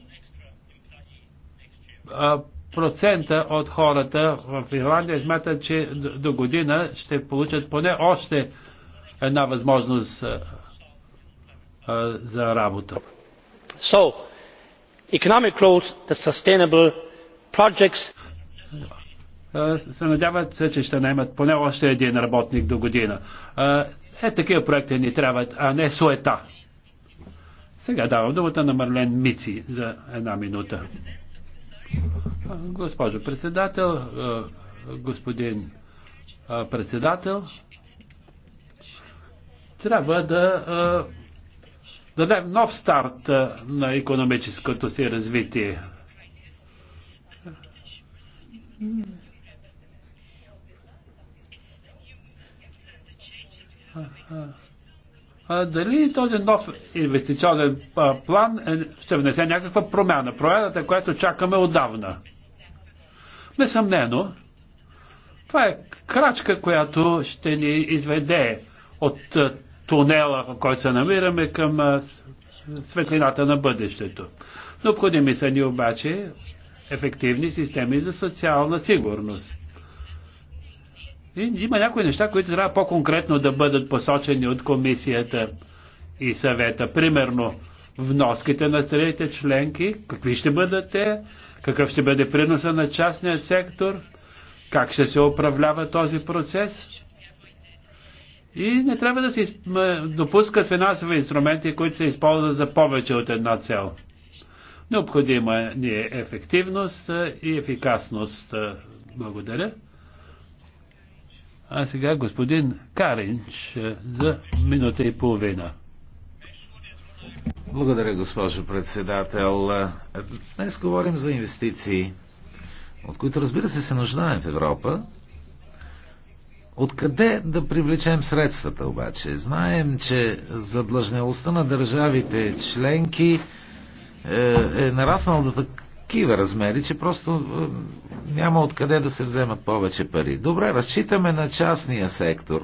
процента от хората в Ирландия смятат, че до, година ще получат поне още една възможност а, а, за работа. So, economic growth the sustainable projects се надяват, че ще наймат поне още един работник до година. Е, такива проекти ни трябват, а не суета. Сега давам думата на Марлен Мици за една минута. Госпожо председател, господин председател, трябва да дадем нов старт на економическото си развитие. а, дали този нов инвестиционен а, план е, ще внесе някаква промяна, промяната, която чакаме отдавна. Несъмнено, това е крачка, която ще ни изведе от а, тунела, в който се намираме, към а, светлината на бъдещето. Необходими са ни обаче ефективни системи за социална сигурност. Има някои неща, които трябва по-конкретно да бъдат посочени от комисията и съвета. Примерно, вноските на страните членки, какви ще бъдат те, какъв ще бъде приноса на частния сектор, как ще се управлява този процес. И не трябва да се допускат финансови инструменти, които се използват за повече от една цел. Необходима ни е ефективност и ефикасност. Благодаря. А сега господин Каринч е, за минута и половина. Благодаря, госпожо председател. Днес говорим за инвестиции, от които разбира се се нуждаем в Европа. Откъде да привлечем средствата обаче? Знаем, че задлъжнялостта на държавите членки е, е нараснала до такива размери, че просто е, няма откъде да се вземат повече пари. Добре, разчитаме на частния сектор.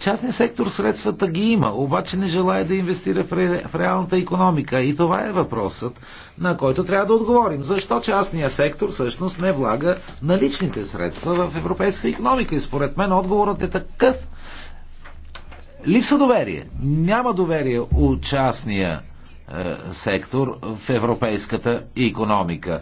Частния сектор средствата ги има, обаче не желая да инвестира в, ре, в реалната економика. И това е въпросът, на който трябва да отговорим. Защо частния сектор всъщност не влага наличните средства в европейска економика? И според мен отговорът е такъв. Липса доверие. Няма доверие у частния е, сектор в европейската економика.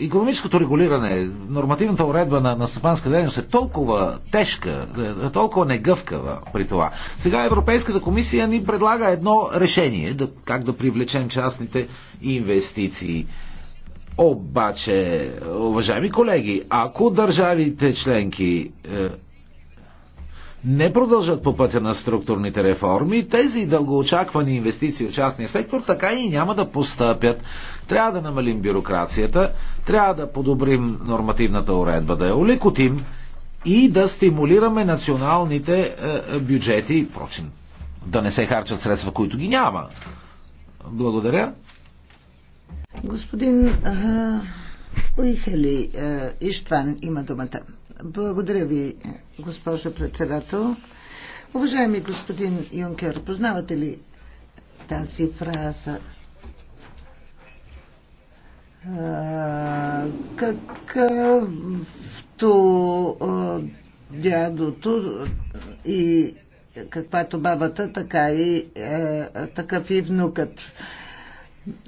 Економическото регулиране, нормативната уредба на, на стопанска дейност е толкова тежка, е, е, толкова негъвкава при това. Сега Европейската комисия ни предлага едно решение, да, как да привлечем частните инвестиции. Обаче, уважаеми колеги, ако държавите членки не продължат по пътя на структурните реформи, тези дългоочаквани инвестиции в частния сектор така и няма да постъпят. Трябва да намалим бюрокрацията, трябва да подобрим нормативната уредба, да я улекотим и да стимулираме националните е, е, бюджети, впрочем, да не се харчат средства, които ги няма. Благодаря. Господин е, Уихели Иштван има думата. Благодаря ви, госпожо председател. Уважаеми господин Юнкер, познавате ли тази фраза? Какъвто дядото и каквато бабата, така и е, такъв и внукът.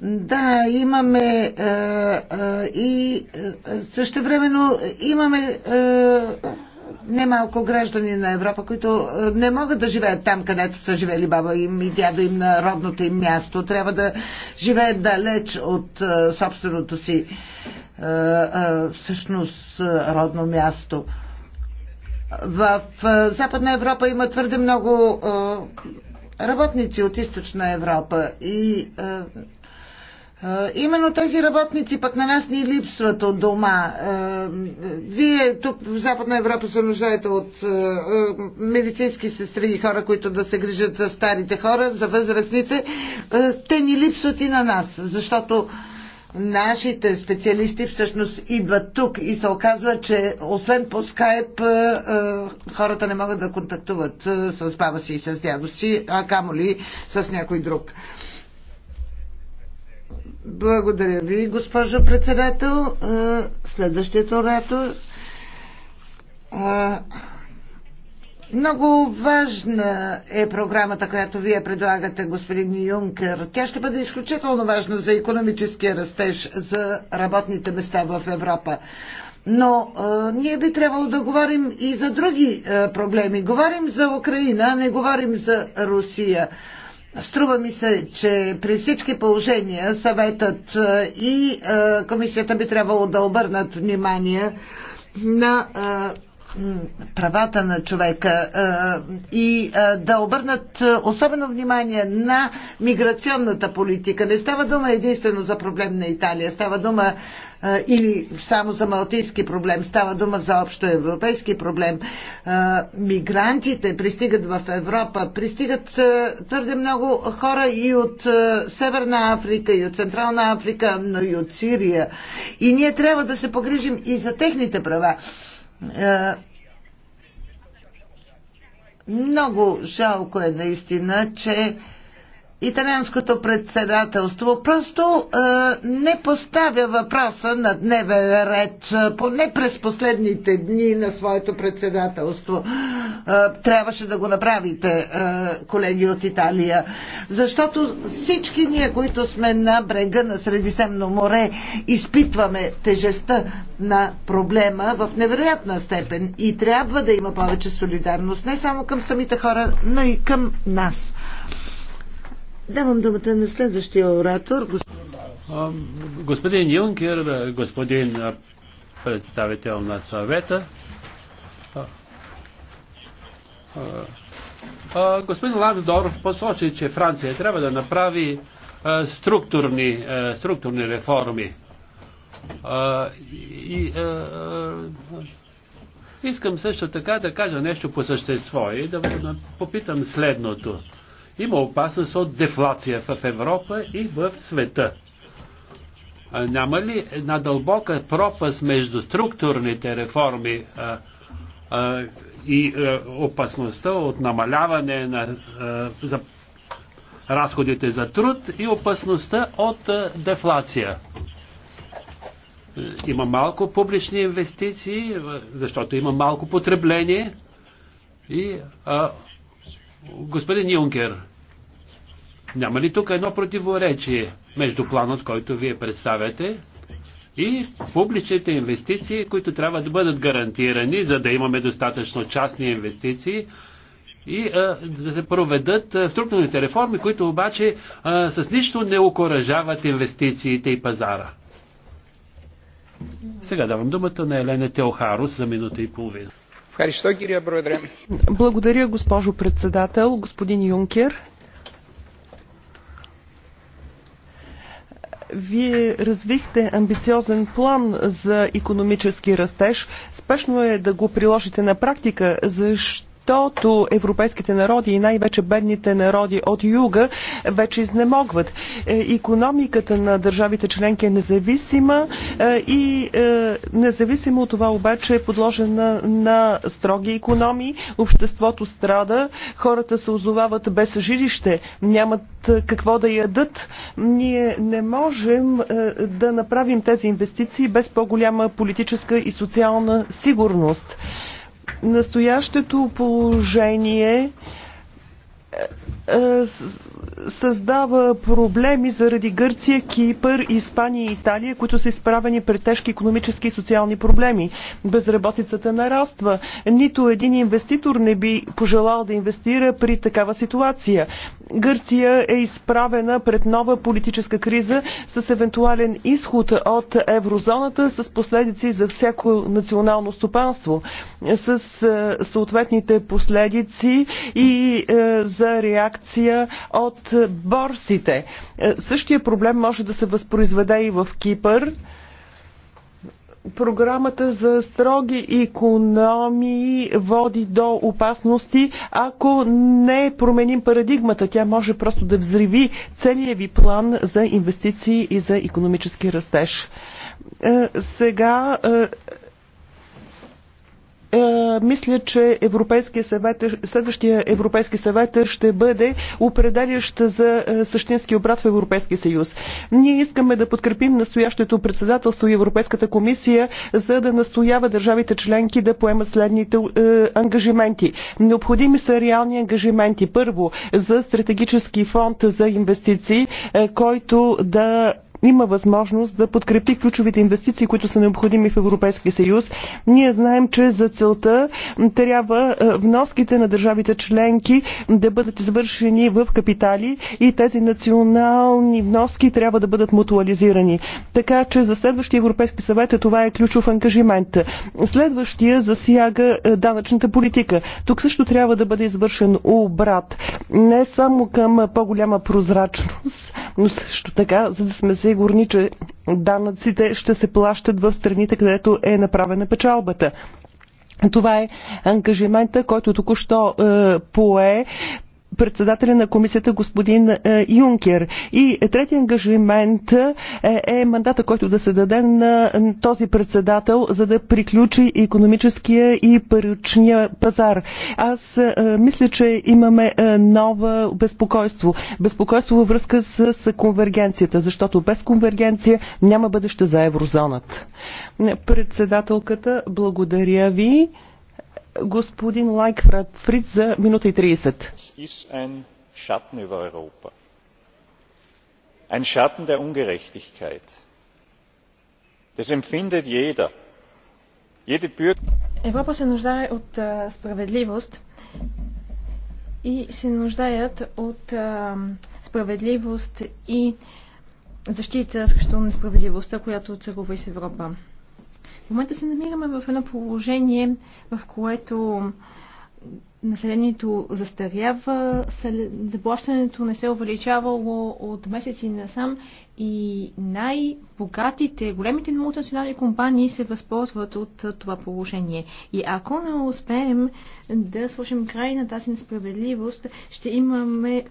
Да, имаме е, е, и е, също времено имаме немалко граждани на Европа, които не могат да живеят там, където са живели баба им и дядо им на родното им място. Трябва да живеят далеч от собственото си всъщност родно място. В Западна Европа има твърде много работници от източна Европа и Именно тези работници пък на нас ни липсват от дома. Вие тук в Западна Европа се нуждаете от медицински сестри и хора, които да се грижат за старите хора, за възрастните. Те ни липсват и на нас, защото нашите специалисти всъщност идват тук и се оказва, че освен по скайп хората не могат да контактуват с баба си и с дядо си, а камо ли с някой друг. Благодаря ви, госпожо председател. Следващият оратор. Много важна е програмата, която вие предлагате, господин Юнкер. Тя ще бъде изключително важна за економическия растеж, за работните места в Европа. Но а, ние би трябвало да говорим и за други а, проблеми. Говорим за Украина, не говорим за Русия. Струва ми се, че при всички положения съветът и комисията би трябвало да обърнат внимание на правата на човека и да обърнат особено внимание на миграционната политика. Не става дума единствено за проблем на Италия, става дума или само за малтийски проблем, става дума за общо европейски проблем. Мигрантите пристигат в Европа, пристигат твърде много хора и от Северна Африка, и от Централна Африка, но и от Сирия. И ние трябва да се погрижим и за техните права. Много жалко е наистина, че италианското председателство просто е, не поставя въпроса на дневен ред, е, поне през последните дни на своето председателство. Е, трябваше да го направите, е, колеги от Италия, защото всички ние, които сме на брега на Средиземно море, изпитваме тежестта на проблема в невероятна степен и трябва да има повече солидарност не само към самите хора, но и към нас. Давам думата на следващия оратор. Господин Юнкер, господин представител на съвета, господин Лаксдорф посочи, че Франция трябва да направи структурни, структурни реформи. И, искам също така да кажа нещо по същество и да попитам следното. Има опасност от дефлация в Европа и в света. Няма ли една дълбока пропаст между структурните реформи а, а, и а, опасността от намаляване на а, за разходите за труд и опасността от а, дефлация? Има малко публични инвестиции, защото има малко потребление и а, Господин Юнкер, няма ли тук едно противоречие между планът, който вие представяте и публичните инвестиции, които трябва да бъдат гарантирани, за да имаме достатъчно частни инвестиции и а, да се проведат а, структурните реформи, които обаче а, с нищо не окоръжават инвестициите и пазара. Сега давам думата на Елена Теохарус за минута и половина. Благодаря, госпожо председател, господин Юнкер. Вие развихте амбициозен план за економически растеж. Спешно е да го приложите на практика, защото защото европейските народи и най-вече бедните народи от юга вече изнемогват. Економиката на държавите членки е независима е, и е, независимо от това обаче е подложена на строги економии. Обществото страда, хората се озовават без жилище, нямат е, какво да ядат. Ние не можем да направим тези инвестиции без по-голяма политическа и социална сигурност. Настоящето положение е, създава проблеми заради Гърция, Кипър, Испания и Италия, които са изправени пред тежки економически и социални проблеми. Безработицата нараства. Нито един инвеститор не би пожелал да инвестира при такава ситуация. Гърция е изправена пред нова политическа криза с евентуален изход от еврозоната с последици за всяко национално стопанство, с е, съответните последици и е, за реакция реакция от борсите. Е, същия проблем може да се възпроизведе и в Кипър програмата за строги економии води до опасности. Ако не променим парадигмата, тя може просто да взриви целият ви план за инвестиции и за економически растеж. Е, сега е, мисля, че Европейския съвет, следващия Европейски съвет ще бъде определящ за е, същински обрат в Европейския съюз. Ние искаме да подкрепим настоящото председателство и Европейската комисия, за да настоява държавите членки да поемат следните е, ангажименти. Необходими са реални ангажименти. Първо, за стратегически фонд за инвестиции, е, който да има възможност да подкрепи ключовите инвестиции, които са необходими в Европейския съюз. Ние знаем, че за целта трябва е, вноските на държавите членки да бъдат извършени в капитали и тези национални вноски трябва да бъдат мутуализирани. Така че за следващия Европейски съвет е това е ключов ангажимент. Следващия засяга е, данъчната политика. Тук също трябва да бъде извършен обрат. Не само към по-голяма прозрачност, но също така, за да сме се сигурни, че данъците ще се плащат в страните, където е направена печалбата. Това е ангажимента, който току-що е, пое председателя на комисията господин е, Юнкер. И третия ангажимент е, е мандата, който да се даде на този председател, за да приключи економическия и паричния пазар. Аз е, мисля, че имаме нова безпокойство. Безпокойство във връзка с конвергенцията, защото без конвергенция няма бъдеще за еврозоната. Председателката, благодаря ви господин Лайкфред Фриц за минута и 30. Schatten über Europa. Ein Schatten der Ungerechtigkeit. Das empfindet jeder. Jede Bürger... Европа се нуждае от а, справедливост и се нуждаят от а, справедливост и защита срещу несправедливостта, която царува из Европа момента се намираме в едно положение, в което населението застарява, заплащането не се е увеличавало от месеци насам и най-богатите, големите мултинационални компании се възползват от това положение. И ако не успеем да сложим край на тази несправедливост, ще имаме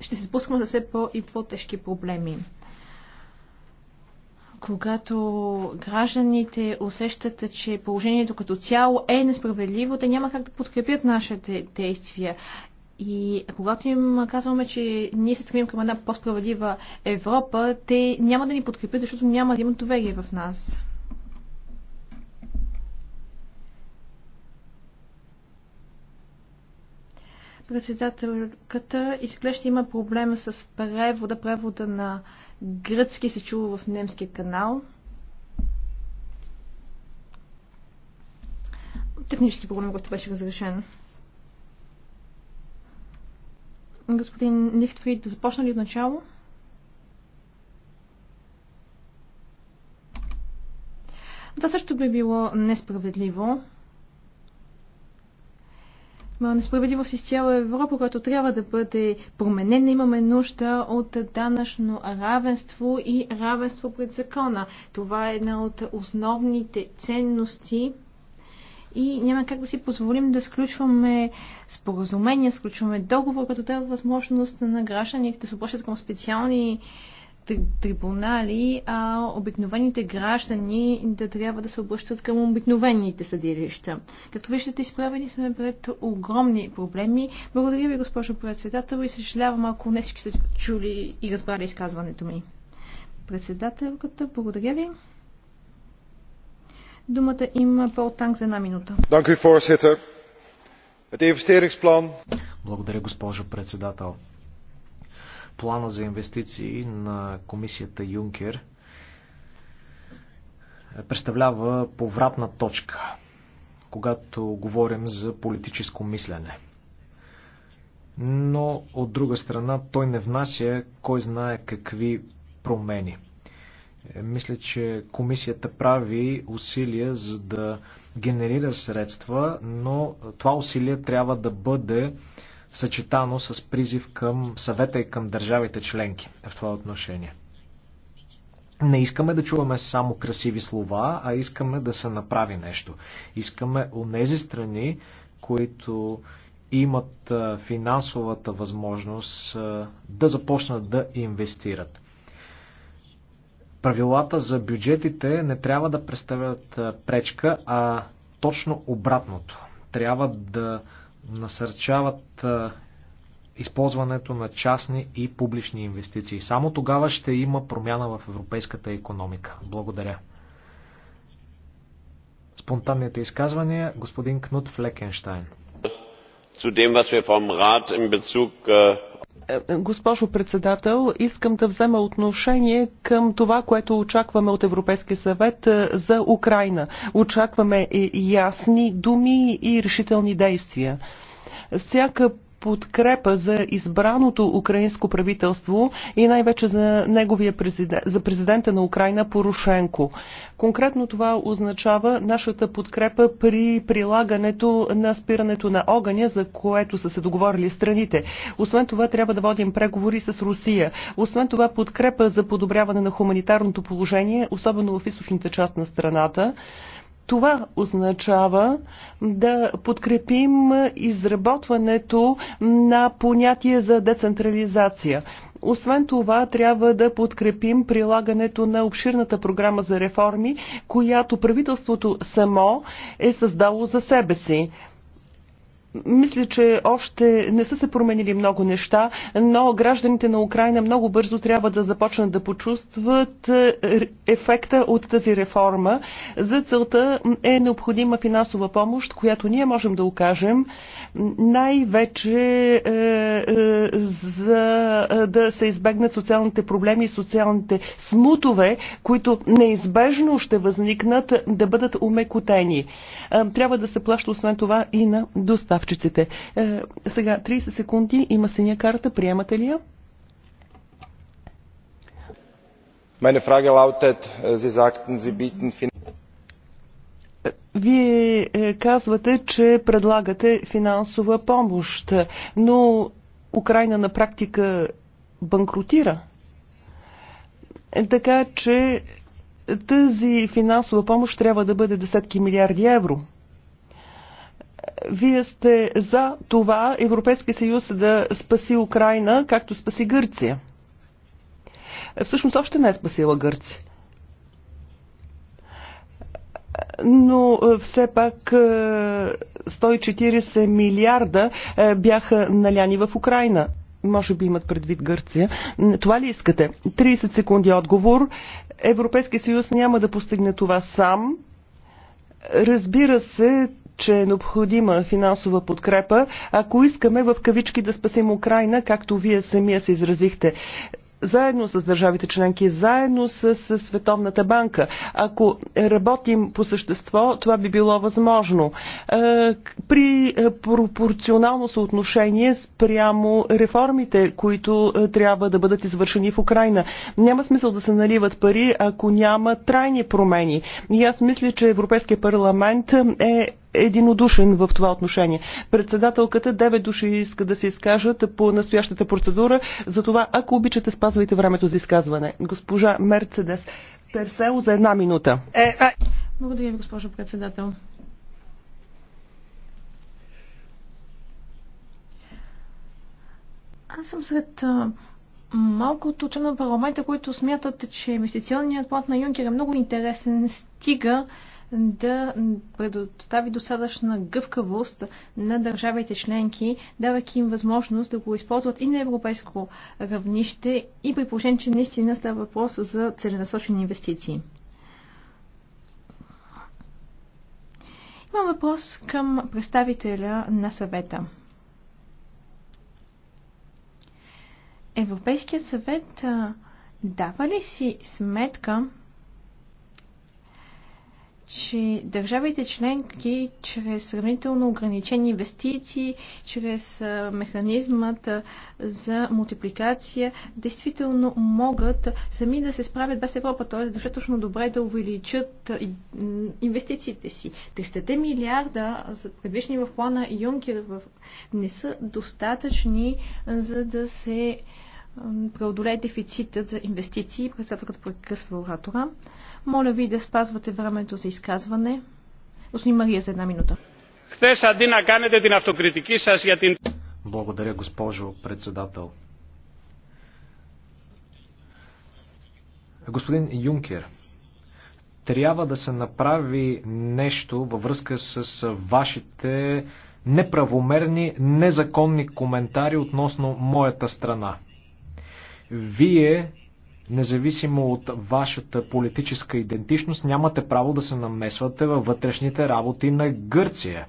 ще се спускаме за все по- и по-тежки проблеми когато гражданите усещат, че положението като цяло е несправедливо, те няма как да подкрепят нашите действия. И когато им казваме, че ние се стремим към една по-справедлива Европа, те няма да ни подкрепят, защото няма да имат доверие в нас. Председателката изглежда има проблем с превода, превода на гръцки се чува в немския канал. Технически проблем, който беше разрешен. Господин Лихтфрид, да започна ли от начало? Това също би било несправедливо несправедливост из цяла Европа, която трябва да бъде променена. Имаме нужда от данъчно равенство и равенство пред закона. Това е една от основните ценности и няма как да си позволим да сключваме споразумения, сключваме договор, като дава възможност на гражданите да се обръщат към специални трибунали, а обикновените граждани да трябва да се обръщат към обикновените съдилища. Като виждате, изправени сме пред огромни проблеми. Благодаря ви, госпожо председател, и съжалявам, ако не всички са чули и разбрали изказването ми. Председателката, благодаря ви. Думата има Пол Танк за една минута. Благодаря, госпожо председател плана за инвестиции на комисията Юнкер е, представлява повратна точка, когато говорим за политическо мислене. Но от друга страна той не внася кой знае какви промени. Е, мисля, че комисията прави усилия за да генерира средства, но това усилие трябва да бъде съчетано с призив към съвета и към държавите членки в това отношение. Не искаме да чуваме само красиви слова, а искаме да се направи нещо. Искаме у нези страни, които имат финансовата възможност да започнат да инвестират. Правилата за бюджетите не трябва да представят пречка, а точно обратното. Трябва да насърчават използването на частни и публични инвестиции. Само тогава ще има промяна в европейската економика. Благодаря. Спонтанните изказвания господин Кнут Флекенштайн. Zu dem, was wir vom Rat in Bezug äh, е, госпожо председател, искам да взема отношение към това, което очакваме от Европейския съвет е, за Украина. Очакваме е, ясни думи и решителни действия. Всяка подкрепа за избраното украинско правителство и най-вече за неговия президент, за президента на Украина Порошенко. Конкретно това означава нашата подкрепа при прилагането на спирането на огъня, за което са се договорили страните. Освен това трябва да водим преговори с Русия. Освен това подкрепа за подобряване на хуманитарното положение, особено в източната част на страната. Това означава да подкрепим изработването на понятие за децентрализация. Освен това, трябва да подкрепим прилагането на обширната програма за реформи, която правителството само е създало за себе си мисля, че още не са се променили много неща, но гражданите на Украина много бързо трябва да започнат да почувстват е, ефекта от тази реформа. За целта е необходима финансова помощ, която ние можем да окажем най-вече е, е, за е, да се избегнат социалните проблеми и социалните смутове, които неизбежно ще възникнат, да бъдат умекотени. Е, трябва да се плаща освен това и на достав доставчиците. Е, сега 30 секунди има синя карта. Приемате ли я? Meine Frage lautet, äh, Sie sagten, Sie bieten е, вие е, казвате, че предлагате финансова помощ, но Украина на практика банкротира. Така че тази финансова помощ трябва да бъде десетки милиарди евро вие сте за това Европейския съюз да спаси Украина, както спаси Гърция. Всъщност още не е спасила Гърция. Но е, все пак 140 е, милиарда е, бяха наляни в Украина. Може би имат предвид Гърция. Това ли искате? 30 секунди отговор. Европейския съюз няма да постигне това сам. Разбира се, че е необходима финансова подкрепа, ако искаме в кавички да спасим Украина, както вие самия се изразихте заедно с държавите членки, заедно с, с Световната банка. Ако работим по същество, това би било възможно. Е, при е, пропорционално съотношение спрямо реформите, които е, трябва да бъдат извършени в Украина. Няма смисъл да се наливат пари, ако няма трайни промени. И аз мисля, че Европейския парламент е единодушен в това отношение. Председателката, 9 души иска да се изкажат по настоящата процедура. Затова, ако обичате, спазвайте времето за изказване. Госпожа Мерцедес Персел за една минута. Е, а... Е. Благодаря ви, госпожо председател. Аз съм сред малкото членове на парламента, които смятат, че инвестиционният план на Юнкер е много интересен, стига да предостави достатъчна гъвкавост на държавите членки, давайки им възможност да го използват и на европейско равнище и при положение, че наистина става въпрос за целенасочени инвестиции. Имам въпрос към представителя на съвета. Европейският съвет дава ли си сметка че държавите членки чрез сравнително ограничени инвестиции, чрез механизмът за мултипликация, действително могат сами да се справят без Европа, т.е. достатъчно добре да увеличат инвестициите си. 300 милиарда, предвижни в плана Юнкер, не са достатъчни, за да се преодолее дефицитът за инвестиции. Председателът прекъсва оратора. Моля ви да спазвате времето за изказване. Господин Мария за една минута. Благодаря, госпожо председател. Господин Юнкер, трябва да се направи нещо във връзка с вашите неправомерни, незаконни коментари относно моята страна. Вие независимо от вашата политическа идентичност, нямате право да се намесвате във вътрешните работи на Гърция.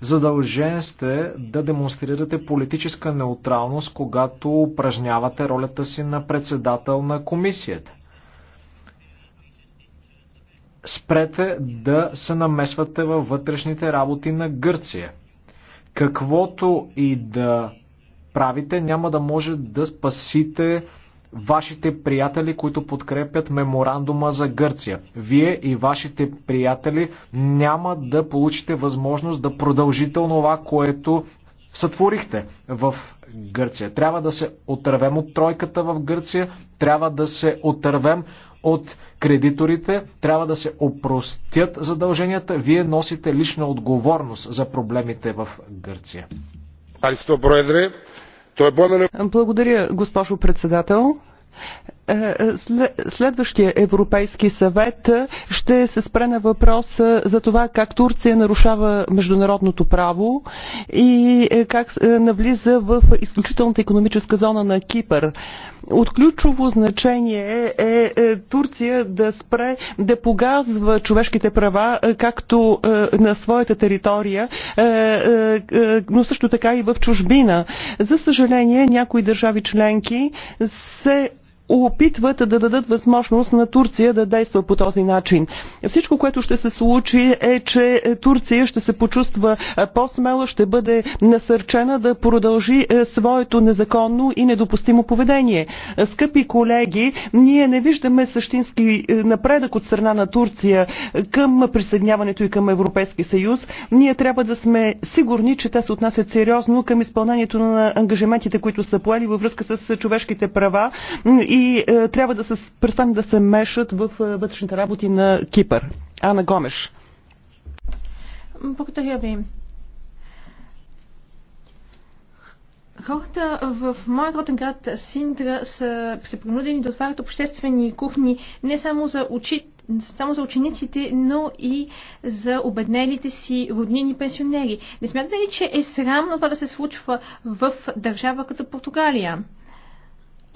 Задължен сте да демонстрирате политическа неутралност, когато упражнявате ролята си на председател на комисията. Спрете да се намесвате във вътрешните работи на Гърция. Каквото и да правите, няма да може да спасите вашите приятели, които подкрепят меморандума за Гърция. Вие и вашите приятели няма да получите възможност да продължите това, което сътворихте в Гърция. Трябва да се отървем от тройката в Гърция, трябва да се отървем от кредиторите, трябва да се опростят задълженията. Вие носите лична отговорност за проблемите в Гърция. Е Благодаря, госпожо председател. Е, следващия Европейски съвет е, ще се спре на въпроса за това как Турция нарушава международното право и е, как навлиза в изключителната економическа зона на Кипър. От ключово значение е Турция да спре да погазва човешките права както на своята територия, но също така и в чужбина. За съжаление, някои държави членки се опитват да дадат възможност на Турция да действа по този начин. Всичко, което ще се случи е, че Турция ще се почувства по-смела, ще бъде насърчена да продължи своето незаконно и недопустимо поведение. Скъпи колеги, ние не виждаме същински напредък от страна на Турция към присъединяването и към Европейски съюз. Ние трябва да сме сигурни, че те се отнасят сериозно към изпълнението на ангажиментите, които са поели във връзка с човешките права и и е, трябва да се престане да се мешат в е, вътрешните работи на Кипър. Ана Гомеш. Благодаря ви. Хората в моят роден град Синдра са се принудени да отварят обществени кухни не само за, учи, само за учениците, но и за обеднелите си роднини пенсионери. Не смятате ли, че е срамно това да се случва в държава като Португалия?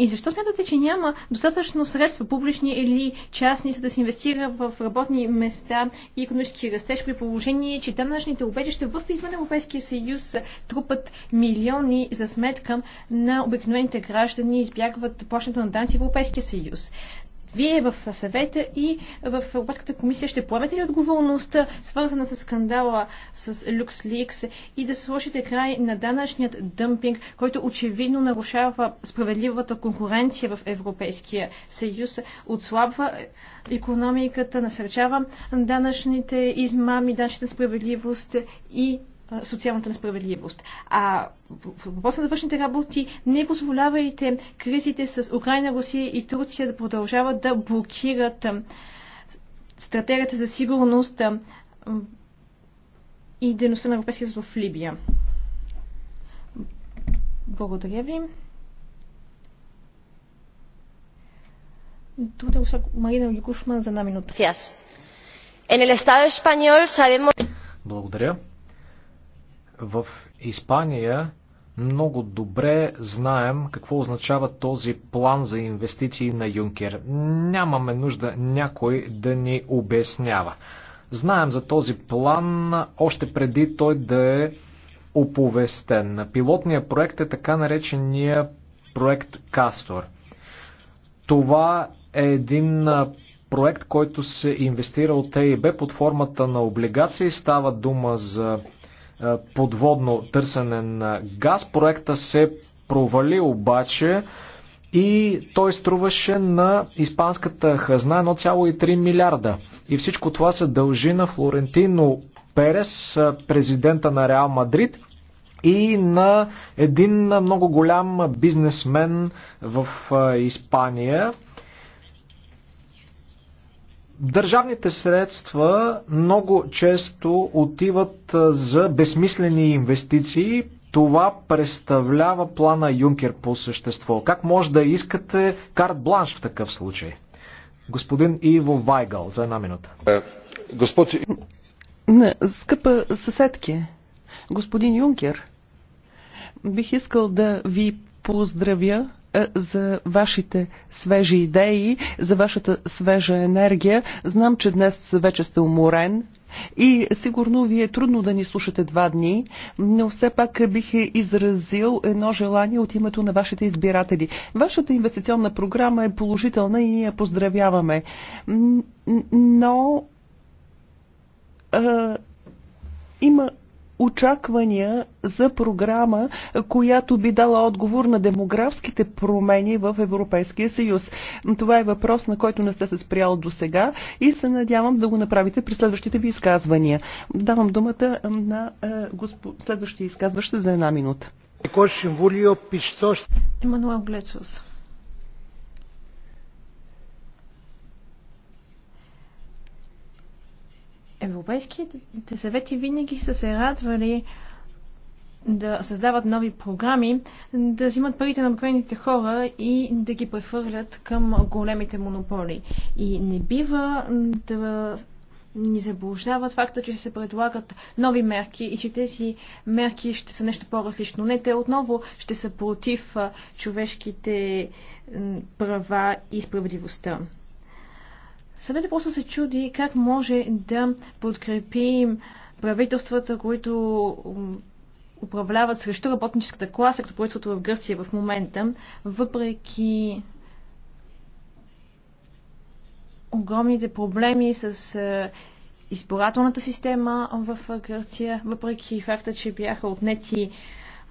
И защо смятате, че няма достатъчно средства, публични или частни, за да се инвестира в работни места и економически растеж при положение, че данъчните обежища в извън Европейския съюз трупат милиони за сметка на обикновените граждани и избягват плащането на данци в Европейския съюз? Вие в съвета и в Европейската комисия ще поемете ли отговорността, свързана с скандала с LuxLeaks и да сложите край на данъчният дъмпинг, който очевидно нарушава справедливата конкуренция в Европейския съюз, отслабва економиката, насърчава данъчните измами, данъчната справедливост и социалната несправедливост. А въпросът на външните работи не позволявайте кризите с Украина, Русия и Турция да продължават да блокират стратегията за сигурност и дейността на Европейския съюз в Либия. Благодаря ви. Тук е Марина Ликушман за една минута. Благодаря. В Испания много добре знаем какво означава този план за инвестиции на Юнкер. Нямаме нужда някой да ни обяснява. Знаем за този план още преди той да е оповестен. Пилотният проект е така наречения проект Кастор. Това е един проект, който се инвестира от ЕИБ под формата на облигации. Става дума за е, подводно търсене на газ. Проекта се провали обаче и той струваше на испанската хазна 1,3 милиарда. И всичко това се дължи на Флорентино Перес, е, президента на Реал Мадрид и на един много голям бизнесмен в е, Испания – Държавните средства много често отиват за безсмислени инвестиции. Това представлява плана Юнкер по същество. Как може да искате карт бланш в такъв случай? Господин Иво Вайгал, за една минута. Е, Господи. Не, скъпа съседки, господин Юнкер, бих искал да ви поздравя е, за вашите свежи идеи, за вашата свежа енергия. Знам, че днес вече сте уморен, и сигурно ви е трудно да ни слушате два дни, но все пак бих е изразил едно желание от името на вашите избиратели. Вашата инвестиционна програма е положителна и ние поздравяваме. Но а, е, има очаквания за програма, която би дала отговор на демографските промени в Европейския съюз. Това е въпрос, на който не сте се спрял до сега и се надявам да го направите при следващите ви изказвания. Давам думата на е, следващия изказващ за една минута. Емануел Глецвас. Европейските съвети винаги са се радвали да създават нови програми, да взимат парите на обикновените хора и да ги прехвърлят към големите монополи. И не бива да ни заблуждават факта, че се предлагат нови мерки и че тези мерки ще са нещо по-различно. Не, те отново ще са против човешките права и справедливостта. Съвета просто се чуди как може да подкрепи правителствата, които управляват срещу работническата класа, като правителството в Гърция в момента, въпреки огромните проблеми с е, избирателната система в Гърция, въпреки факта, че бяха отнети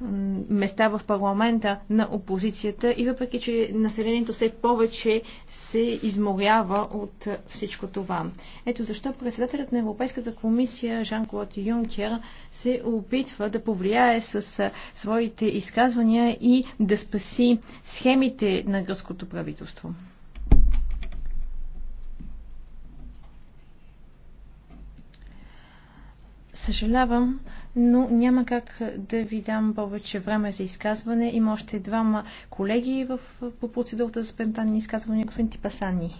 места в парламента на опозицията и въпреки, че населението все повече се изморява от всичко това. Ето защо председателят на Европейската комисия Жан-Клод Юнкер се опитва да повлияе с своите изказвания и да спаси схемите на гръцкото правителство. Съжалявам, но няма как да ви дам повече време за изказване. Има още двама колеги в, по процедурата за спонтанни изказвания. Господин Типасани.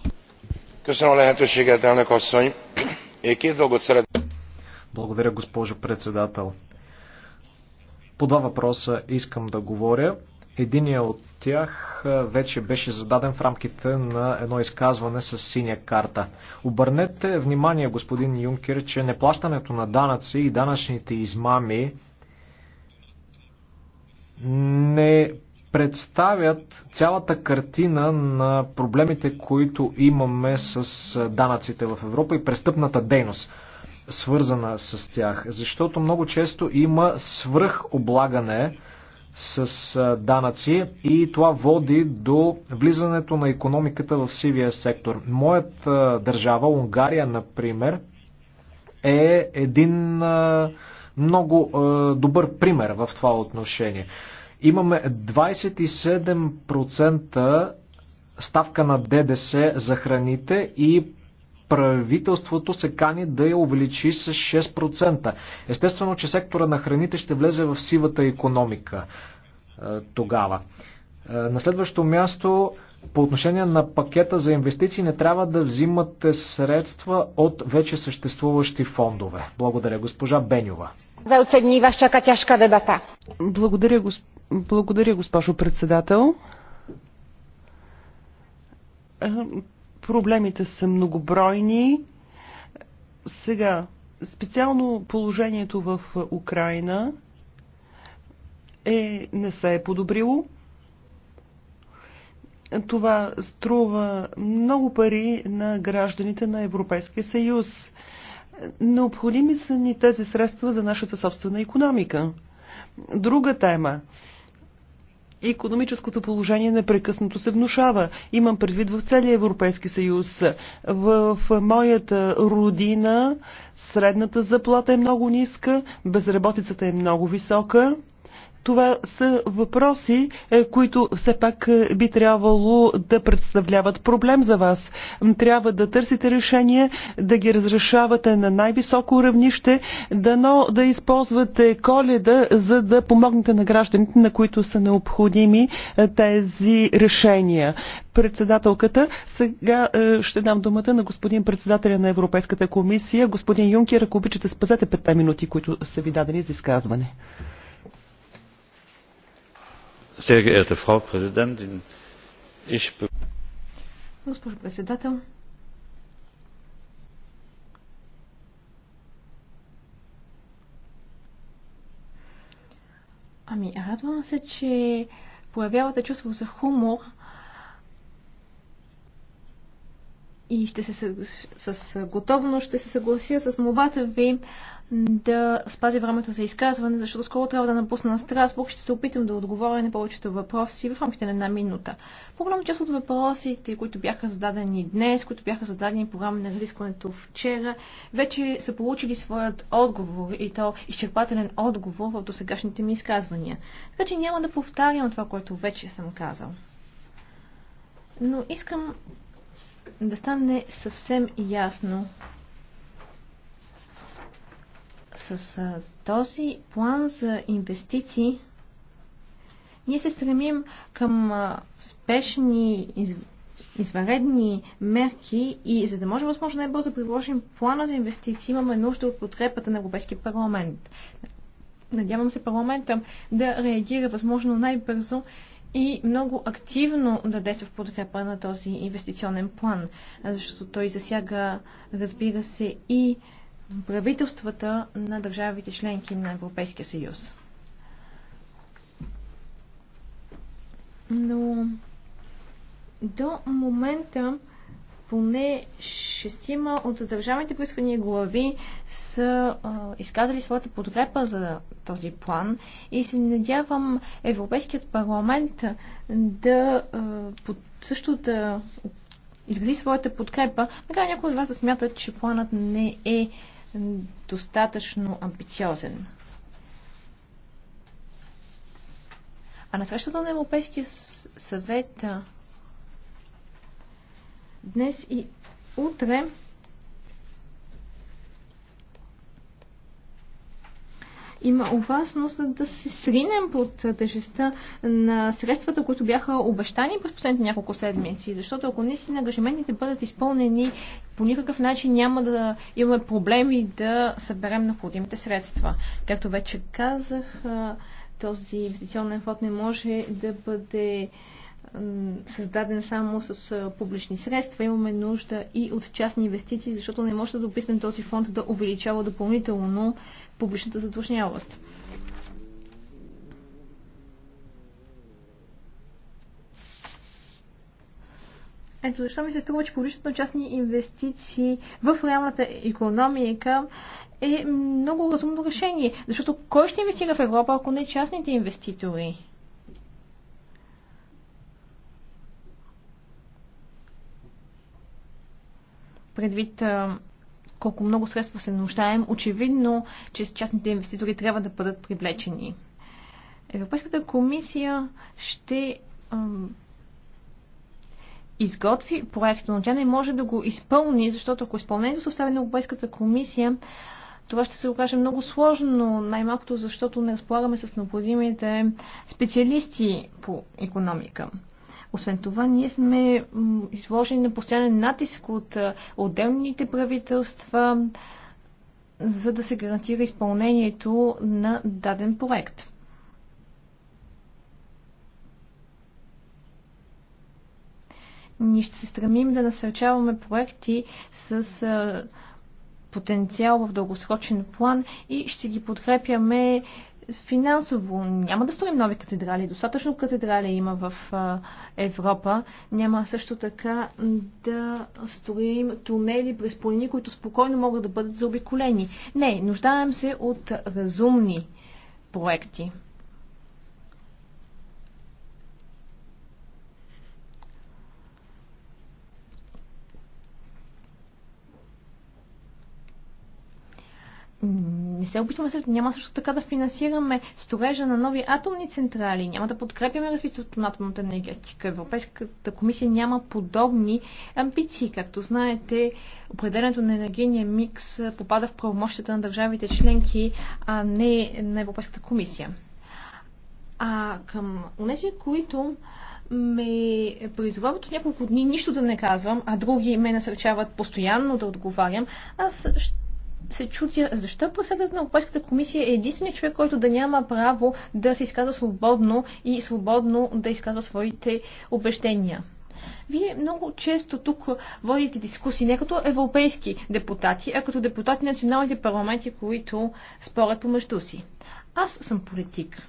Е, Благодаря, госпожо председател. По два въпроса искам да говоря. Единият от тях вече беше зададен в рамките на едно изказване с синя карта. Обърнете внимание, господин Юнкер, че неплащането на данъци и данъчните измами не представят цялата картина на проблемите, които имаме с данъците в Европа и престъпната дейност, свързана с тях. Защото много често има свръхоблагане, с данъци и това води до влизането на економиката в сивия сектор. Моята държава, Унгария, например, е един много добър пример в това отношение. Имаме 27% ставка на ДДС за храните и правителството се кани да я увеличи с 6%. Естествено, че сектора на храните ще влезе в сивата економика е, тогава. Е, на следващо място, по отношение на пакета за инвестиции, не трябва да взимате средства от вече съществуващи фондове. Благодаря, госпожа Бенюва. За оцени вас чака тяжка дебата. Благодаря, госп... Благодаря госпожо председател е, Проблемите са многобройни. Сега, специално положението в Украина е, не се е подобрило. Това струва много пари на гражданите на Европейския съюз. Необходими са ни тези средства за нашата собствена економика. Друга тема Економическото положение непрекъснато се внушава. Имам предвид в целия Европейски съюз. В моята родина средната заплата е много ниска, безработицата е много висока. Това са въпроси, е, които все пак е, би трябвало да представляват проблем за вас. Трябва да търсите решение, да ги разрешавате на най-високо равнище, дано да използвате коледа, за да помогнете на гражданите, на които са необходими е, тези решения. Председателката, сега ще дам думата на господин председателя на Европейската комисия, господин Юнкер, ако обичате, спазете петте минути, които са ви дадени за изказване. Госпожо председател, Ами, радвам се, че появявате чувство за хумор и ще се, с, с готовност ще се съглася с мобата ви да спазя времето за изказване, защото скоро трябва да напусна на Страсбург. Ще се опитам да отговоря на повечето въпроси в рамките на една минута. По-голяма част от въпросите, които бяха зададени днес, които бяха зададени по време на разискването вчера, вече са получили своят отговор и то изчерпателен отговор в досегашните ми изказвания. Така че няма да повтарям това, което вече съм казал. Но искам да стане съвсем ясно с този план за инвестиции ние се стремим към спешни из... извънредни мерки и за да можем възможно най-бързо да приложим плана за инвестиции, имаме нужда от подкрепата на Европейския парламент. Надявам се парламента да реагира възможно най-бързо и много активно да действа в подкрепа на този инвестиционен план, защото той засяга, разбира се, и правителствата на държавите членки на Европейския съюз. Но до момента поне шестима от държавните поискани глави са а, изказали своята подкрепа за този план и се надявам Европейският парламент да а, под, също да изгради своята подкрепа. Нека някои от вас да смятат, че планът не е достатъчно амбициозен. А на срещата на Европейския съвет днес и утре има опасност да се сринем под тежестта на средствата, които бяха обещани през последните няколко седмици. Защото ако наистина ангажиментите бъдат изпълнени, по никакъв начин няма да имаме проблеми да съберем необходимите средства. Както вече казах, този инвестиционен фонд не може да бъде създаден само с публични средства. Имаме нужда и от частни инвестиции, защото не може да дописнем този фонд да увеличава допълнително публичната задлъжнявост. Ето защо ми се струва, че на частни инвестиции в реалната економика е много разумно решение. Защото кой ще инвестира в Европа, ако не частните инвеститори? предвид колко много средства се нуждаем, очевидно, че частните инвеститори трябва да бъдат привлечени. Европейската комисия ще изготви проекта, но тя не може да го изпълни, защото ако изпълнението се остави на Европейската комисия, това ще се окаже много сложно, най-малкото защото не разполагаме с необходимите специалисти по економика. Освен това, ние сме изложени на постоянен натиск от отделните правителства, за да се гарантира изпълнението на даден проект. Ние ще се стремим да насърчаваме проекти с потенциал в дългосрочен план и ще ги подкрепяме финансово. Няма да строим нови катедрали. Достатъчно катедрали има в Европа. Няма също така да строим тунели през планини, които спокойно могат да бъдат заобиколени. Не, нуждаем се от разумни проекти. не се опитваме също, няма също така да финансираме сторежа на нови атомни централи, няма да подкрепяме развитието на атомната енергетика. Европейската комисия няма подобни амбиции. Както знаете, определенето на енергийния микс попада в правомощията на държавите членки, а не на Европейската комисия. А към тези, които ме призовават от няколко дни нищо да не казвам, а други ме насърчават постоянно да отговарям, аз ще се чудя защо председателят на Европейската комисия е единственият човек, който да няма право да се изказва свободно и свободно да изказва своите обещения. Вие много често тук водите дискусии не като европейски депутати, а като депутати на националните парламенти, които спорят помежду си. Аз съм политик.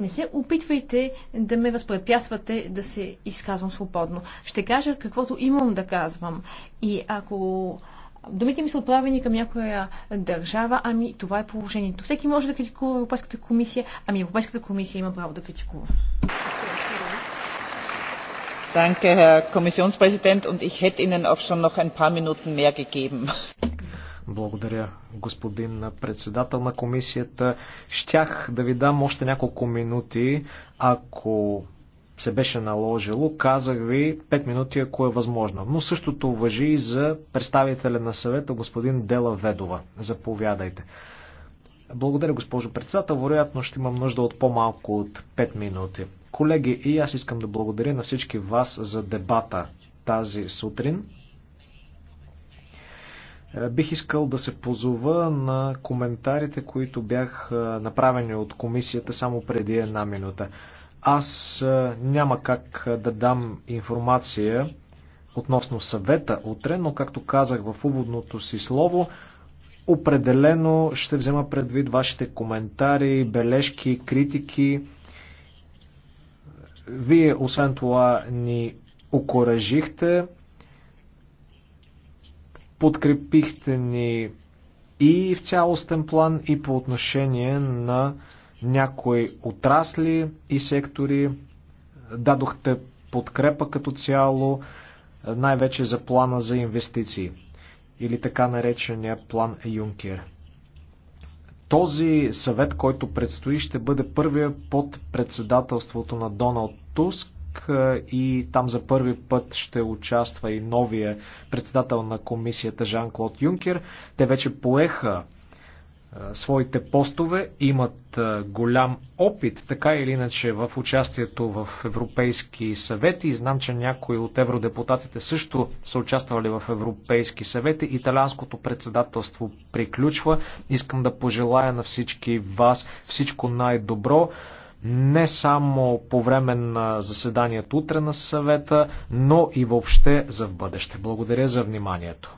Не се опитвайте да ме възпрепятствате да се изказвам свободно. Ще кажа каквото имам да казвам. И ако думите ми са отправени към някоя държава, ами това е положението. Всеки може да критикува Европейската комисия, ами Европейската комисия има право да критикува. Danke, Herr Kommissionspräsident, und ich hätte Ihnen auch schon noch ein paar Minuten mehr gegeben. Благодаря, господин председател на комисията. Щях да ви дам още няколко минути, ако се беше наложило, казах ви 5 минути, ако е възможно. Но същото въжи и за представителя на съвета, господин Дела Ведова. Заповядайте. Благодаря, госпожо председател. Вероятно ще имам нужда от по-малко от 5 минути. Колеги, и аз искам да благодаря на всички вас за дебата тази сутрин. Бих искал да се позова на коментарите, които бях направени от комисията само преди една минута. Аз няма как да дам информация относно съвета утре, но както казах в уводното си слово, определено ще взема предвид вашите коментари, бележки, критики. Вие, освен това, ни окоръжихте, подкрепихте ни и в цялостен план, и по отношение на някои отрасли и сектори. Дадохте подкрепа като цяло, най-вече за плана за инвестиции или така наречения план Юнкер. Този съвет, който предстои, ще бъде първия под председателството на Доналд Туск и там за първи път ще участва и новия председател на комисията Жан-Клод Юнкер. Те вече поеха своите постове, имат голям опит, така или иначе, в участието в Европейски съвети. И знам, че някои от евродепутатите също са участвали в Европейски съвети. Италианското председателство приключва. Искам да пожелая на всички вас всичко най-добро. Не само по време на заседанието утре на съвета, но и въобще за в бъдеще. Благодаря за вниманието.